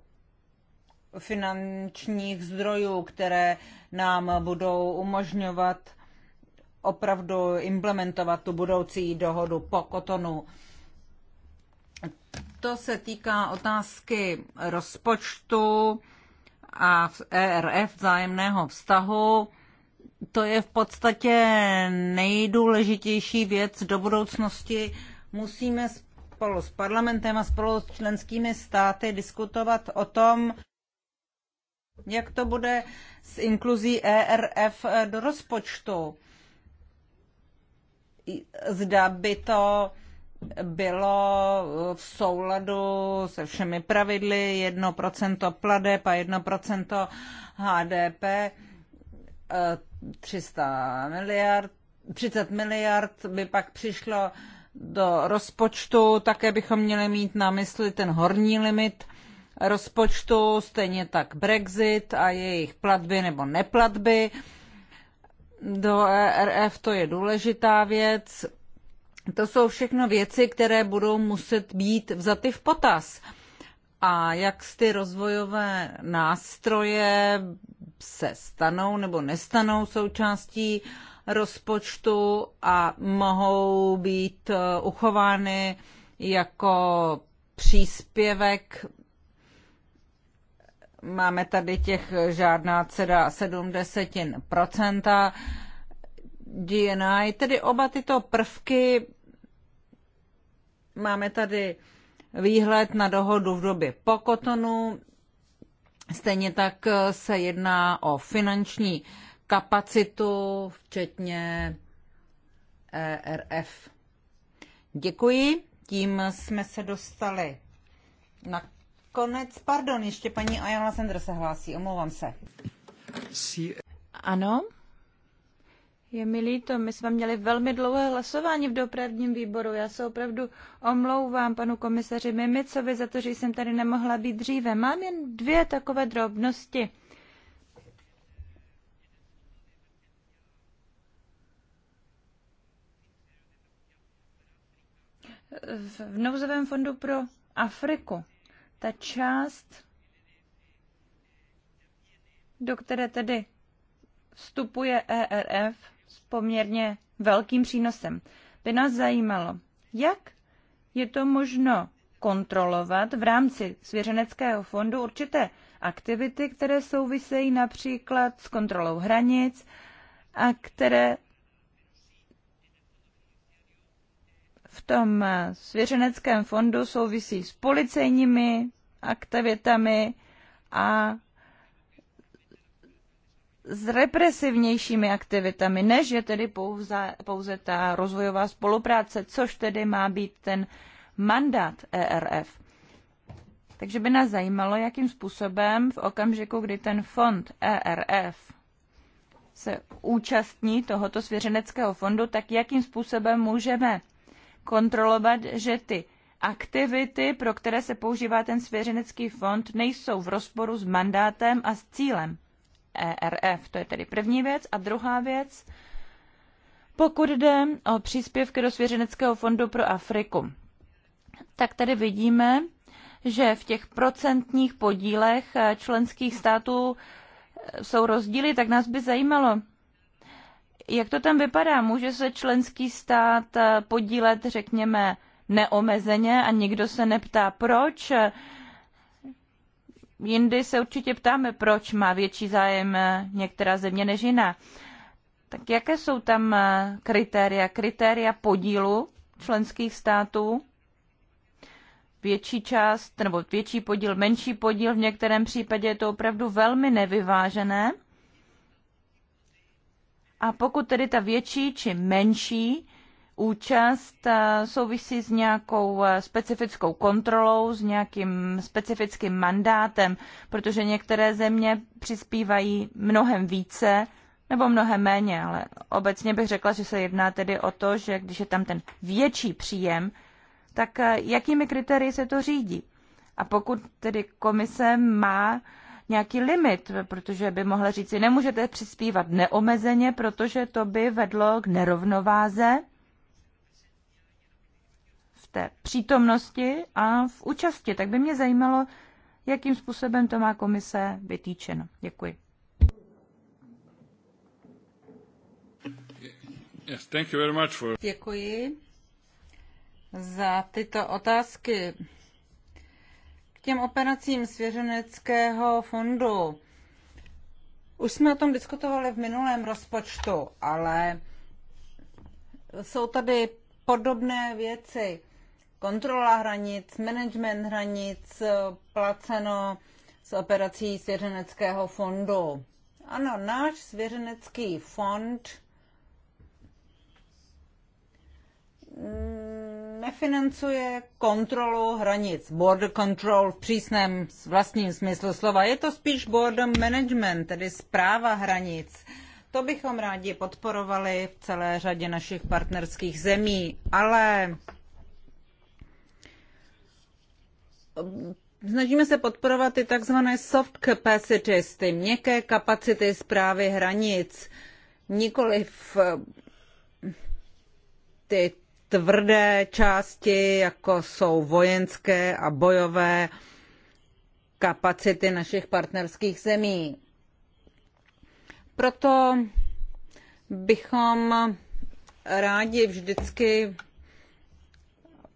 B: finančních zdrojů, které nám budou umožňovat opravdu implementovat tu budoucí dohodu po Kotonu. To se týká otázky rozpočtu a ERF vzájemného vztahu. To je v podstatě nejdůležitější věc do budoucnosti. Musíme spolu s parlamentem a spolu s členskými státy diskutovat o tom, jak to bude s inkluzí ERF do rozpočtu? Zda by to bylo v souladu se všemi pravidly 1% pladeb a 1% HDP, 300 miliard, 30 miliard by pak přišlo do rozpočtu. Také bychom měli mít na mysli ten horní limit rozpočtu, stejně tak Brexit a jejich platby nebo neplatby. Do ERF to je důležitá věc. To jsou všechno věci, které budou muset být vzaty v potaz. A jak ty rozvojové nástroje se stanou nebo nestanou součástí rozpočtu a mohou být eh, uchovány jako příspěvek Máme tady těch žádná ceda 7 desetin procenta. GNI, tedy oba tyto prvky, máme tady výhled na dohodu v době po kotonu, stejně tak se jedná o finanční kapacitu, včetně ERF. Děkuji, tím jsme se dostali na Konec, pardon, ještě paní
D: Ayala Sender se hlásí, omlouvám se. Ano? Je mi líto, my jsme měli velmi dlouhé hlasování v dopravním výboru. Já se opravdu omlouvám panu komisaři Mimicovi za to, že jsem tady nemohla být dříve. Mám jen dvě takové drobnosti. V nouzovém fondu pro Afriku ta část, do které tedy vstupuje ERF s poměrně velkým přínosem. By nás zajímalo, jak je to možno kontrolovat v rámci svěřeneckého fondu určité aktivity, které souvisejí například s kontrolou hranic a které v tom svěřeneckém fondu souvisí s policejními aktivitami a s represivnějšími aktivitami, než je tedy pouze, pouze ta rozvojová spolupráce, což tedy má být ten mandát ERF. Takže by nás zajímalo, jakým způsobem v okamžiku, kdy ten fond ERF se účastní tohoto svěřeneckého fondu, tak jakým způsobem můžeme kontrolovat, že ty aktivity, pro které se používá ten svěřenecký fond, nejsou v rozporu s mandátem a s cílem ERF. To je tedy první věc. A druhá věc, pokud jde o příspěvky do svěřeneckého fondu pro Afriku, tak tady vidíme, že v těch procentních podílech eh, členských států eh, jsou rozdíly, tak nás by zajímalo, jak to tam vypadá? Může se členský stát eh, podílet, řekněme, neomezeně a nikdo se neptá, proč? Jindy se určitě ptáme, proč má větší zájem eh, některá země než jiná. Tak jaké jsou tam eh, kritéria? Kritéria podílu členských států? Větší část, nebo větší podíl, menší podíl, v některém případě je to opravdu velmi nevyvážené. A pokud tedy ta větší či menší účast eh, souvisí s nějakou eh, specifickou kontrolou, s nějakým specifickým mandátem, protože některé země přispívají mnohem více nebo mnohem méně, ale obecně bych řekla, že se jedná tedy o to, že když je tam ten větší příjem, tak eh, jakými kritérii se to řídí? A pokud tedy komise má uh, nějaký limit, protože by mohla říci, nemůžete přispívat neomezeně, protože to by vedlo k nerovnováze v té přítomnosti a v účasti. Tak by mě zajímalo, jakým způsobem to má komise vytýčeno. Děkuji. Yes, thank you very much for... Děkuji za
B: tyto otázky těm operacím svěřeneckého fondu. Už jsme o tom diskutovali v minulém rozpočtu, ale jsou tady podobné věci. Kontrola hranic, management hranic, eh, placeno z operací svěřeneckého fondu. Ano, náš svěřenecký fond nefinancuje kontrolu hranic, border control v přísném vlastním smyslu slova. Je to spíš border management, tedy zpráva hranic. To bychom rádi podporovali v celé řadě našich partnerských zemí, ale snažíme se podporovat i takzvané soft capacities, ty měkké kapacity zprávy hranic, Nikoli v eh, ty tvrdé části, jako jsou vojenské a bojové kapacity našich partnerských zemí. Proto bychom rádi vždycky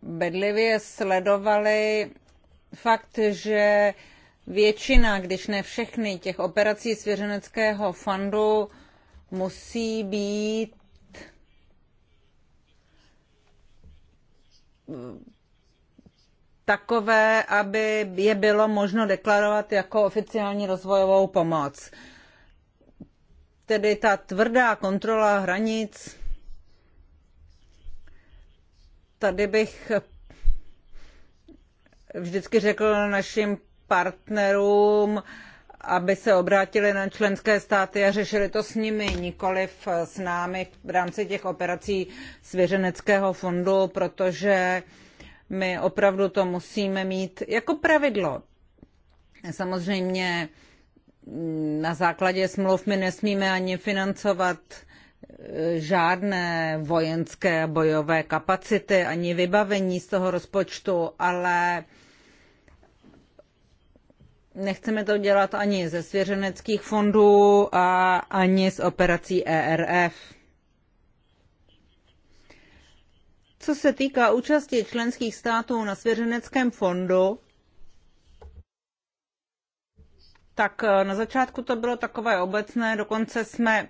B: bedlivě sledovali fakt, že většina, když ne všechny, těch operací svěřeneckého fondu musí být takové, aby je bylo možno deklarovat jako oficiální rozvojovou pomoc. Tedy ta tvrdá kontrola hranic, tady bych vždycky řekl našim partnerům, aby se obrátili na členské státy a řešili to s nimi, nikoliv s námi v rámci těch operací svěřeneckého fondu, protože my opravdu to musíme mít jako pravidlo. Samozřejmě na základě smluv my nesmíme ani financovat eh, žádné vojenské bojové kapacity ani vybavení z toho rozpočtu, ale Nechceme to dělat ani ze svěřeneckých fondů a ani z operací ERF. Co se týká účasti členských států na svěřeneckém fondu, tak eh, na začátku to bylo takové obecné, dokonce jsme,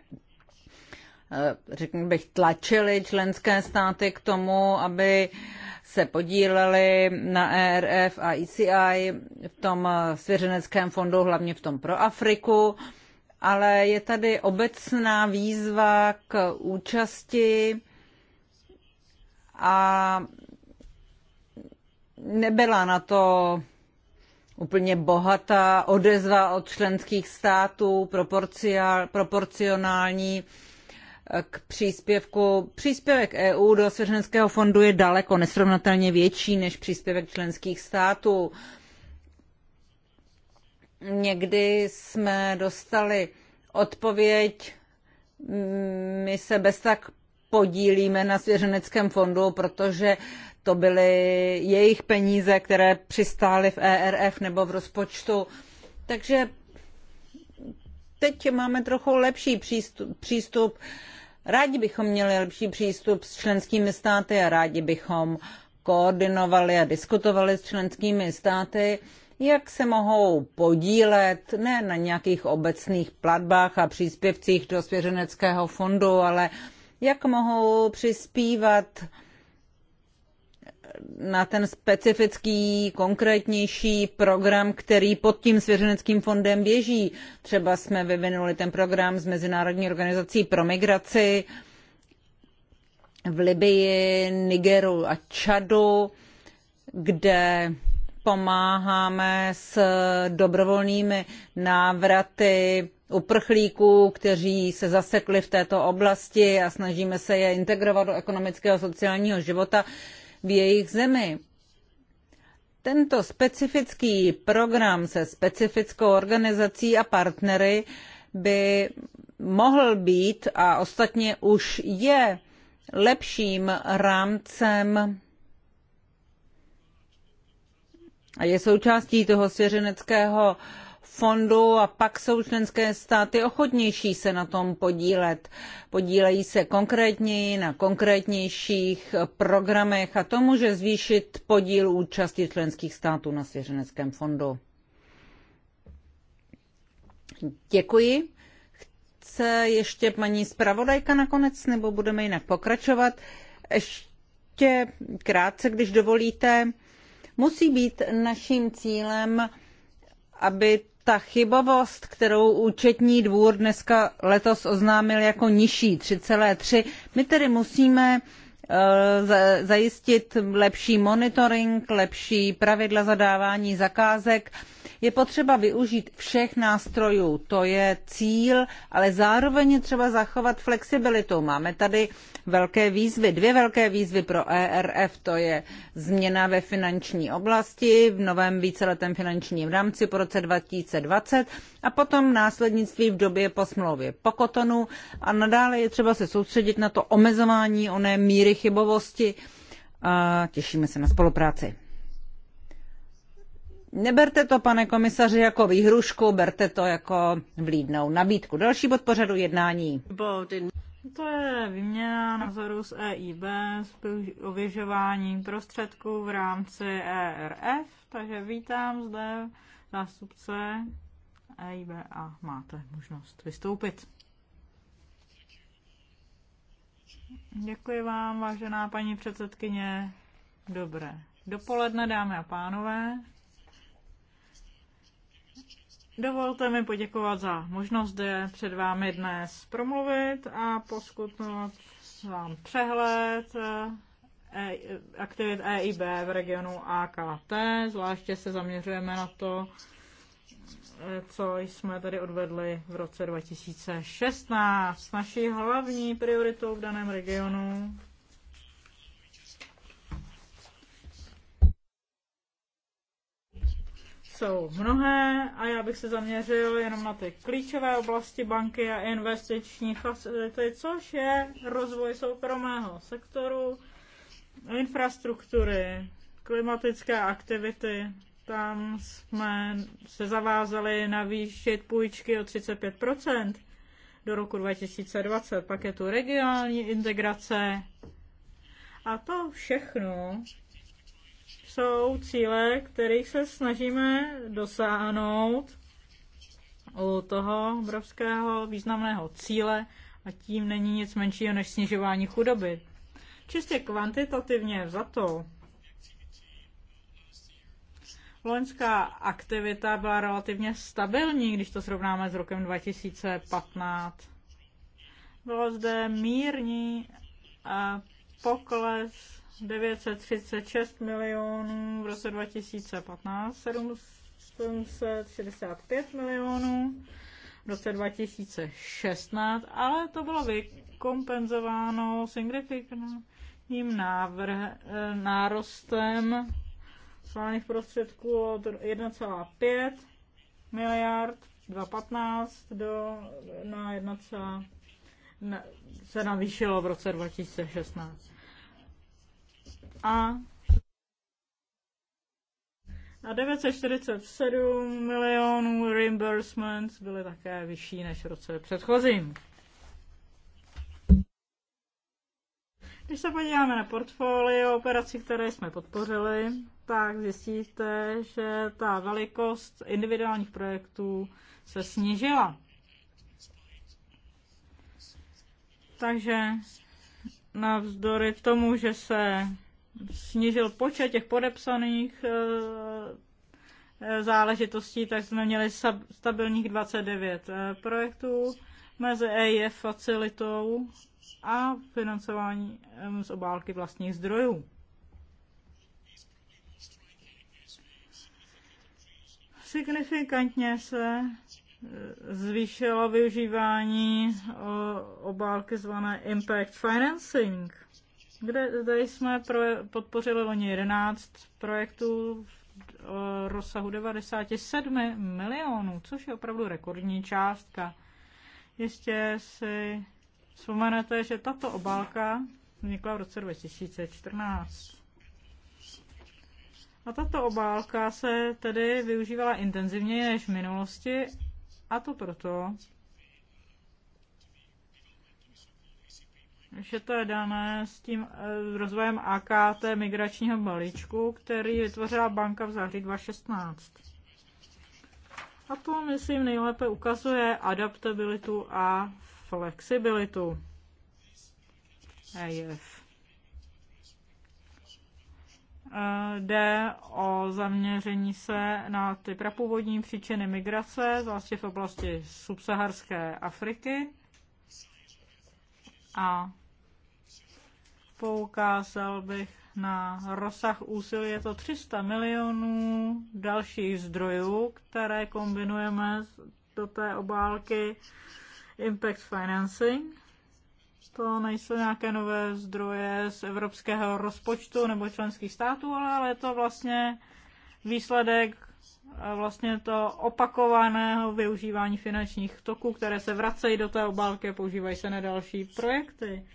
B: eh, řekl bych, tlačili členské státy k tomu, aby se podíleli na ERF a ECI v tom svěřeneckém fondu, hlavně v tom pro Afriku. Ale je tady obecná výzva k účasti a nebyla na to úplně bohatá odezva od členských států, proporcionální k příspěvku. Příspěvek EU do Svěřenského fondu je daleko nesrovnatelně větší než příspěvek členských států. Někdy jsme dostali odpověď, my se bez tak podílíme na svěřeneckém fondu, protože to byly jejich peníze, které přistály v ERF nebo v rozpočtu. Takže teď máme trochu lepší přístup, přístup Rádi bychom měli lepší přístup s členskými státy a rádi bychom koordinovali a diskutovali s členskými státy, jak se mohou podílet ne na nějakých obecných platbách a příspěvcích do svěřeneckého fondu, ale jak mohou přispívat na ten specifický, konkrétnější program, který pod tím svěřeneckým fondem běží. Třeba jsme vyvinuli ten program s Mezinárodní organizací pro migraci v Libii, Nigeru a Čadu, kde pomáháme s dobrovolnými návraty uprchlíků, kteří se zasekli v této oblasti a snažíme se je integrovat do ekonomického a sociálního života v jejich zemi. Tento specifický program se specifickou organizací a partnery by mohl být a ostatně už je lepším rámcem a je součástí toho svěřeneckého fondu a pak jsou členské státy ochotnější se na tom podílet. Podílejí se konkrétněji na konkrétnějších programech a to může zvýšit podíl účasti členských států na svěřeneckém fondu. Děkuji. Chce ještě paní zpravodajka nakonec, nebo budeme jinak pokračovat? Ještě krátce, když dovolíte, musí být naším cílem, aby ta chybovost, kterou účetní dvůr dneska letos oznámil jako nižší 3,3, my tedy musíme Eh, zajistit lepší monitoring, lepší pravidla zadávání zakázek. Je potřeba využít všech nástrojů, to je cíl, ale zároveň je třeba zachovat flexibilitu. Máme tady velké výzvy, dvě velké výzvy pro ERF, to je změna ve finanční oblasti v novém víceletém finančním rámci po roce 2020 a potom následnictví v době po smlouvě po kotonu a nadále je třeba se soustředit na to omezování oné míry míry chybovosti a těšíme se na spolupráci. Neberte to, pane komisaři, jako výhrušku, berte to jako vlídnou nabídku. Další bod pořadu jednání.
C: To je výměna názoru z EIB, z ověžování prostředků v rámci ERF, takže vítám zde zástupce EIB a máte možnost vystoupit. Děkuji vám, vážená paní předsedkyně. Dobré dopoledne, dámy a pánové. Dovolte mi poděkovat za možnost zde před vámi dnes promluvit a poskutnout vám přehled eh, aktivit EIB v regionu AKT. Zvláště se zaměřujeme na to, co jsme tady odvedli v roce 2016. Naší hlavní prioritou v daném regionu jsou mnohé a já bych se zaměřil jenom na ty klíčové oblasti banky a investiční facility, což je rozvoj soukromého sektoru, infrastruktury, klimatické aktivity, tam jsme se zavázali navýšit půjčky o 35 do roku 2020. Pak je tu regionální integrace. A to všechno jsou cíle, kterých se snažíme dosáhnout u toho obrovského významného cíle a tím není nic menšího než snižování chudoby. Čistě kvantitativně za to loňská aktivita byla relativně stabilní, když to srovnáme s rokem 2015. Bylo zde mírný eh, pokles 936 milionů v roce 2015, 765 milionů v roce 2016, ale to bylo vykompenzováno signifikantním návrhem, eh, nárostem slaných prostředků od 1,5 miliard 2015 do, na 1, se navýšilo v roce 2016. A a 947 milionů reimbursements byly také vyšší než v roce předchozím. Když se podíváme na portfolio operací, které jsme podpořili, tak zjistíte, že ta velikost individuálních projektů se snížila. Takže navzdory tomu, že se snížil počet těch podepsaných eh, eh, záležitostí, tak jsme měli stabilních 29 eh, projektů mezi EIF facilitou a financování z obálky vlastních zdrojů. Signifikantně se e, zvýšilo využívání obálky zvané Impact Financing, kde zde jsme podpořili loni 11 projektů v rozsahu 97 milionů, což je opravdu rekordní částka. Jistě si vzpomenete, že tato obálka vznikla v roce 2014. A tato obálka se tedy využívala intenzivněji než v minulosti, a to proto, že to je dané s tím eh, rozvojem AKT migračního balíčku, který vytvořila banka v září 2016. A to, myslím, nejlépe ukazuje adaptabilitu a flexibilitu. AF. E e, jde o zaměření se na ty prapůvodní příčiny migrace, zvláště v oblasti subsaharské Afriky. A poukázal bych na rozsah úsilí. Je to 300 milionů dalších zdrojů, které kombinujeme do té obálky Impact Financing. To nejsou nějaké nové zdroje z evropského rozpočtu nebo členských států, ale je to vlastně výsledek vlastně to opakovaného využívání finančních toků, které se vracejí do té obálky a používají se na další projekty.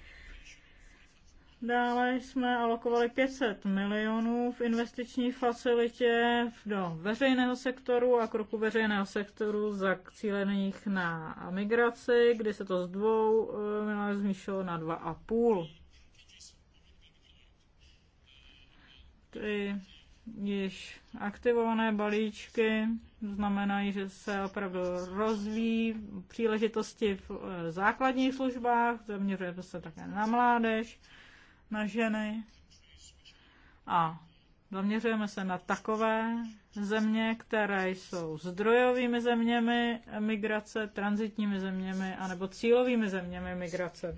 C: Dále jsme alokovali 500 milionů v investiční facilitě do veřejného sektoru a kroku veřejného sektoru zacílených na migraci, kdy se to z dvou milionů eh, zvýšilo na půl, Ty již aktivované balíčky znamenají, že se opravdu rozvíjí příležitosti v eh, základních službách, zaměřuje se také na mládež, na ženy a zaměřujeme se na takové země, které jsou zdrojovými zeměmi migrace, transitními zeměmi anebo cílovými zeměmi migrace.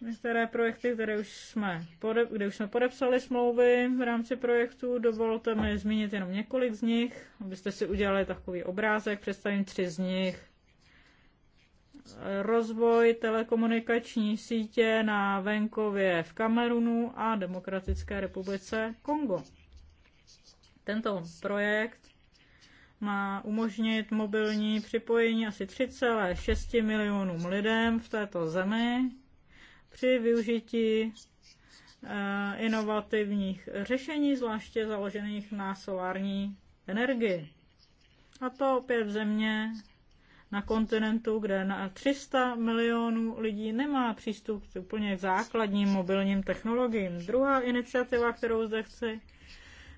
C: Některé projekty, které už jsme podep- kde už jsme podepsali smlouvy v rámci projektu, dovolte mi zmínit jenom několik z nich, abyste si udělali takový obrázek, představím tři z nich rozvoj telekomunikační sítě na venkově v Kamerunu a Demokratické republice Kongo. Tento projekt má umožnit mobilní připojení asi 3,6 milionům lidem v této zemi při využití eh, inovativních řešení, zvláště založených na solární energii. A to opět v země, na kontinentu, kde na 300 milionů lidí nemá přístup k úplně základním mobilním technologiím. Druhá iniciativa, kterou zde chci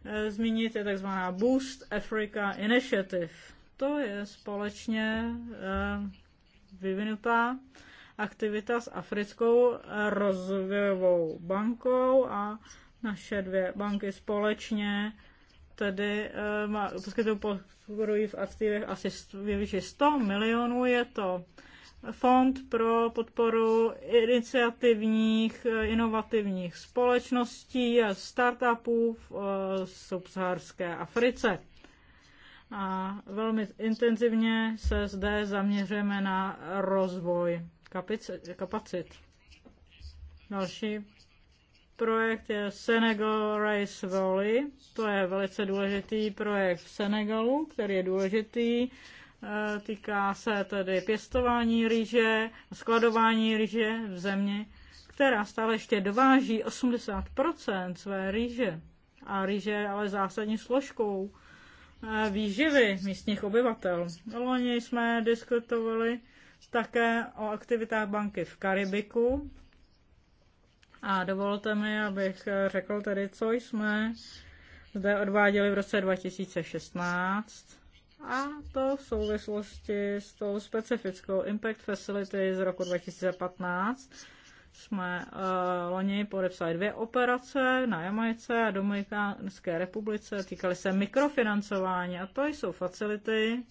C: eh, zmínit, je tzv. Boost Africa Initiative. To je společně eh, vyvinutá aktivita s Africkou rozvojovou bankou a naše dvě banky společně tedy eh, má poskytnou podporují v aktivech asi ve 100 milionů. Je to fond pro podporu iniciativních, eh, inovativních společností a startupů v eh, subsaharské Africe. A velmi intenzivně se zde zaměřujeme na rozvoj kapacit. Další Projekt je Senegal Rice Valley. To je velice důležitý projekt v Senegalu, který je důležitý. Eh, týká se tedy pěstování rýže, skladování rýže v zemi, která stále ještě dováží 80 své rýže. A rýže je ale zásadní složkou eh, výživy místních obyvatel. Loni jsme diskutovali také o aktivitách banky v Karibiku, a dovolte mi, abych řekl tedy, co jsme zde odváděli v roce 2016 a to v souvislosti s tou specifickou Impact Facility z roku 2015. Jsme uh, loni podepsali dvě operace na Jamajce a Dominikánské republice, týkaly se mikrofinancování a to jsou facility,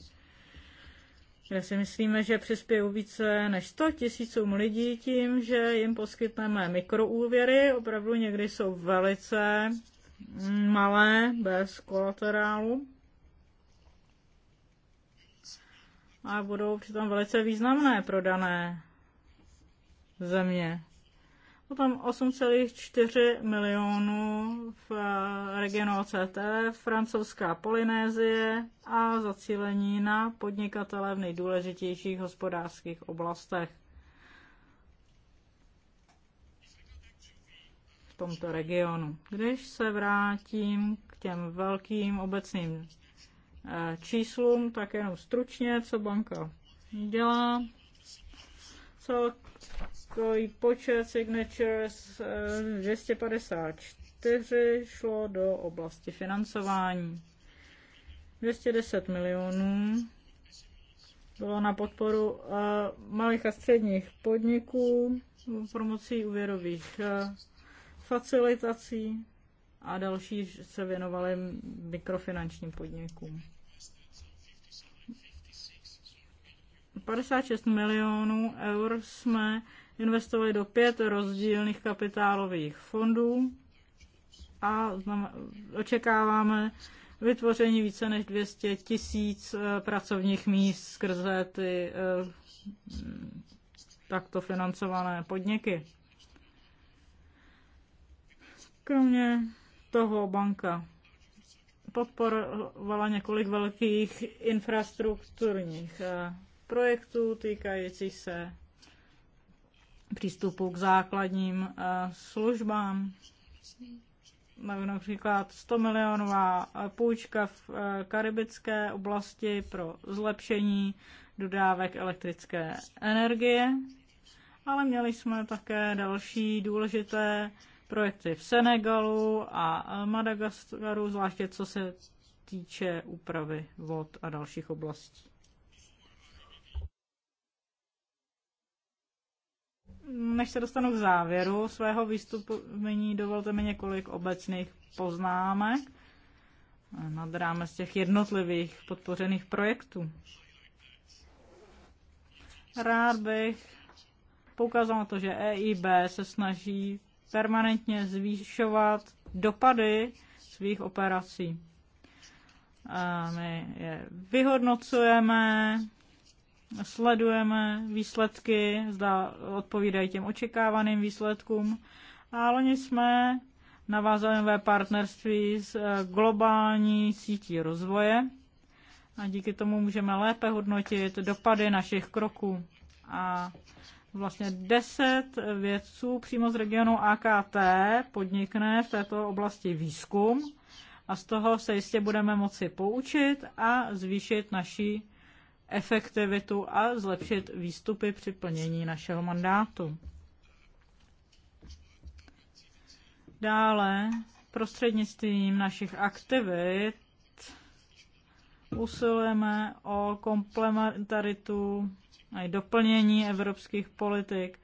C: kde si myslíme, že přispějí více než 100 tisícům lidí tím, že jim poskytneme mikroúvěry, opravdu někdy jsou velice malé, bez kolaterálu. A budou přitom velice významné pro dané země. Potom 8,4 milionů v eh, regionu OCT, francouzská Polynézie a zacílení na podnikatele v nejdůležitějších hospodářských oblastech. V tomto regionu. Když se vrátím k těm velkým obecným eh, číslům, tak jenom stručně, co banka dělá. co takový počet signatures 254 eh, šlo do oblasti financování. 210 milionů bylo na podporu eh, malých a středních podniků promocí úvěrových eh, facilitací a další se věnovali mikrofinančním podnikům. 56 milionů eur jsme investovali do pět rozdílných kapitálových fondů a očekáváme vytvoření více než 200 tisíc eh, pracovních míst skrze ty eh, takto financované podniky. Kromě toho banka podporovala několik velkých infrastrukturních eh, projektů týkajících se přístupu k základním eh, službám. Například 100 milionová eh, půjčka v eh, karibické oblasti pro zlepšení dodávek elektrické energie, ale měli jsme také další důležité projekty v Senegalu a Madagaskaru, zvláště co se týče úpravy vod a dalších oblastí. než se dostanu k závěru svého výstupu, mění dovolte mi několik obecných poznámek nad rámec těch jednotlivých podpořených projektů. Rád bych poukázal na to, že EIB se snaží permanentně zvýšovat dopady svých operací. A my je vyhodnocujeme, sledujeme výsledky, zda odpovídají těm očekávaným výsledkům. A loni jsme navázali nové partnerství s eh, globální sítí rozvoje a díky tomu můžeme lépe hodnotit dopady našich kroků. A vlastně 10 vědců přímo z regionu AKT podnikne v této oblasti výzkum a z toho se jistě budeme moci poučit a zvýšit naší efektivitu a zlepšit výstupy při plnění našeho mandátu. Dále prostřednictvím našich aktivit usilujeme o komplementaritu a doplnění evropských politik,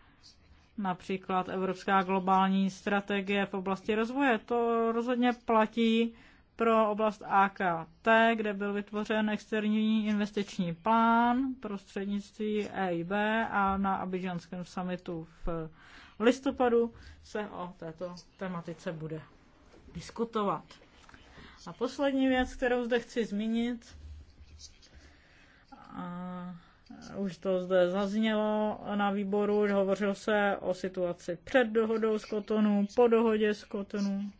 C: například Evropská globální strategie v oblasti rozvoje. To rozhodně platí pro oblast AKT, kde byl vytvořen externí investiční plán prostřednictví EIB a na Abidžanském summitu v listopadu se o této tematice bude diskutovat. A poslední věc, kterou zde chci zmínit, a už to zde zaznělo na výboru, hovořil se o situaci před dohodou z Kotonu, po dohodě z Kotonu,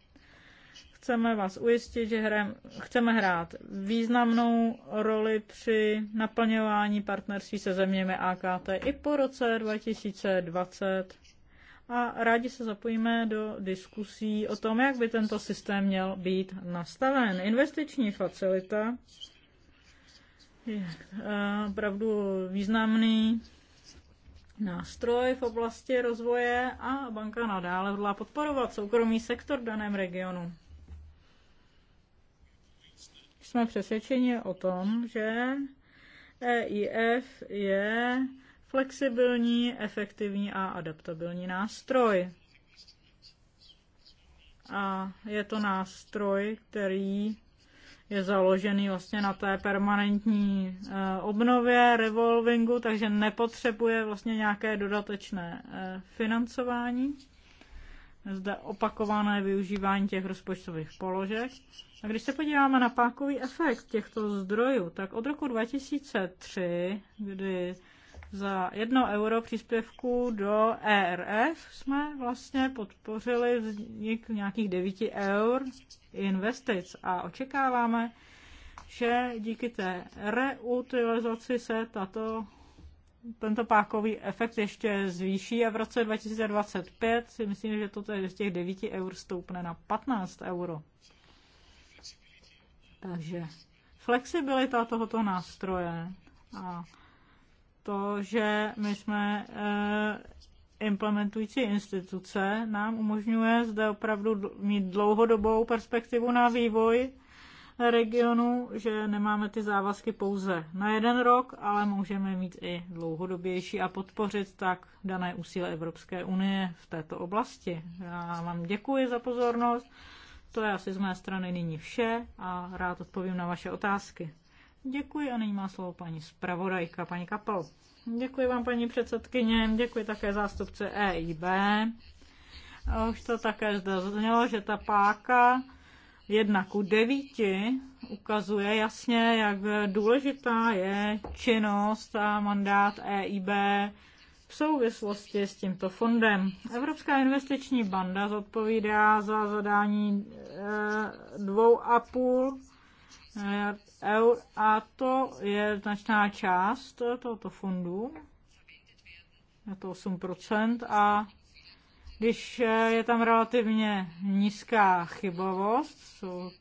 C: chceme vás ujistit, že hrem, chceme hrát významnou roli při naplňování partnerství se zeměmi AKT i po roce 2020 a rádi se zapojíme do diskusí o tom, jak by tento systém měl být nastaven. Investiční facilita je eh, opravdu významný nástroj v oblasti rozvoje a banka nadále hodlá podporovat soukromý sektor v daném regionu jsme přesvědčeni o tom, že EIF je flexibilní, efektivní a adaptabilní nástroj. A je to nástroj, který je založený vlastně na té permanentní e, obnově, revolvingu, takže nepotřebuje vlastně nějaké dodatečné e, financování zde opakované využívání těch rozpočtových položek. A když se podíváme na pákový efekt těchto zdrojů, tak od roku 2003, kdy za jedno euro příspěvku do ERF jsme vlastně podpořili vznik nějakých 9 eur investic a očekáváme, že díky té reutilizaci se tato tento pákový efekt ještě zvýší a v roce 2025 si myslím, že to z těch 9 eur stoupne na 15 euro. Takže flexibilita tohoto nástroje a to, že my jsme eh, implementující instituce, nám umožňuje zde opravdu mít dlouhodobou perspektivu na vývoj regionu, že nemáme ty závazky pouze na jeden rok, ale můžeme mít i dlouhodobější a podpořit tak dané úsilí Evropské unie v této oblasti. Já vám děkuji za pozornost. To je asi z mé strany nyní vše a rád odpovím na vaše otázky. Děkuji a nyní má slovo paní zpravodajka, paní Kapel. Děkuji vám, paní předsedkyně, děkuji také zástupce EIB. Už to také zde znělo, že ta páka 1 ku 9 ukazuje jasně, jak důležitá je činnost a mandát EIB v souvislosti s tímto fondem. Evropská investiční banda zodpovídá za zadání 2,5 eh, miliard eur a to je značná část tohoto fondu, je to 8% a když eh, je tam relativně nízká chybovost, jsou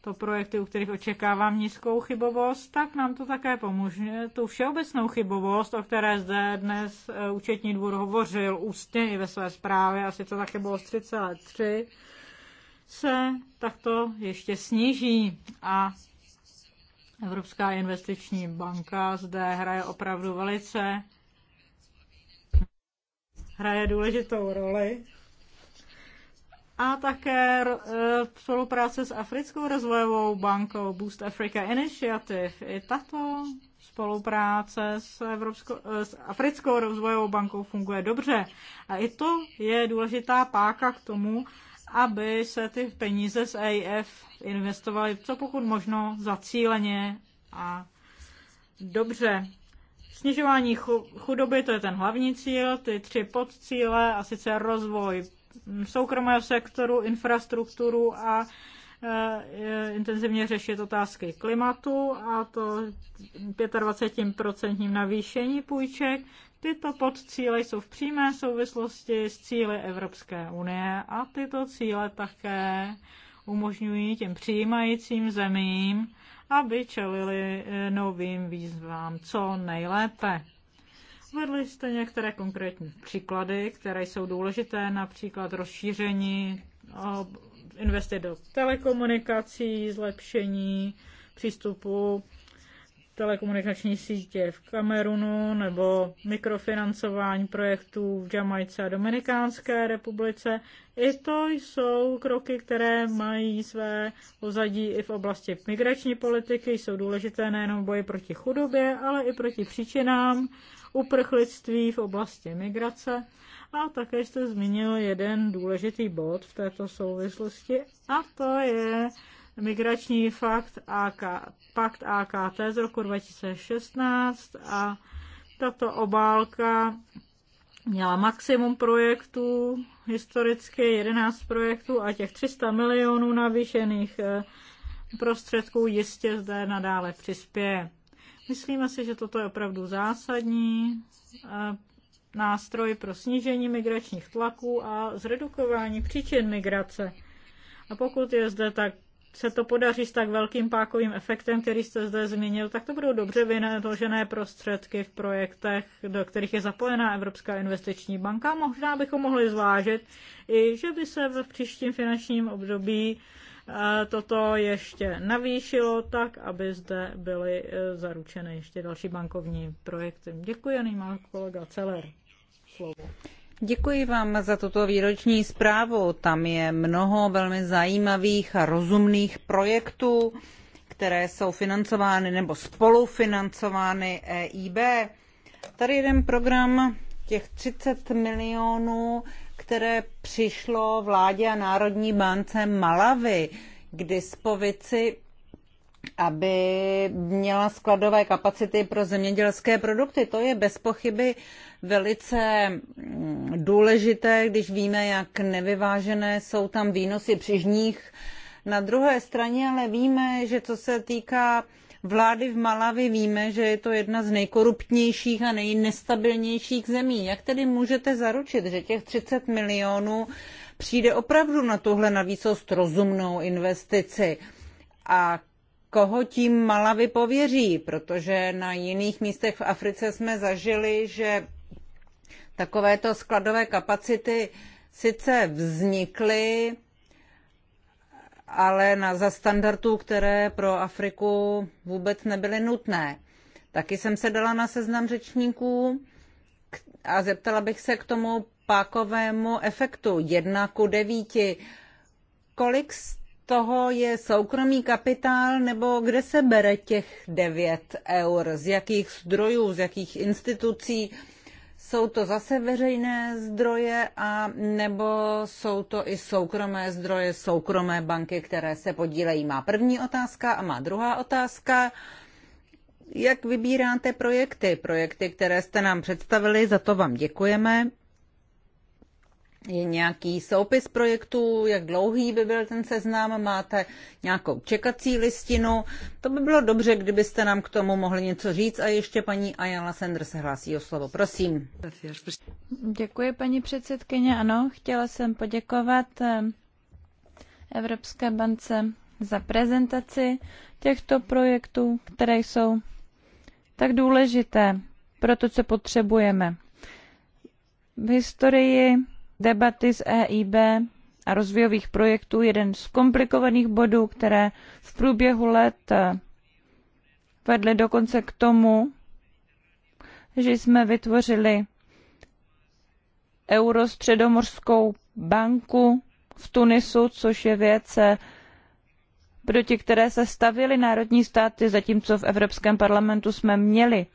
C: to projekty, u kterých očekávám nízkou chybovost, tak nám to také pomůže. Tu všeobecnou chybovost, o které zde dnes eh, účetní dvůr hovořil ústně i ve své zprávě, asi to také bylo 3,3, se takto ještě sníží a Evropská investiční banka zde hraje opravdu velice hraje důležitou roli. A také eh, spolupráce s Africkou rozvojovou bankou Boost Africa Initiative. I tato spolupráce s, Evropskou, eh, s Africkou rozvojovou bankou funguje dobře. A i to je důležitá páka k tomu, aby se ty peníze z AF investovaly co pokud možno zacíleně a dobře. Snižování chudoby, to je ten hlavní cíl, ty tři podcíle, a sice rozvoj soukromého sektoru, infrastrukturu a e, intenzivně řešit otázky klimatu a to 25% navýšení půjček. Tyto podcíle jsou v přímé souvislosti s cíly Evropské unie a tyto cíle také umožňují těm přijímajícím zemím aby čelili eh, novým výzvám co nejlépe. Vedli jste některé konkrétní příklady, které jsou důležité, například rozšíření eh, investit do telekomunikací, zlepšení přístupu telekomunikační sítě v Kamerunu nebo mikrofinancování projektů v Jamajce a Dominikánské republice. I to jsou kroky, které mají své pozadí i v oblasti migrační politiky, jsou důležité nejenom v boji proti chudobě, ale i proti příčinám uprchlictví v oblasti migrace. A také jste zmínil jeden důležitý bod v této souvislosti, a to je migrační fakt AK, pakt AKT z roku 2016 a tato obálka měla maximum projektů, historicky 11 projektů a těch 300 milionů navýšených eh, prostředků jistě zde nadále přispěje. Myslíme si, že toto je opravdu zásadní eh, nástroj pro snížení migračních tlaků a zredukování příčin migrace. A pokud je zde tak se to podaří s tak velkým pákovým efektem, který jste zde zmínil, tak to budou dobře vynaložené prostředky v projektech, do kterých je zapojená Evropská investiční banka. Možná bychom mohli zvážit i, že by se v příštím finančním období eh, toto ještě navýšilo tak, aby zde byly eh, zaručeny ještě další bankovní projekty. Děkuji a má kolega Celer slovo.
B: Děkuji vám za tuto výroční zprávu. Tam je mnoho velmi zajímavých a rozumných projektů, které jsou financovány nebo spolufinancovány EIB. Tady jeden program těch 30 milionů, které přišlo vládě a Národní bance Malavy k dispozici aby měla skladové kapacity pro zemědělské produkty. To je bez pochyby velice mm, důležité, když víme, jak nevyvážené jsou tam výnosy přižních. Na druhé straně ale víme, že co se týká vlády v Malavi, víme, že je to jedna z nejkoruptnějších a nejnestabilnějších zemí. Jak tedy můžete zaručit, že těch 30 milionů přijde opravdu na tuhle navíc rozumnou investici? A koho tím Malavy pověří, protože na jiných místech v Africe jsme zažili, že takovéto skladové kapacity sice vznikly, ale na, za standardů, které pro Afriku vůbec nebyly nutné. Taky jsem se dala na seznam řečníků a zeptala bych se k tomu pákovému efektu 1 ku 9. Kolik z toho je soukromý kapitál, nebo kde se bere těch 9 eur, z jakých zdrojů, z jakých institucí, jsou to zase veřejné zdroje a nebo jsou to i soukromé zdroje, soukromé banky, které se podílejí. Má první otázka a má druhá otázka. Jak vybíráte projekty? Projekty, které jste nám představili, za to vám děkujeme je nějaký soupis projektů, jak dlouhý by byl ten seznam, máte nějakou čekací listinu. To by bylo dobře, kdybyste nám k tomu mohli něco říct. A ještě paní Ayala Sender se hlásí o slovo. Prosím.
D: Děkuji, paní předsedkyně. Ano, chtěla jsem poděkovat eh, Evropské bance za prezentaci těchto projektů, které jsou tak důležité pro to, co potřebujeme. V historii debaty z EIB a rozvojových projektů jeden z komplikovaných bodů, které v průběhu let eh, vedly dokonce k tomu, že jsme vytvořili Eurostředomorskou banku v Tunisu, což je věc, eh, proti které se stavěly národní státy, zatímco v Evropském parlamentu jsme měli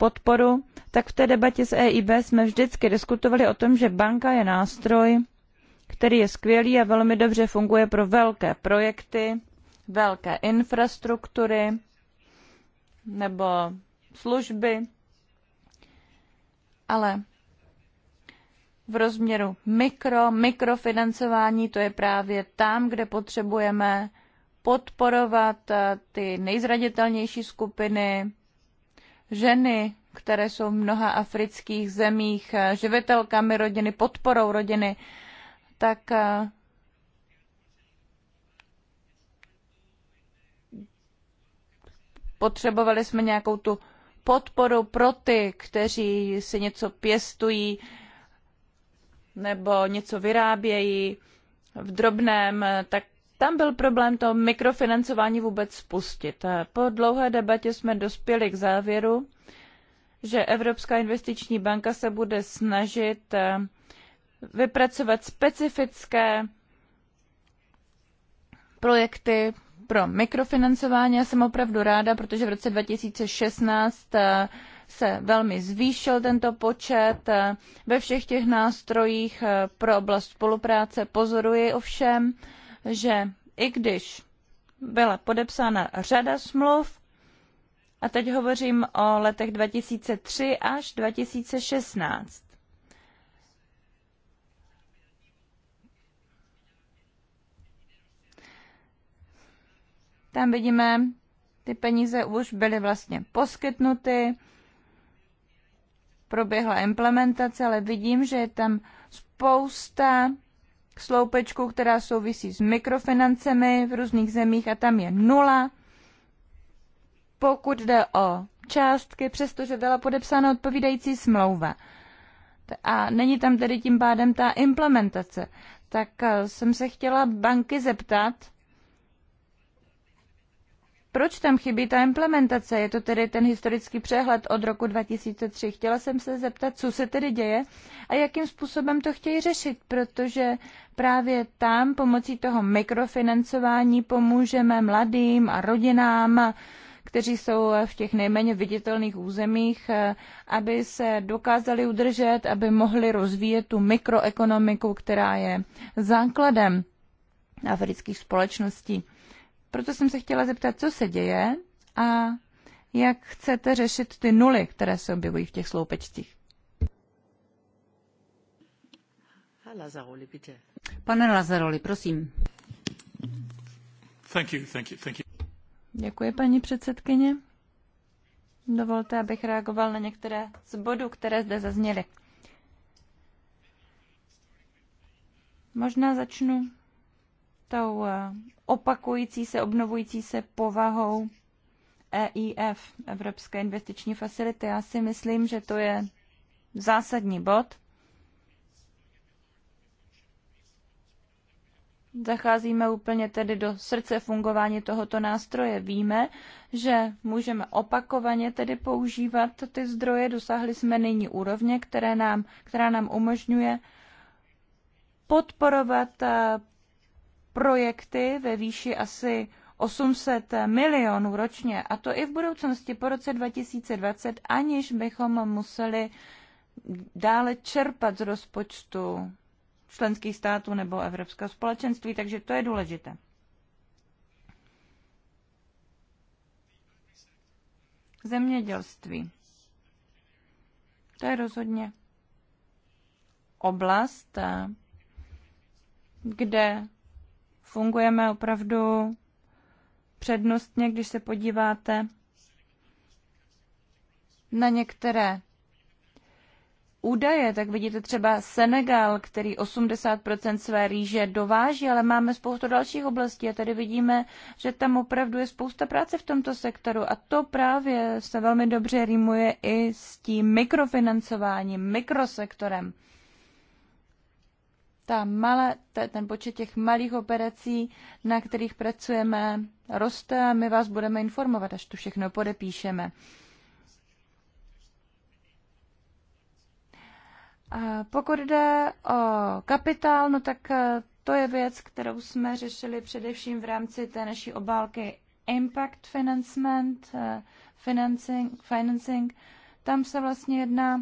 D: podporu, tak v té debatě s EIB jsme vždycky diskutovali o tom, že banka je nástroj, který je skvělý a velmi dobře funguje pro velké projekty, velké infrastruktury nebo služby, ale v rozměru mikro, mikrofinancování, to je právě tam, kde potřebujeme podporovat eh, ty nejzraditelnější skupiny, ženy, které jsou v mnoha afrických zemích eh, živitelkami rodiny, podporou rodiny, tak eh, potřebovali jsme nějakou tu podporu pro ty, kteří si něco pěstují nebo něco vyrábějí v drobném, eh, tak tam byl problém to mikrofinancování vůbec spustit. Eh, po dlouhé debatě jsme dospěli k závěru, že Evropská investiční banka se bude snažit eh, vypracovat specifické projekty pro mikrofinancování. Já jsem opravdu ráda, protože v roce 2016 eh, se velmi zvýšil tento počet. Ve všech těch nástrojích pro oblast spolupráce pozoruji ovšem, že i když byla podepsána řada smluv, a teď hovořím o letech 2003 až 2016. Tam vidíme, ty peníze už byly vlastně poskytnuty, proběhla implementace, ale vidím, že je tam spousta sloupečku, která souvisí s mikrofinancemi v různých zemích a tam je nula. Pokud jde o částky, přestože byla podepsána odpovídající smlouva a není tam tedy tím pádem ta implementace, tak eh, jsem se chtěla banky zeptat, proč tam chybí ta implementace? Je to tedy ten historický přehled od roku 2003. Chtěla jsem se zeptat, co se tedy děje a jakým způsobem to chtějí řešit, protože právě tam pomocí toho mikrofinancování pomůžeme mladým a rodinám, kteří jsou v těch nejméně viditelných územích, aby se dokázali udržet, aby mohli rozvíjet tu mikroekonomiku, která je základem afrických společností. Proto jsem se chtěla zeptat, co se děje a jak chcete řešit ty nuly, které se objevují v těch sloupečcích. Pane Lazaroli, prosím.
C: Thank you, thank you, thank you.
D: Děkuji, paní předsedkyně. Dovolte, abych reagoval na některé z bodů, které zde zazněly. Možná začnu tou eh, opakující se, obnovující se povahou EIF, Evropské investiční facility. Já si myslím, že to je zásadní bod. Zacházíme úplně tedy do srdce fungování tohoto nástroje. Víme, že můžeme opakovaně tedy používat ty zdroje. Dosáhli jsme nyní úrovně, které nám, která nám umožňuje podporovat eh, projekty ve výši asi 800 milionů ročně, a to i v budoucnosti po roce 2020, aniž bychom museli dále čerpat z rozpočtu členských států nebo Evropského společenství, takže to je důležité. Zemědělství. To je rozhodně oblast, kde fungujeme opravdu přednostně, když se podíváte na některé údaje, tak vidíte třeba Senegal, který 80% své rýže dováží, ale máme spoustu dalších oblastí a tady vidíme, že tam opravdu je spousta práce v tomto sektoru a to právě se velmi dobře rýmuje i s tím mikrofinancováním, mikrosektorem ta malé, ten počet těch malých operací, na kterých pracujeme, roste a my vás budeme informovat, až tu všechno podepíšeme. A pokud jde o kapitál, no tak eh, to je věc, kterou jsme řešili především v rámci té naší obálky Impact Financement, eh, financing, financing. Tam se vlastně jedná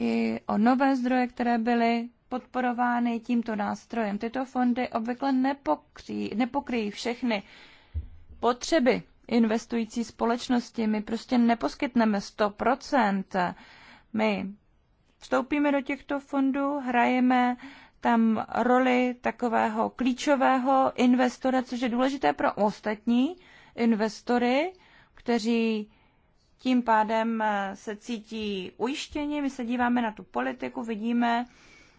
D: i o nové zdroje, které byly podporovány tímto nástrojem. Tyto fondy obvykle nepokryjí všechny potřeby investující společnosti. My prostě neposkytneme 100%. My vstoupíme do těchto fondů, hrajeme tam roli takového klíčového investora, což je důležité pro ostatní investory, kteří tím pádem eh, se cítí ujištěni, my se díváme na tu politiku, vidíme,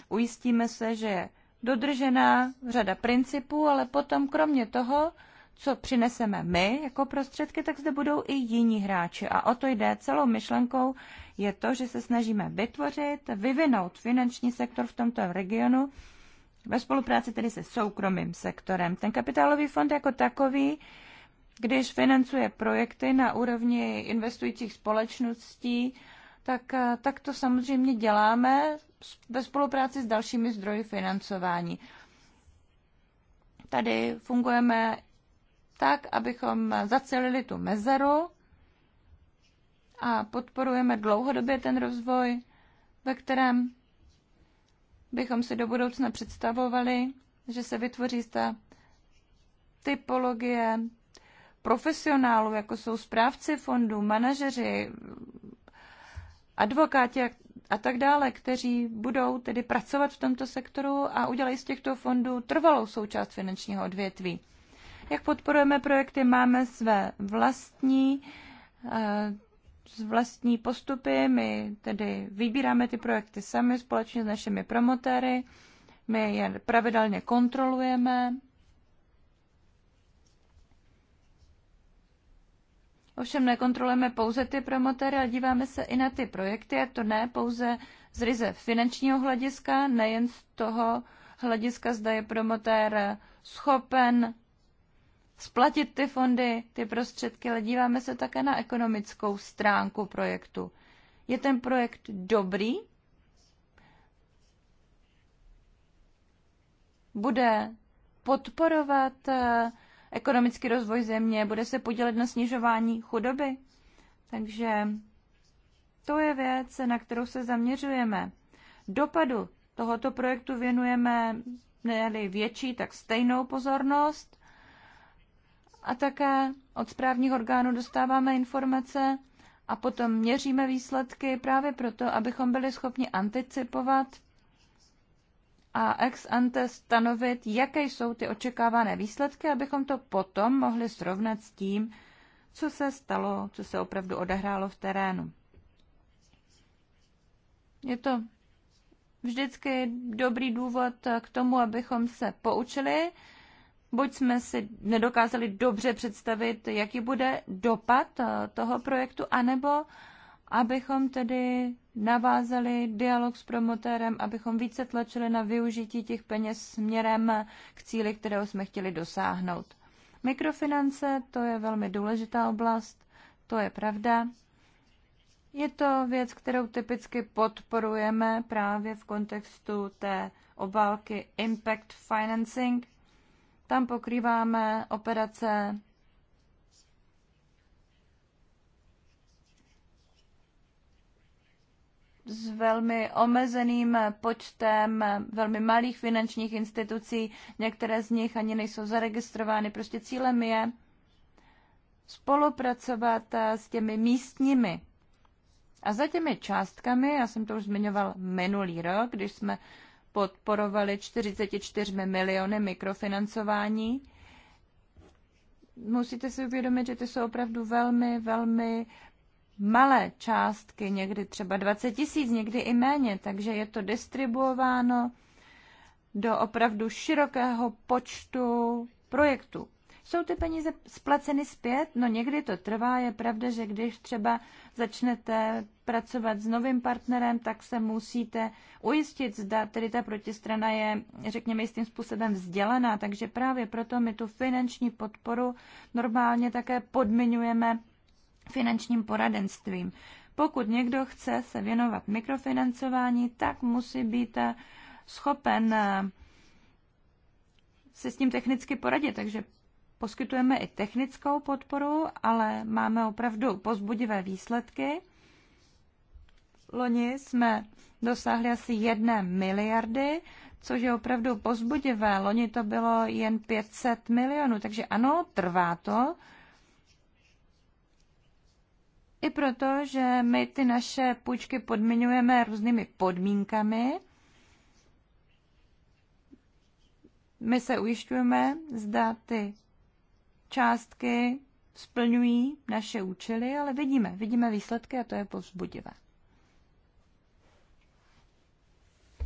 D: ujistíme se, že je dodržená řada principů, ale potom kromě toho, co přineseme my jako prostředky, tak zde budou i jiní hráči. A o to jde celou myšlenkou, je to, že se snažíme vytvořit, vyvinout finanční sektor v tomto regionu, ve spolupráci tedy se soukromým sektorem. Ten kapitálový fond jako takový když financuje projekty na úrovni investujících společností, tak, eh, tak to samozřejmě děláme ve spolupráci s dalšími zdroji financování. Tady fungujeme tak, abychom zacelili tu mezeru a podporujeme dlouhodobě ten rozvoj, ve kterém bychom si do budoucna představovali, že se vytvoří ta typologie profesionálů, jako jsou správci fondů, manažeři, advokáti a tak dále, kteří budou tedy pracovat v tomto sektoru a udělají z těchto fondů trvalou součást finančního odvětví. Jak podporujeme projekty, máme své vlastní eh, vlastní postupy, my tedy vybíráme ty projekty sami společně s našimi promotéry, my je pravidelně kontrolujeme Ovšem nekontrolujeme pouze ty promotéry, ale díváme se i na ty projekty, a to ne pouze z ryze finančního hlediska, nejen z toho hlediska, zda je promotér schopen splatit ty fondy, ty prostředky, ale díváme se také na ekonomickou stránku projektu. Je ten projekt dobrý? Bude podporovat ekonomický rozvoj země, bude se podílet na snižování chudoby. Takže to je věc, na kterou se zaměřujeme. Dopadu tohoto projektu věnujeme ne větší, tak stejnou pozornost. A také od správních orgánů dostáváme informace a potom měříme výsledky právě proto, abychom byli schopni anticipovat a ex ante stanovit, jaké jsou ty očekávané výsledky, abychom to potom mohli srovnat s tím, co se stalo, co se opravdu odehrálo v terénu. Je to vždycky dobrý důvod k tomu, abychom se poučili, buď jsme si nedokázali dobře představit, jaký bude dopad toho projektu, anebo abychom tedy navázali dialog s promotérem, abychom více tlačili na využití těch peněz směrem k cíli, kterého jsme chtěli dosáhnout. Mikrofinance, to je velmi důležitá oblast, to je pravda. Je to věc, kterou typicky podporujeme právě v kontextu té obálky Impact Financing. Tam pokrýváme operace s velmi omezeným počtem velmi malých finančních institucí, některé z nich ani nejsou zaregistrovány. Prostě cílem je spolupracovat eh, s těmi místními. A za těmi částkami, já jsem to už zmiňoval minulý rok, když jsme podporovali 44 miliony mikrofinancování, musíte si uvědomit, že ty jsou opravdu velmi, velmi malé částky, někdy třeba 20 tisíc, někdy i méně, takže je to distribuováno do opravdu širokého počtu projektů. Jsou ty peníze splaceny zpět? No někdy to trvá. Je pravda, že když třeba začnete pracovat s novým partnerem, tak se musíte ujistit, zda tedy ta protistrana je, řekněme, jistým způsobem vzdělaná. Takže právě proto my tu finanční podporu normálně také podmiňujeme finančním poradenstvím. Pokud někdo chce se věnovat mikrofinancování, tak musí být eh, schopen eh, se s tím technicky poradit. Takže poskytujeme i technickou podporu, ale máme opravdu pozbudivé výsledky. Loni jsme dosáhli asi jedné miliardy, což je opravdu pozbudivé. Loni to bylo jen 500 milionů, takže ano, trvá to. I proto, že my ty naše půjčky podmiňujeme různými podmínkami. My se ujišťujeme, zda ty částky splňují naše účely, ale vidíme, vidíme výsledky a to je povzbudivé.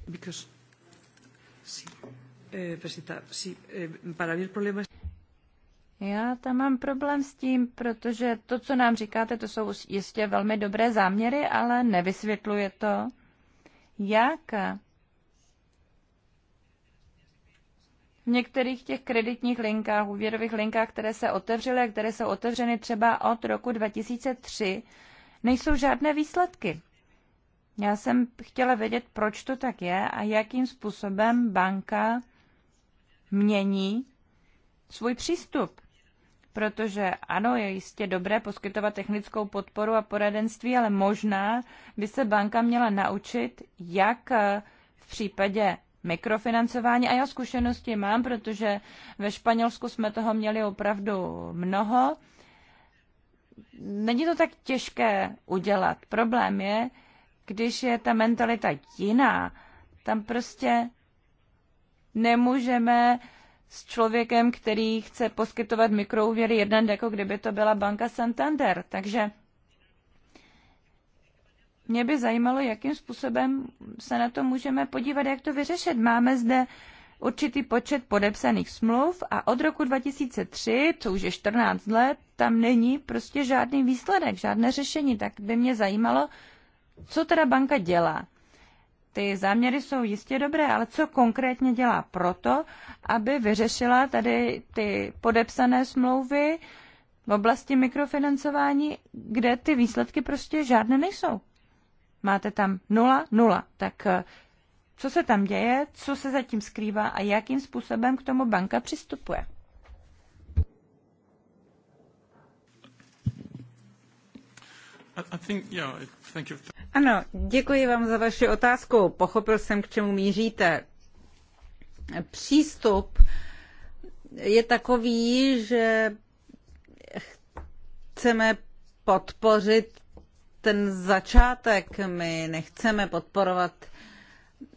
D: Because, sí, eh, presenta, sí, eh,
C: para mí el problema es...
D: Já tam mám problém s tím, protože to, co nám říkáte, to jsou jistě velmi dobré záměry, ale nevysvětluje to, jak v některých těch kreditních linkách, úvěrových linkách, které se otevřely a které jsou otevřeny třeba od roku 2003, nejsou žádné výsledky. Já jsem chtěla vědět, proč to tak je a jakým způsobem banka mění svůj přístup protože ano, je jistě dobré poskytovat technickou podporu a poradenství, ale možná by se banka měla naučit, jak eh, v případě mikrofinancování. A já zkušenosti mám, protože ve Španělsku jsme toho měli opravdu mnoho. Není to tak těžké udělat. Problém je, když je ta mentalita jiná, tam prostě nemůžeme s člověkem, který chce poskytovat mikrouvěry jeden, jako kdyby to byla banka Santander. Takže mě by zajímalo, jakým způsobem se na to můžeme podívat, jak to vyřešit. Máme zde určitý počet podepsaných smluv a od roku 2003, co už je 14 let, tam není prostě žádný výsledek, žádné řešení. Tak by mě zajímalo, co teda banka dělá. Ty záměry jsou jistě dobré, ale co konkrétně dělá proto, aby vyřešila tady ty podepsané smlouvy v oblasti mikrofinancování, kde ty výsledky prostě žádné nejsou? Máte tam nula, nula. Tak eh, co se tam děje, co se zatím skrývá a jakým způsobem k tomu banka přistupuje?
B: Ano, děkuji vám za vaši otázku. Pochopil jsem, k čemu míříte. Přístup je takový, že chceme podpořit ten začátek. My nechceme podporovat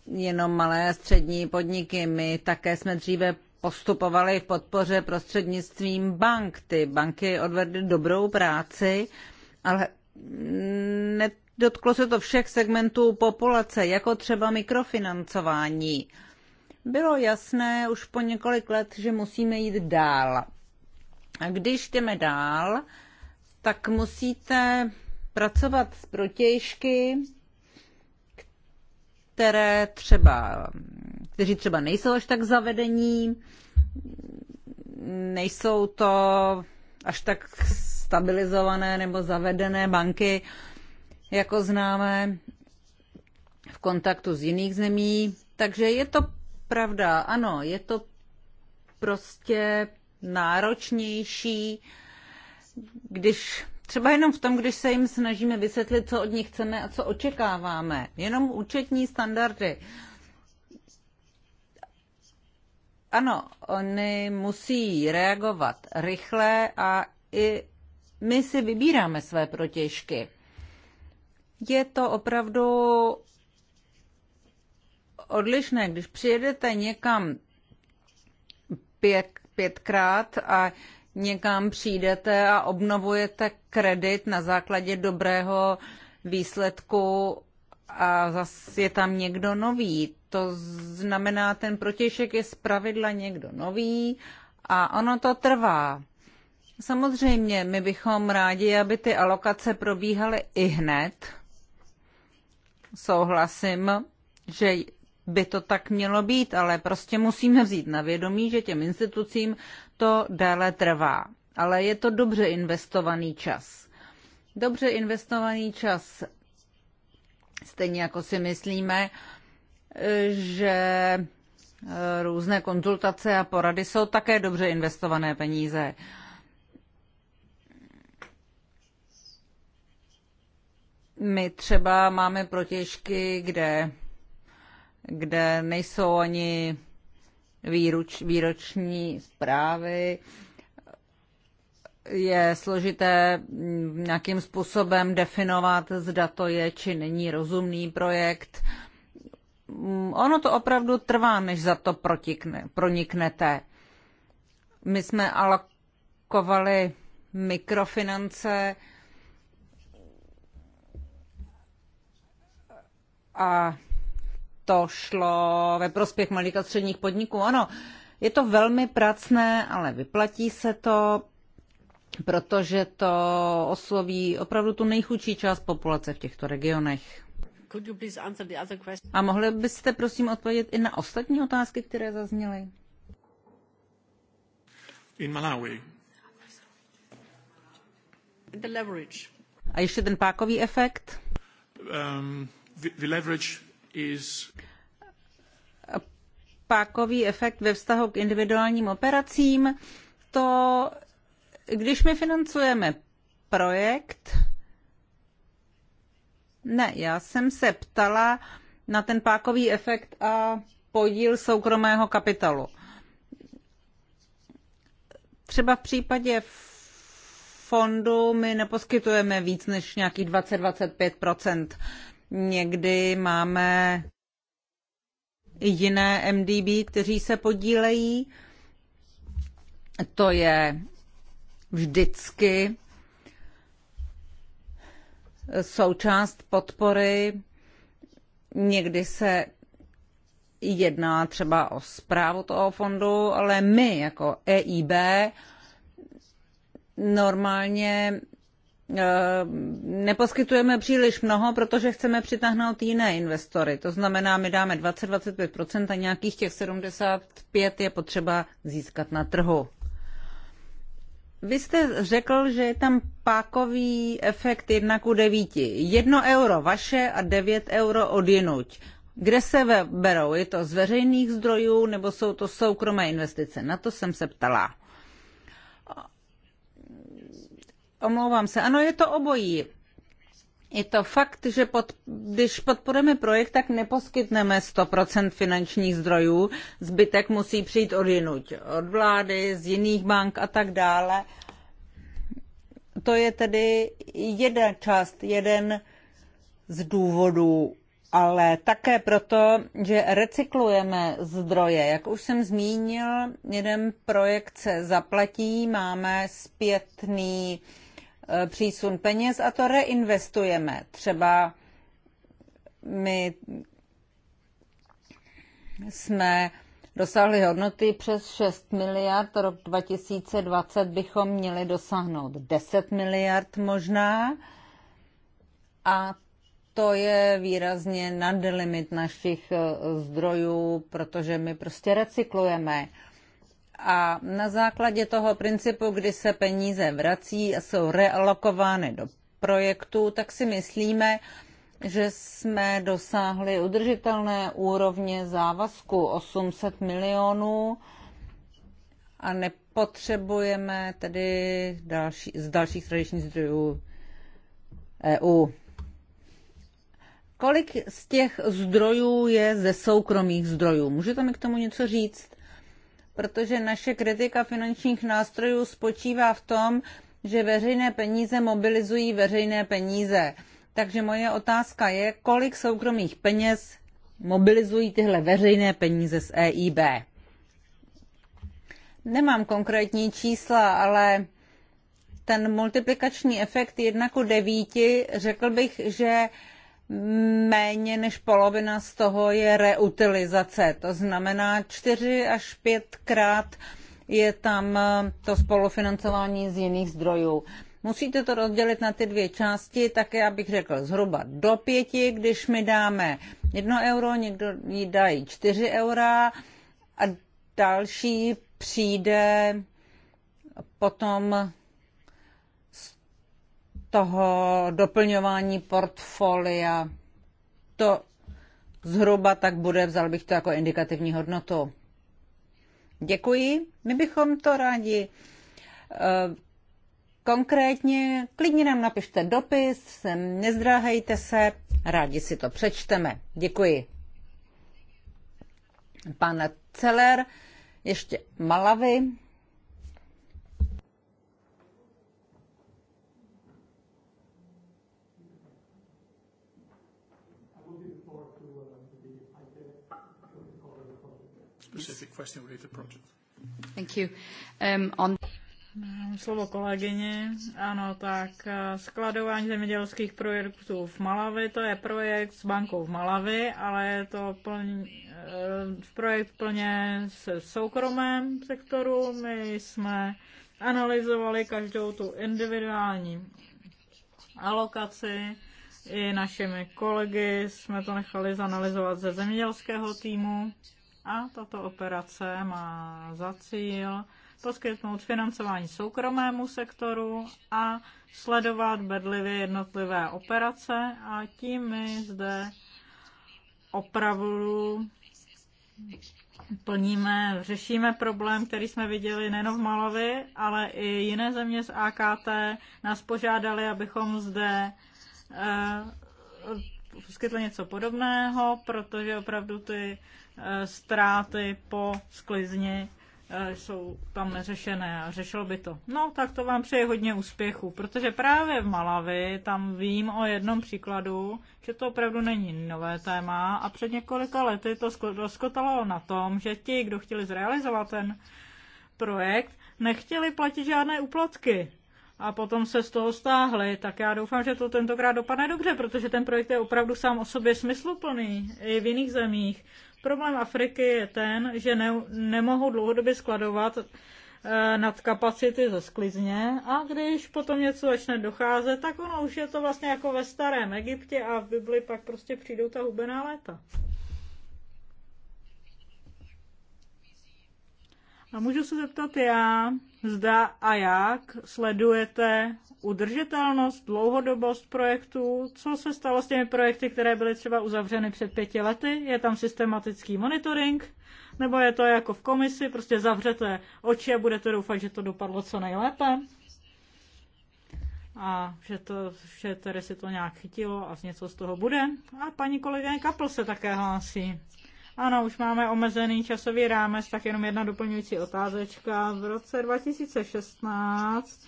B: jenom malé a střední podniky. My také jsme dříve postupovali v podpoře prostřednictvím bank. Ty banky odvedly dobrou práci, ale nedotklo se to všech segmentů populace, jako třeba mikrofinancování. Bylo jasné už po několik let, že musíme jít dál. A když jdeme dál, tak musíte pracovat s protějšky, které třeba, kteří třeba nejsou až tak zavedení, nejsou to až tak stabilizované nebo zavedené banky, jako známe, v kontaktu s jiných zemí. Takže je to pravda, ano, je to prostě náročnější, když třeba jenom v tom, když se jim snažíme vysvětlit, co od nich chceme a co očekáváme. Jenom účetní standardy. Ano, oni musí reagovat rychle a i my si vybíráme své protěžky. Je to opravdu odlišné, když přijedete někam pět, pětkrát a někam přijdete a obnovujete kredit na základě dobrého výsledku a zase je tam někdo nový. To znamená, ten protěžek je zpravidla někdo nový a ono to trvá. Samozřejmě, my bychom rádi, aby ty alokace probíhaly i hned. Souhlasím, že by to tak mělo být, ale prostě musíme vzít na vědomí, že těm institucím to déle trvá. Ale je to dobře investovaný čas. Dobře investovaný čas, stejně jako si myslíme, že eh, různé konzultace a porady jsou také dobře investované peníze. My třeba máme protěžky, kde, kde nejsou ani výruč, výroční zprávy. Je složité nějakým způsobem definovat, zda to je či není rozumný projekt. Ono to opravdu trvá, než za to protikne, proniknete. My jsme alokovali mikrofinance a to šlo ve prospěch malých a středních podniků. Ano, je to velmi pracné, ale vyplatí se to, protože to osloví opravdu tu nejchudší část populace v těchto regionech. A mohli byste prosím odpovědět i na ostatní otázky, které zazněly?
A: In Malawi.
C: The leverage.
B: A ještě ten pákový efekt? Um, pákový efekt ve vztahu k individuálním operacím, to když my financujeme projekt, ne, já jsem se ptala na ten pákový efekt a podíl soukromého kapitalu. Třeba v případě fondu my neposkytujeme víc než nějakých 20-25 Někdy máme jiné MDB, kteří se podílejí. To je vždycky součást podpory. Někdy se jedná třeba o zprávu toho fondu, ale my jako EIB normálně Eh, neposkytujeme příliš mnoho, protože chceme přitáhnout jiné investory. To znamená, my dáme 20-25% a nějakých těch 75% je potřeba získat na trhu. Vy jste řekl, že je tam pákový efekt 1 ku 9. 1 euro vaše a 9 euro odjinuť. Kde se berou? Je to z veřejných zdrojů nebo jsou to soukromé investice? Na to jsem se ptala. Omlouvám se. Ano, je to obojí. Je to fakt, že pod, když podporujeme projekt, tak neposkytneme 100% finančních zdrojů. Zbytek musí přijít od jinuť, od vlády, z jiných bank a tak dále. To je tedy jedna část, jeden z důvodů, ale také proto, že recyklujeme zdroje. Jak už jsem zmínil, jeden projekt se zaplatí, máme zpětný uh, Eh, přísun peněz a to reinvestujeme. Třeba my jsme dosáhli hodnoty přes 6 miliard, rok 2020 bychom měli dosáhnout 10 miliard možná a to je výrazně nad limit našich eh, zdrojů, protože my prostě recyklujeme a na základě toho principu, kdy se peníze vrací a jsou realokovány do projektů, tak si myslíme, že jsme dosáhli udržitelné úrovně závazku 800 milionů a nepotřebujeme tedy další, z dalších tradičních zdrojů EU. Kolik z těch zdrojů je ze soukromých zdrojů? Můžete mi k tomu něco říct? protože naše kritika finančních nástrojů spočívá v tom, že veřejné peníze mobilizují veřejné peníze. Takže moje otázka je, kolik soukromých peněz mobilizují tyhle veřejné peníze z EIB. Nemám konkrétní čísla, ale ten multiplikační efekt 1 ku 9 řekl bych, že méně než polovina z toho je reutilizace. To znamená čtyři až pětkrát je tam eh, to spolufinancování z jiných zdrojů. Musíte to rozdělit na ty dvě části, také abych řekl zhruba do pěti, když my dáme jedno euro, někdo jí dají čtyři eura a další přijde potom toho doplňování portfolia. To zhruba tak bude, vzal bych to jako indikativní hodnotu. Děkuji. My bychom to rádi eh, konkrétně, klidně nám napište dopis, nezdráhejte se, rádi si to přečteme. Děkuji. Pan Celer, ještě Malavy.
A: specific question related project.
C: Thank you. Um, on Slovo kolegyně. Ano, tak eh, skladování zemědělských projektů v Malavi, to je projekt s bankou v Malavi, ale je to plně, eh, projekt plně se soukromém sektoru. My jsme analyzovali každou tu individuální alokaci. I našimi kolegy jsme to nechali zanalizovat ze zemědělského týmu a tato operace má za cíl poskytnout financování soukromému sektoru a sledovat bedlivě jednotlivé operace a tím my zde opravdu plníme, řešíme problém, který jsme viděli nejen v Malavi, ale i jiné země z AKT nás požádali, abychom zde eh, poskytli něco podobného, protože opravdu ty Eh, ztráty po sklizni eh, jsou tam neřešené a řešilo by to. No, tak to vám přeji hodně úspěchu, protože právě v Malavi tam vím o jednom příkladu, že to opravdu není nové téma a před několika lety to doskotalo na tom, že ti, kdo chtěli zrealizovat ten projekt, nechtěli platit žádné úplatky a potom se z toho stáhli, tak já doufám, že to tentokrát dopadne dobře, protože ten projekt je opravdu sám o sobě smysluplný i v jiných zemích. Problém Afriky je ten, že ne, nemohou dlouhodobě skladovat eh, nad kapacity ze sklizně a když potom něco začne docházet, tak ono už je to vlastně jako ve starém Egyptě a v Bibli pak prostě přijdou ta hubená léta. A můžu se zeptat já, zda a jak sledujete udržitelnost, dlouhodobost projektů, co se stalo s těmi projekty, které byly třeba uzavřeny před pěti lety, je tam systematický monitoring, nebo je to jako v komisi, prostě zavřete oči a budete doufat, že to dopadlo co nejlépe a že, to, že tedy si to nějak chytilo a z něco z toho bude. A paní kolegyně Kapl se také hlásí. Ano, už máme omezený časový rámec, tak jenom jedna doplňující otázečka. V roce 2016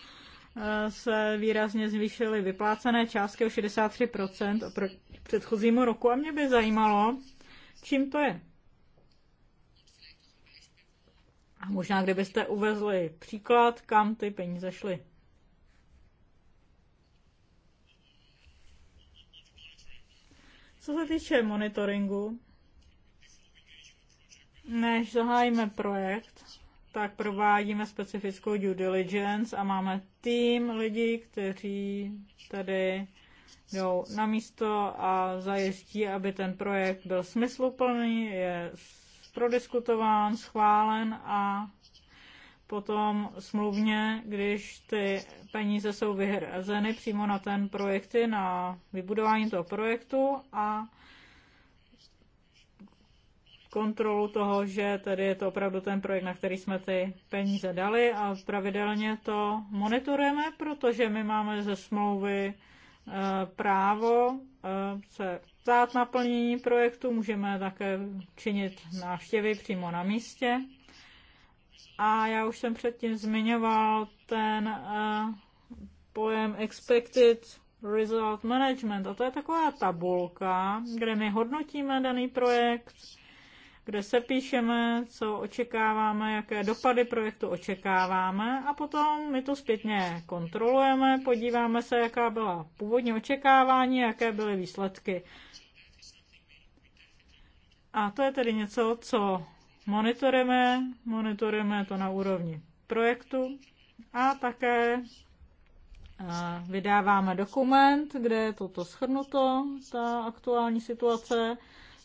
C: eh, se výrazně zvýšily vyplácené částky o 63% oproti předchozímu roku a mě by zajímalo, čím to je. A možná, kdybyste uvezli příklad, kam ty peníze šly. Co se týče monitoringu, než zahájíme projekt, tak provádíme specifickou due diligence a máme tým lidí, kteří tady jdou na místo a zajistí, aby ten projekt byl smysluplný, je prodiskutován, schválen a potom smluvně, když ty peníze jsou vyhrazeny přímo na ten projekty, na vybudování toho projektu a kontrolu toho, že tady je to opravdu ten projekt, na který jsme ty peníze dali a pravidelně to monitorujeme, protože my máme ze smlouvy eh, právo eh, se ptát na plnění projektu, můžeme také činit návštěvy přímo na místě. A já už jsem předtím zmiňoval ten eh, pojem expected result management. A to je taková tabulka, kde my hodnotíme daný projekt, kde se píšeme, co očekáváme, jaké dopady projektu očekáváme a potom my to zpětně kontrolujeme, podíváme se, jaká byla původní očekávání, jaké byly výsledky. A to je tedy něco, co monitorujeme, monitorujeme to na úrovni projektu a také vydáváme dokument, kde je toto schrnuto, ta aktuální situace,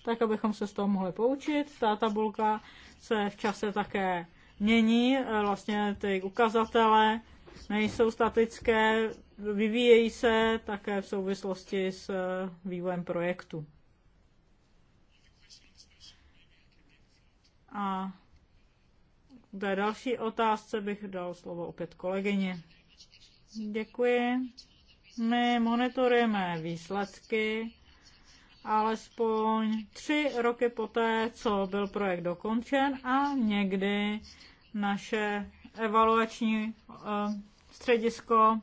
C: tak abychom se z toho mohli poučit. Ta tabulka se v čase také mění, eh, vlastně ty ukazatele nejsou statické, vyvíjejí se také v souvislosti s eh, vývojem projektu. A k té další otázce bych dal slovo opět kolegyně. Děkuji. My monitorujeme výsledky alespoň tři roky poté, co byl projekt dokončen a někdy naše evaluační eh, středisko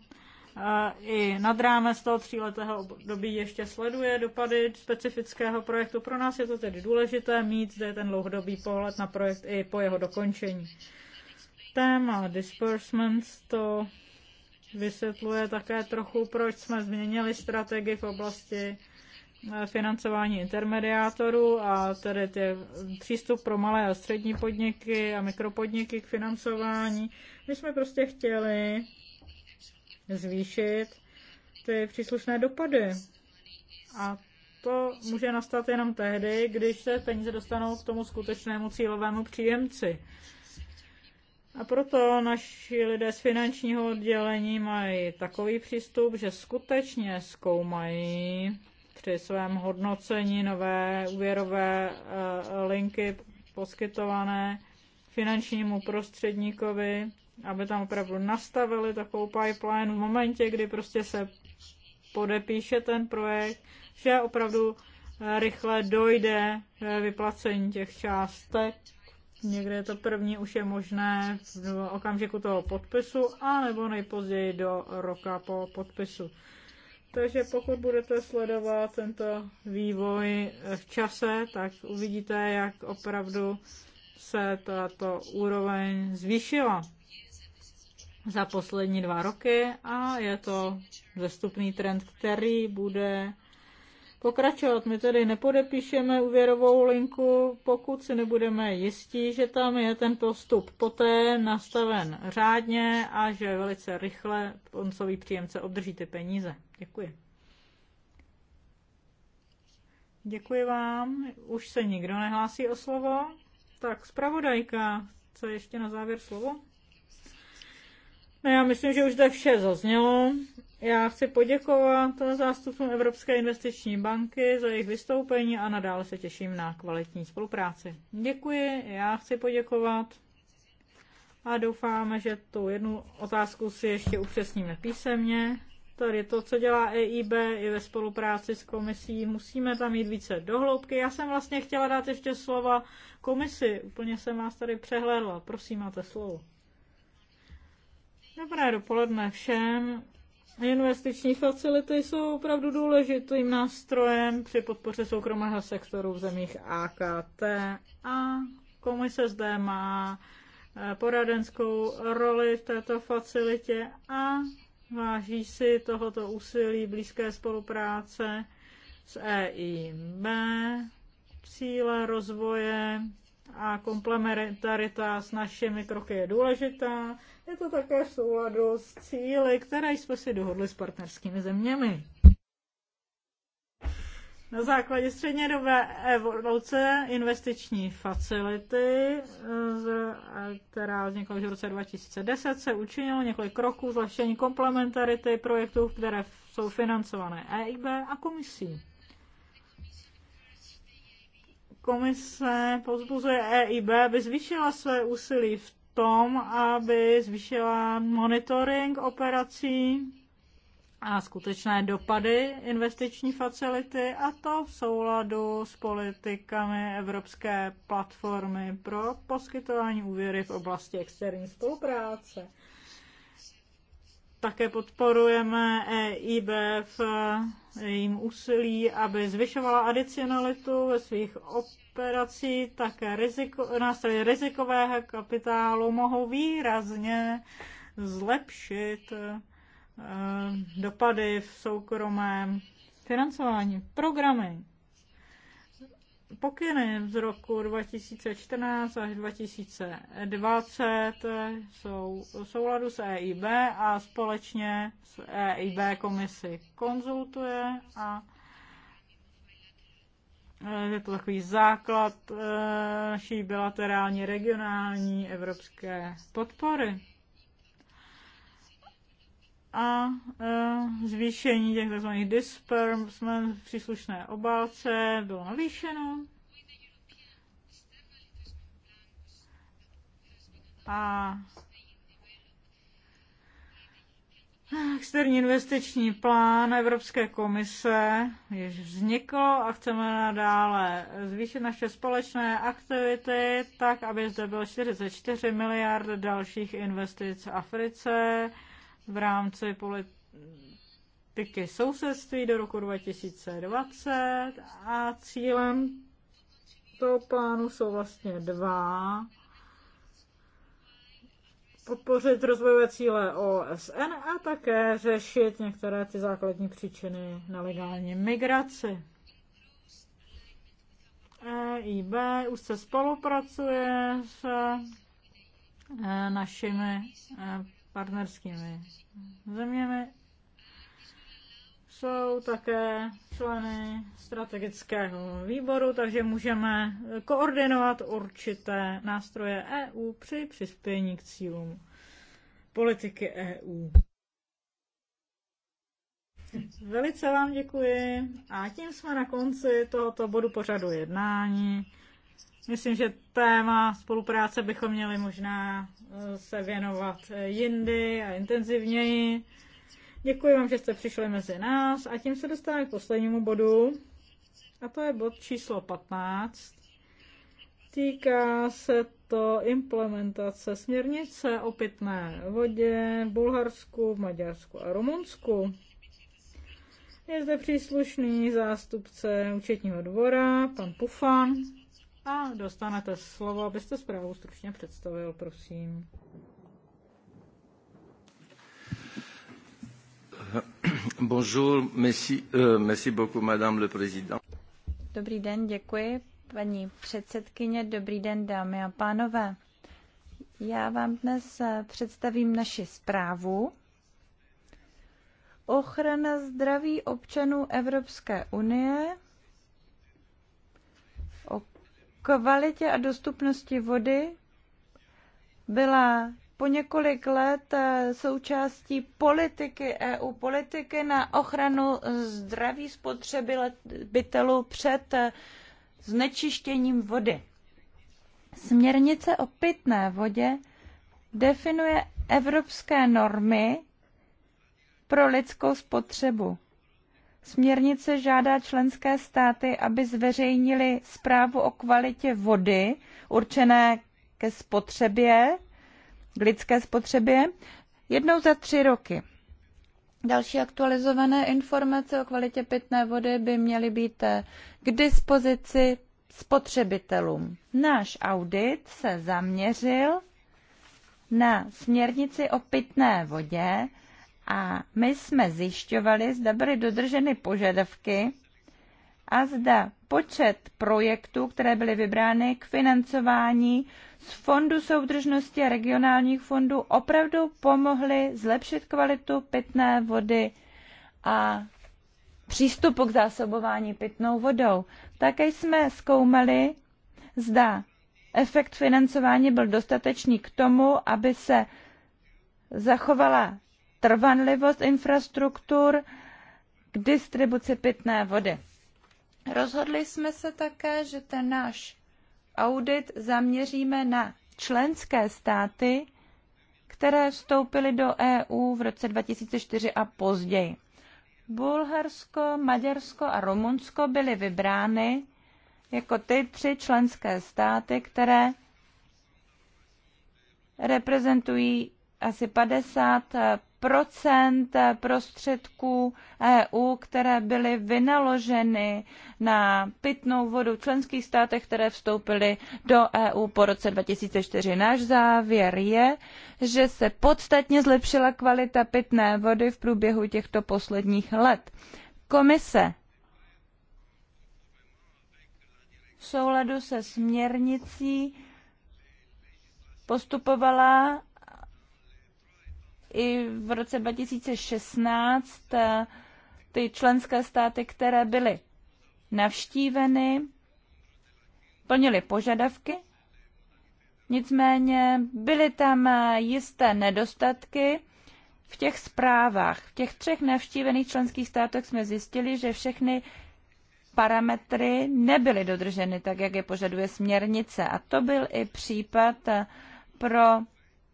C: eh, i nad z toho tříletého období ještě sleduje dopady specifického projektu. Pro nás je to tedy důležité mít zde ten dlouhodobý pohled na projekt i po jeho dokončení. Téma disbursements to vysvětluje také trochu, proč jsme změnili strategii v oblasti financování intermediátorů a tedy ty přístup pro malé a střední podniky a mikropodniky k financování. My jsme prostě chtěli zvýšit ty příslušné dopady. A to může nastat jenom tehdy, když se peníze dostanou k tomu skutečnému cílovému příjemci. A proto naši lidé z finančního oddělení mají takový přístup, že skutečně zkoumají při svém hodnocení nové úvěrové eh, linky poskytované finančnímu prostředníkovi, aby tam opravdu nastavili takovou pipeline v momentě, kdy prostě se podepíše ten projekt, že opravdu eh, rychle dojde eh, vyplacení těch částek. Někde to první už je možné v okamžiku toho podpisu, anebo nejpozději do roka po podpisu. Takže pokud budete sledovat tento vývoj v čase, tak uvidíte, jak opravdu se tato úroveň zvýšila za poslední dva roky a je to zestupný trend, který bude pokračovat. My tedy nepodepíšeme úvěrovou linku, pokud si nebudeme jistí, že tam je ten postup poté nastaven řádně a že velice rychle koncový příjemce obdrží ty peníze. Děkuji. Děkuji vám. Už se nikdo nehlásí o slovo. Tak zpravodajka, co ještě na závěr slovo? No, já myslím, že už to vše zaznělo. Já chci poděkovat zástupcům Evropské investiční banky za jejich vystoupení a nadále se těším na kvalitní spolupráci. Děkuji, já chci poděkovat a doufáme, že tu jednu otázku si ještě upřesníme písemně je to, co dělá EIB i ve spolupráci s komisí, musíme tam jít více dohloubky. Já jsem vlastně chtěla dát ještě slova komisi, úplně jsem vás tady přehlédla. Prosím, máte slovo. Dobré dopoledne všem. Investiční facility jsou opravdu důležitým nástrojem při podpoře soukromého sektoru v zemích AKT a komise zde má eh, poradenskou roli v této facilitě a Váží si tohoto úsilí blízké spolupráce s EIB, cíle rozvoje a komplementarita s našimi kroky je důležitá. Je to také souladu s cíly, které jsme si dohodli s partnerskými zeměmi. Na základě střednědobé evoluce investiční facility, která vznikla už v roce 2010, se učinilo několik kroků zlepšení komplementarity projektů, které jsou financované EIB a komisí. Komise pozbuzuje EIB, aby zvýšila své úsilí v tom, aby zvýšila monitoring operací a skutečné dopady investiční facility a to v souladu s politikami Evropské platformy pro poskytování úvěry v oblasti externí spolupráce. Také podporujeme EIB v jejím úsilí, aby zvyšovala adicionalitu ve svých operací, také riziko, nástroje rizikového kapitálu mohou výrazně zlepšit Eh, dopady v soukromém financování, programy, pokyny z roku 2014 až 2020 jsou v souladu s EIB a společně s EIB komisi konzultuje a eh, je to takový základ eh, naší bilaterální regionální evropské podpory a e, zvýšení těch tzv. disbursement v příslušné obálce bylo navýšeno. A Externí investiční plán Evropské komise již vznikl a chceme nadále zvýšit naše společné aktivity tak, aby zde bylo 44 miliard dalších investic v Africe, v rámci politiky sousedství do roku 2020 a cílem toho plánu jsou vlastně dva. Podpořit rozvojové cíle OSN a také řešit některé ty základní příčiny nelegální migraci. E EIB už se spolupracuje s e, našimi e, partnerskými zeměmi. Jsou také členy strategického výboru, takže můžeme koordinovat určité nástroje EU při přispění k cílům politiky EU. Velice vám děkuji a tím jsme na konci tohoto bodu pořadu jednání. Myslím, že téma spolupráce bychom měli možná eh, se věnovat eh, jindy a intenzivněji. Děkuji vám, že jste přišli mezi nás a tím se dostáváme k poslednímu bodu. A to je bod číslo 15. Týká se to implementace směrnice o pitné vodě v Bulharsku, v Maďarsku a Rumunsku. Je zde příslušný zástupce účetního dvora, pan Pufan a dostanete slovo, abyste zprávu stručně představil, prosím.
A: Bonjour, merci, euh, merci beaucoup, madame le président.
D: Dobrý den, děkuji, paní předsedkyně, dobrý den, dámy a pánové. Já vám dnes eh, představím naši zprávu. Ochrana zdraví občanů Evropské unie kvalitě a dostupnosti vody byla po několik let eh, součástí politiky EU, politiky na ochranu zdraví spotřebitelů před eh, znečištěním vody. Směrnice o pitné vodě definuje evropské normy pro lidskou spotřebu. Směrnice žádá členské státy, aby zveřejnili zprávu o kvalitě vody určené ke spotřebě, k lidské spotřebě, jednou za tři roky. Další aktualizované informace o kvalitě pitné vody by měly být eh, k dispozici spotřebitelům. Náš audit se zaměřil na směrnici o pitné vodě, a my jsme zjišťovali, zda byly dodrženy požadavky a zda počet projektů, které byly vybrány k financování z Fondu soudržnosti a regionálních fondů, opravdu pomohly zlepšit kvalitu pitné vody a přístupu k zásobování pitnou vodou. Také jsme zkoumali, zda efekt financování byl dostatečný k tomu, aby se zachovala trvanlivost infrastruktur k distribuci pitné vody. Rozhodli jsme se také, že ten náš audit zaměříme na členské státy, které vstoupily do EU v roce 2004 a později. Bulharsko, Maďarsko a Rumunsko byly vybrány jako ty tři členské státy, které reprezentují asi 50 prostředků EU, které byly vynaloženy na pitnou vodu v členských státech, které vstoupily do EU po roce 2004. Náš závěr je, že se podstatně zlepšila kvalita pitné vody v průběhu těchto posledních let. Komise v souladu se směrnicí postupovala i v roce 2016 eh, ty členské státy, které byly navštíveny, plnily požadavky, nicméně byly tam eh, jisté nedostatky v těch zprávách. V těch třech navštívených členských státech jsme zjistili, že všechny parametry nebyly dodrženy tak, jak je požaduje směrnice. A to byl i případ eh, pro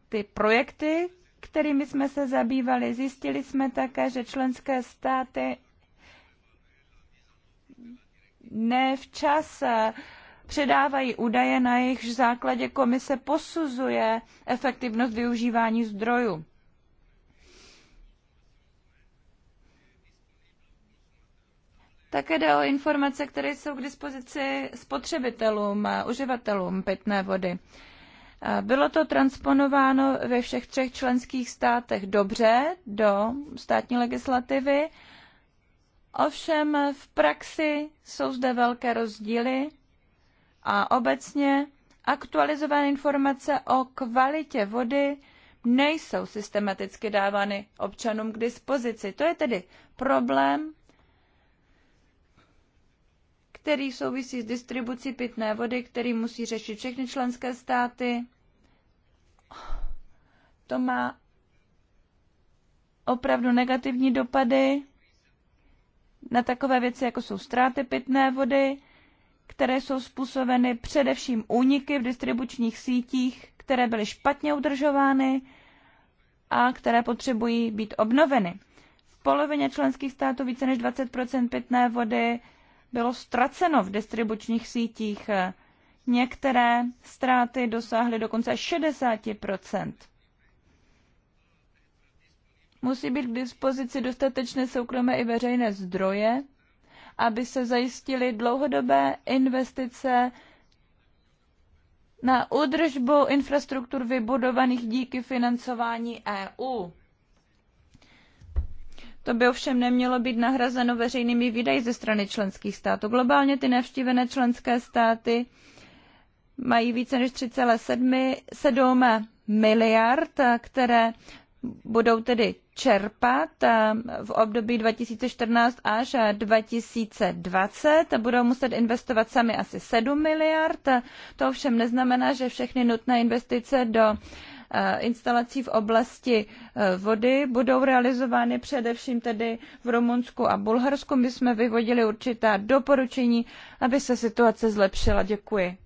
D: ty projekty, kterými jsme se zabývali. Zjistili jsme také, že členské státy nevčas předávají údaje, na jejichž základě komise posuzuje efektivnost využívání zdrojů. Také jde o informace, které jsou k dispozici spotřebitelům, uživatelům pitné vody. Bylo to transponováno ve všech třech členských státech dobře do státní legislativy, ovšem v praxi jsou zde velké rozdíly a obecně aktualizované informace o kvalitě vody nejsou systematicky dávány občanům k dispozici. To je tedy problém, který souvisí s distribucí pitné vody, který musí řešit všechny členské státy. To má opravdu negativní dopady na takové věci, jako jsou ztráty pitné vody, které jsou způsobeny především úniky v distribučních sítích, které byly špatně udržovány a které potřebují být obnoveny. V polovině členských států více než 20 pitné vody bylo ztraceno v distribučních sítích. Některé ztráty dosáhly dokonce 60 Musí být k dispozici dostatečné soukromé i veřejné zdroje, aby se zajistily dlouhodobé investice na údržbu infrastruktur vybudovaných díky financování EU. To by ovšem nemělo být nahrazeno veřejnými výdaji ze strany členských států. Globálně ty navštívené členské státy mají více než 3,7 miliard, které budou tedy čerpat eh, v období 2014 až 2020 a budou muset investovat sami asi 7 miliard. To ovšem neznamená, že všechny nutné investice do Eh, instalací v oblasti eh, vody budou realizovány především tedy v Rumunsku a Bulharsku. My jsme vyvodili určitá doporučení, aby se situace zlepšila. Děkuji.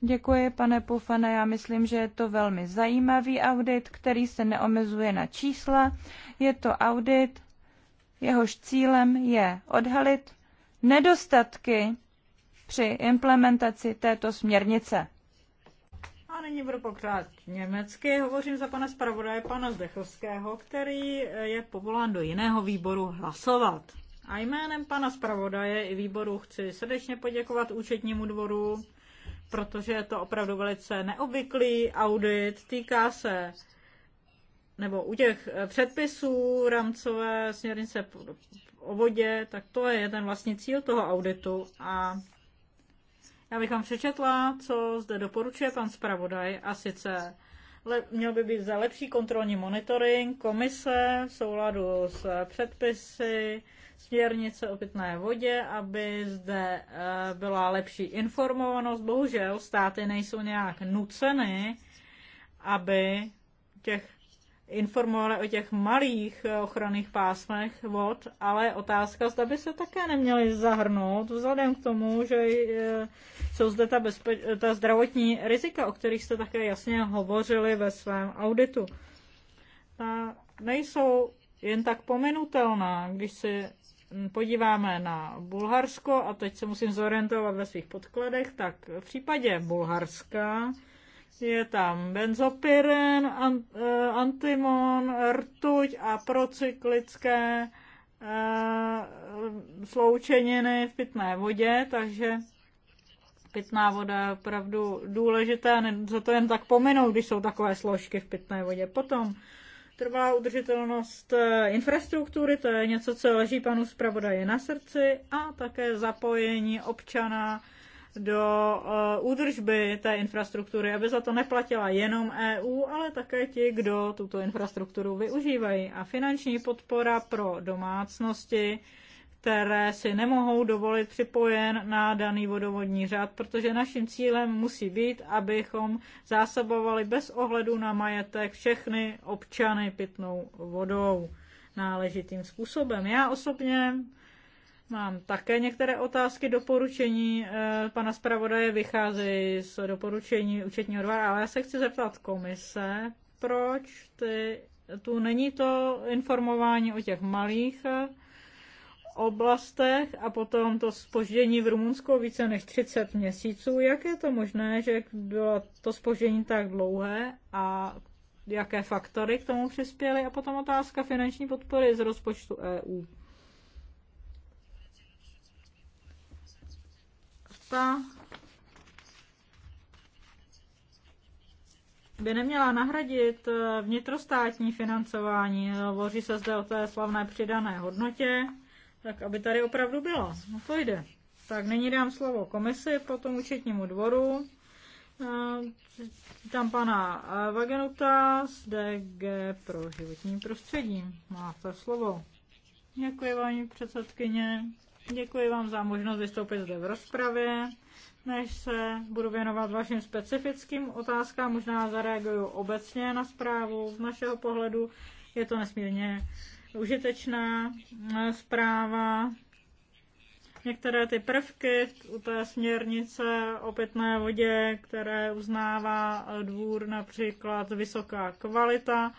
D: Děkuji, pane Pufane. Já myslím, že je to velmi zajímavý audit, který se neomezuje na čísla. Je to audit, jehož cílem je odhalit nedostatky při implementaci této směrnice
C: nyní budu pokračovat německy. Hovořím za pana zpravodaje, pana Zdechovského, který eh, je povolán do jiného výboru hlasovat. A jménem pana zpravodaje i výboru chci srdečně poděkovat účetnímu dvoru, protože je to opravdu velice neobvyklý audit. Týká se nebo u těch eh, předpisů rámcové směrnice o vodě, tak to je ten vlastní cíl toho auditu a já bych vám přečetla, co zde doporučuje pan zpravodaj, a sice le, měl by být za lepší kontrolní monitoring komise v souladu s předpisy směrnice o pitné vodě, aby zde eh, byla lepší informovanost. Bohužel státy nejsou nějak nuceny, aby těch informovali o těch malých eh, ochranných pásmech vod, ale otázka, zda by se také neměly zahrnout, vzhledem k tomu, že eh, jsou zde ta, bezpe- ta zdravotní rizika, o kterých jste také jasně hovořili ve svém auditu. Ta nejsou jen tak pominutelná, když si podíváme na Bulharsko, a teď se musím zorientovat ve svých podkladech, tak v případě Bulharska je tam benzopyren, eh, antimon, rtuť a procyklické eh, sloučeniny v pitné vodě, takže pitná voda je opravdu důležitá, za to jen tak pominou, když jsou takové složky v pitné vodě. Potom trvá udržitelnost eh, infrastruktury, to je něco, co leží panu zpravodaji na srdci a také zapojení občana do eh, údržby té infrastruktury, aby za to neplatila jenom EU, ale také ti, kdo tuto infrastrukturu využívají. A finanční podpora pro domácnosti, které si nemohou dovolit připojen na daný vodovodní řád, protože naším cílem musí být, abychom zásobovali bez ohledu na majetek všechny občany pitnou vodou náležitým způsobem. Já osobně Mám také některé otázky, doporučení eh, pana zpravodaje vycházejí z doporučení účetního dvora, ale já se chci zeptat komise, proč ty, tu není to informování o těch malých eh, oblastech a potom to spoždění v Rumunsku více než 30 měsíců. Jak je to možné, že bylo to spoždění tak dlouhé a jaké faktory k tomu přispěly? A potom otázka finanční podpory z rozpočtu EU. EFTA by neměla nahradit eh, vnitrostátní financování. Hovoří se zde o té slavné přidané hodnotě, tak aby tady opravdu byla. No to jde. Tak nyní dám slovo komisi, tom účetnímu dvoru. Eh, tam pana Vagenuta z DG pro životní prostředí. Máte slovo. Děkuji, paní předsedkyně. Děkuji vám za možnost vystoupit zde v rozpravě. Než se budu věnovat vašim specifickým otázkám, možná zareaguju obecně na zprávu. Z našeho pohledu je to nesmírně užitečná eh, zpráva. Některé ty prvky u té směrnice o pitné vodě, které uznává dvůr, například vysoká kvalita,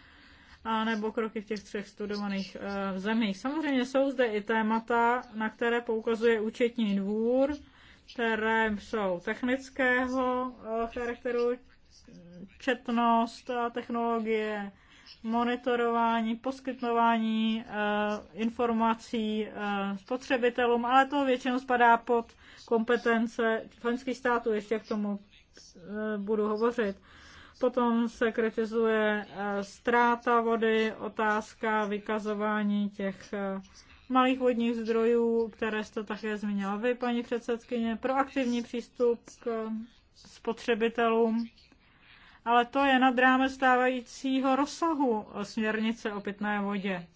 C: a nebo kroky v těch třech studovaných e, zemích. Samozřejmě jsou zde i témata, na které poukazuje účetní dvůr, které jsou technického eh, charakteru, četnost a eh, technologie, monitorování, poskytování e, informací e, spotřebitelům, ale to většinou spadá pod kompetence členských států, ještě k tomu e, budu hovořit. Potom se kritizuje eh, ztráta vody, otázka vykazování těch eh, malých vodních zdrojů, které jste také zmínila vy, paní předsedkyně, proaktivní přístup k eh, spotřebitelům. Ale to je nad ráme stávajícího rozsahu směrnice o pitné vodě.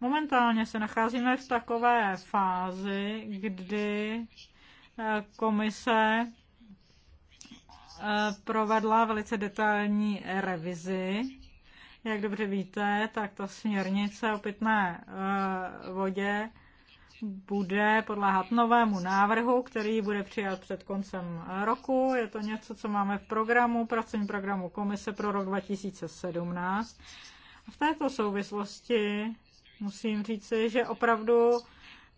C: Momentálně se nacházíme v takové fázi, kdy komise provedla velice detailní revizi. Jak dobře víte, tak ta směrnice o pitné eh, vodě bude podléhat novému návrhu, který bude přijat před koncem roku. Je to něco, co máme v programu, pracovním programu Komise pro rok 2017. A v této souvislosti musím říci, že opravdu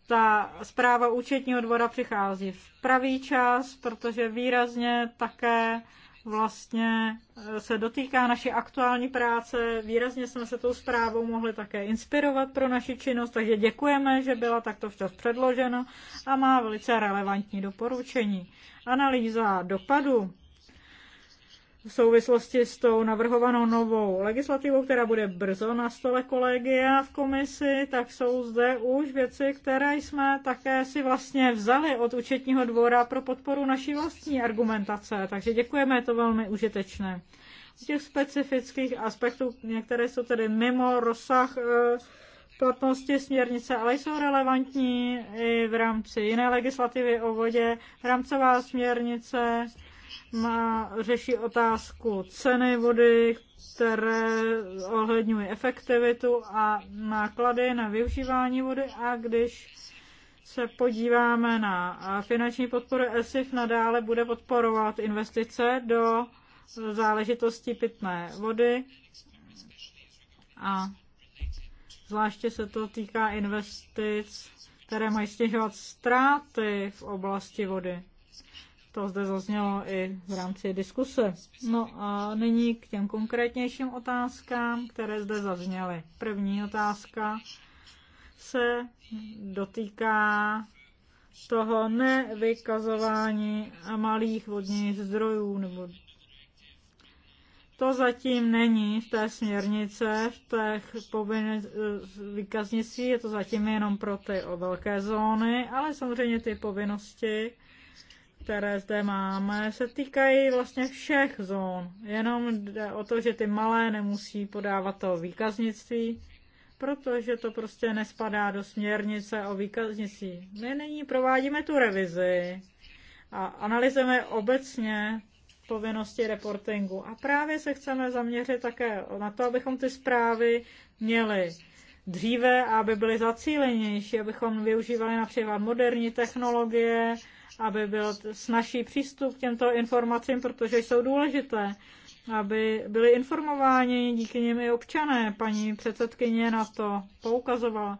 C: ta zpráva účetního dvora přichází v pravý čas, protože výrazně také vlastně eh, se dotýká naší aktuální práce. Výrazně jsme se tou zprávou mohli také inspirovat pro naši činnost, takže děkujeme, že byla takto včas předložena a má velice relevantní doporučení. Analýza dopadu v souvislosti s tou navrhovanou novou legislativou, která bude brzo na stole kolegia v komisi, tak jsou zde už věci, které jsme také si vlastně vzali od účetního dvora pro podporu naší vlastní argumentace. Takže děkujeme, je to velmi užitečné. Z těch specifických aspektů, některé jsou tedy mimo rozsah eh, platnosti směrnice, ale jsou relevantní i v rámci jiné legislativy o vodě, rámcová směrnice, má, řeší otázku ceny vody, které ohledňují efektivitu a náklady na využívání vody a když se podíváme na finanční podporu ESIF, nadále bude podporovat investice do záležitosti pitné vody a zvláště se to týká investic, které mají stěžovat ztráty v oblasti vody. To zde zaznělo i v rámci diskuse. No a nyní k těm konkrétnějším otázkám, které zde zazněly. První otázka se dotýká toho nevykazování malých vodních zdrojů nebo to zatím není v té směrnice, v těch povinných výkaznictví, je to zatím jenom pro ty velké zóny, ale samozřejmě ty povinnosti které zde máme, se týkají vlastně všech zón. Jenom jde o to, že ty malé nemusí podávat to výkaznictví, protože to prostě nespadá do směrnice o výkaznictví. My nyní provádíme tu revizi a analyzujeme obecně povinnosti reportingu. A právě se chceme zaměřit také na to, abychom ty zprávy měli dříve, aby byly zacílenější, abychom využívali například moderní technologie, aby byl snažší přístup k těmto informacím, protože jsou důležité, aby byli informováni díky nim i občané. Paní předsedkyně na to poukazovala.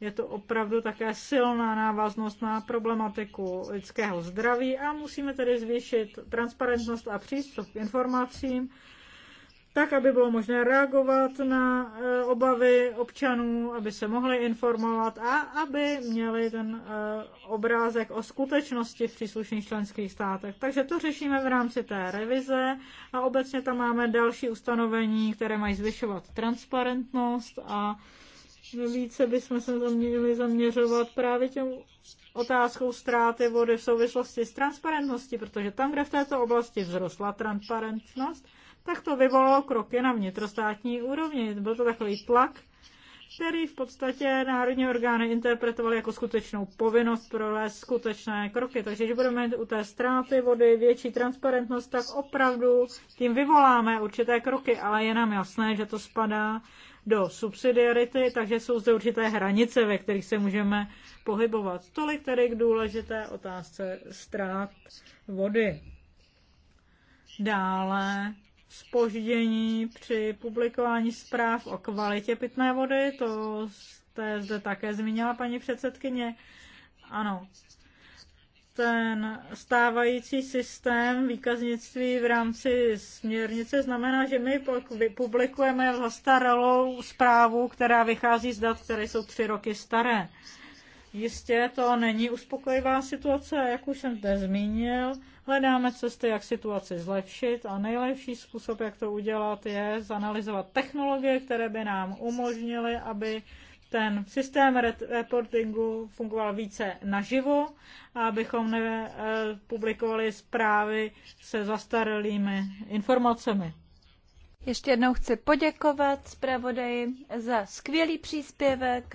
C: Je to opravdu také silná návaznost na problematiku lidského zdraví a musíme tedy zvýšit transparentnost a přístup k informacím tak, aby bylo možné reagovat na e, obavy občanů, aby se mohli informovat a aby měli ten e, obrázek o skutečnosti v příslušných členských státech. Takže to řešíme v rámci té revize a obecně tam máme další ustanovení, které mají zvyšovat transparentnost a více bychom se měli zaměřovat právě těm otázkou ztráty vody v souvislosti s transparentností, protože tam, kde v této oblasti vzrostla transparentnost, tak to vyvolalo kroky na vnitrostátní úrovni. Byl to takový tlak, který v podstatě národní orgány interpretovaly jako skutečnou povinnost provést skutečné kroky. Takže když budeme mít u té ztráty vody větší transparentnost, tak opravdu tím vyvoláme určité kroky, ale je nám jasné, že to spadá do subsidiarity, takže jsou zde určité hranice, ve kterých se můžeme pohybovat. Tolik tedy k důležité otázce ztrát vody. Dále spoždění při publikování zpráv o kvalitě pitné vody, to jste zde také zmínila paní předsedkyně. Ano, ten stávající systém výkaznictví v rámci směrnice znamená, že my publikujeme zastaralou zprávu, která vychází z dat, které jsou tři roky staré. Jistě to není uspokojivá situace, jak už jsem zde zmínil. Hledáme cesty, jak situaci zlepšit a nejlepší způsob, jak to udělat, je zanalizovat technologie, které by nám umožnily, aby ten systém reportingu fungoval více naživo a abychom nepublikovali eh, zprávy se zastaralými informacemi.
D: Ještě jednou chci poděkovat zpravodaji za skvělý příspěvek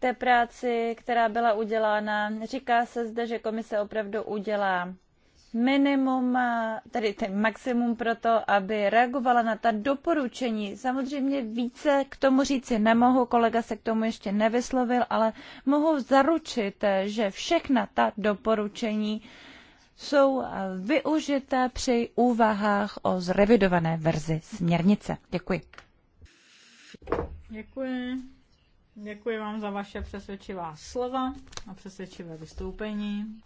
D: té práci, která byla udělána. Říká se zde, že komise opravdu udělá minimum, tedy ten maximum pro to, aby reagovala na ta doporučení. Samozřejmě více k tomu říci nemohu, kolega se k tomu ještě nevyslovil, ale mohu zaručit, že všechna ta doporučení jsou využité při úvahách o zrevidované verzi směrnice. Děkuji.
C: Děkuji. Děkuji vám za vaše přesvědčivá slova a přesvědčivé vystoupení.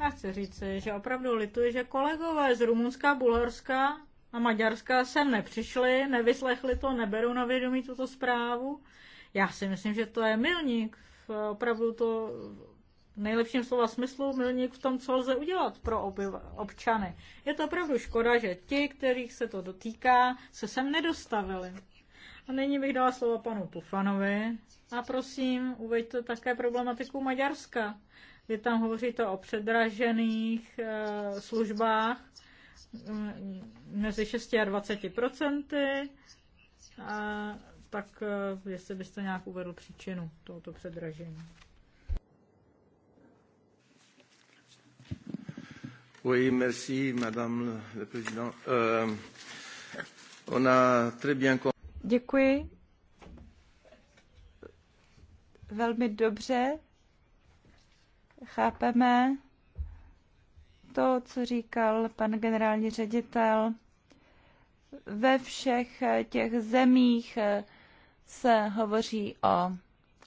C: Já chci říct, že opravdu lituji, že kolegové z Rumunska, Bulharska a Maďarska sem nepřišli, nevyslechli to, neberou na vědomí tuto zprávu. Já si myslím, že to je milník, opravdu to v nejlepším slova smyslu milník v tom, co lze udělat pro obyv- občany. Je to opravdu škoda, že ti, kterých se to dotýká, se sem nedostavili. A nyní bych dala slovo panu Pufanovi. A prosím, uveďte také problematiku Maďarska, kde tam hovoříte o předražených e, službách mm, mezi 6 a 20 procenty. A tak eh, jestli byste nějak uvedl příčinu tohoto předražení.
A: Oui, merci, madame le président. Euh, on a très bien compris Děkuji.
D: Velmi dobře chápeme to, co říkal pan generální ředitel. Ve všech těch zemích se hovoří o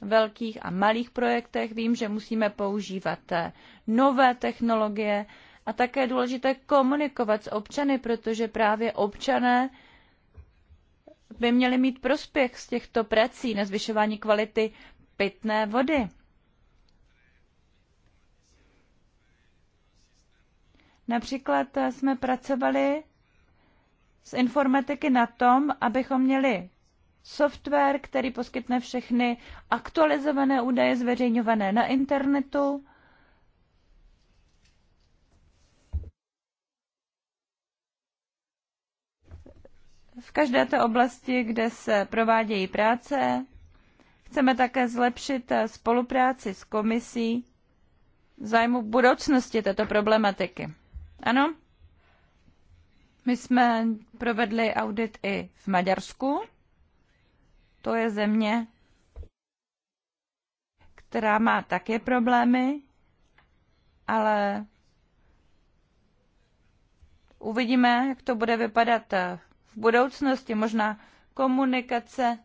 D: velkých a malých projektech. Vím, že musíme používat nové technologie a také je důležité komunikovat s občany, protože právě občané by měli mít prospěch z těchto prací na zvyšování kvality pitné vody. Například jsme pracovali z informatiky na tom, abychom měli software, který poskytne všechny aktualizované údaje zveřejňované na internetu V každé té oblasti, kde se provádějí práce, chceme také zlepšit spolupráci s komisí v zájmu budoucnosti této problematiky. Ano? My jsme provedli audit i v Maďarsku. To je země, která má také problémy, ale uvidíme, jak to bude vypadat v budoucnosti. Možná komunikace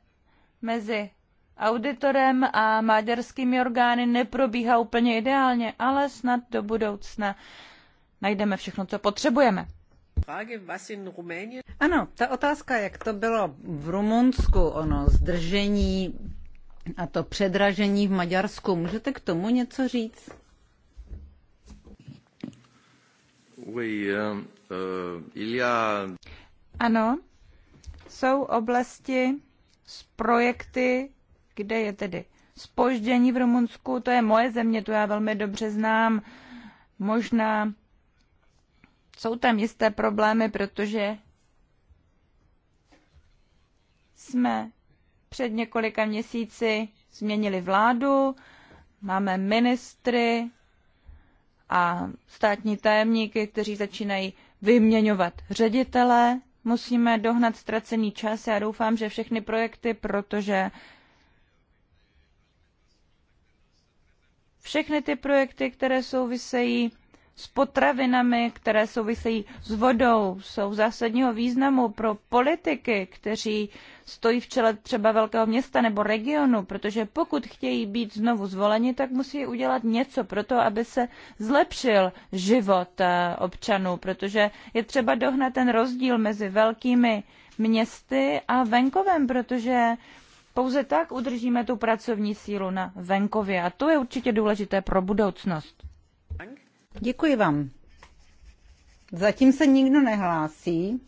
D: mezi auditorem a maďarskými orgány neprobíhá úplně ideálně, ale snad do budoucna najdeme všechno, co potřebujeme. Ano, ta otázka,
B: jak to bylo v Rumunsku, ono zdržení a to předražení v Maďarsku, můžete k tomu
D: něco říct?
A: Oui, euh, euh il y a...
D: Ano, jsou oblasti s projekty, kde je tedy spoždění v Rumunsku, to je moje země, tu já velmi dobře znám. Možná jsou tam jisté problémy, protože jsme před několika měsíci změnili vládu, máme ministry a státní tajemníky, kteří začínají vyměňovat ředitele musíme dohnat ztracený čas. Já doufám, že všechny projekty, protože všechny ty projekty, které souvisejí s potravinami, které souvisejí s vodou, jsou zásadního významu pro politiky, kteří stojí v čele třeba velkého města nebo regionu, protože pokud chtějí být znovu zvoleni, tak musí udělat něco pro to, aby se zlepšil život eh, občanů, protože je třeba dohnat ten rozdíl mezi velkými městy a venkovem, protože pouze tak udržíme tu pracovní sílu na venkově a to je určitě důležité pro budoucnost. Děkuji vám. Zatím
B: se nikdo nehlásí.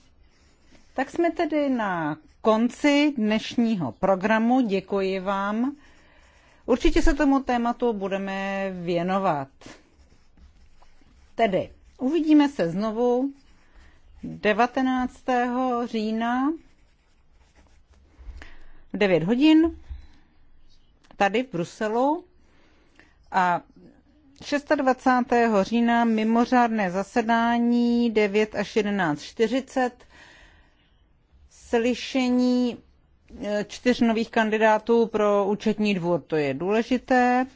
B: Tak jsme tedy na konci dnešního programu. Děkuji vám. Určitě se tomu tématu budeme věnovat. Tedy uvidíme se znovu 19. října v 9 hodin tady v Bruselu a 26. října mimořádné zasedání 9 až 11.40, slyšení e, čtyř nových kandidátů pro účetní dvůr, to je důležité.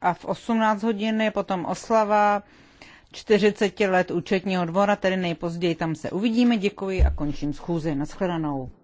B: A v 18 hodin je potom oslava 40 let účetního dvora, tedy nejpozději tam se uvidíme. Děkuji a končím schůzi. Naschledanou.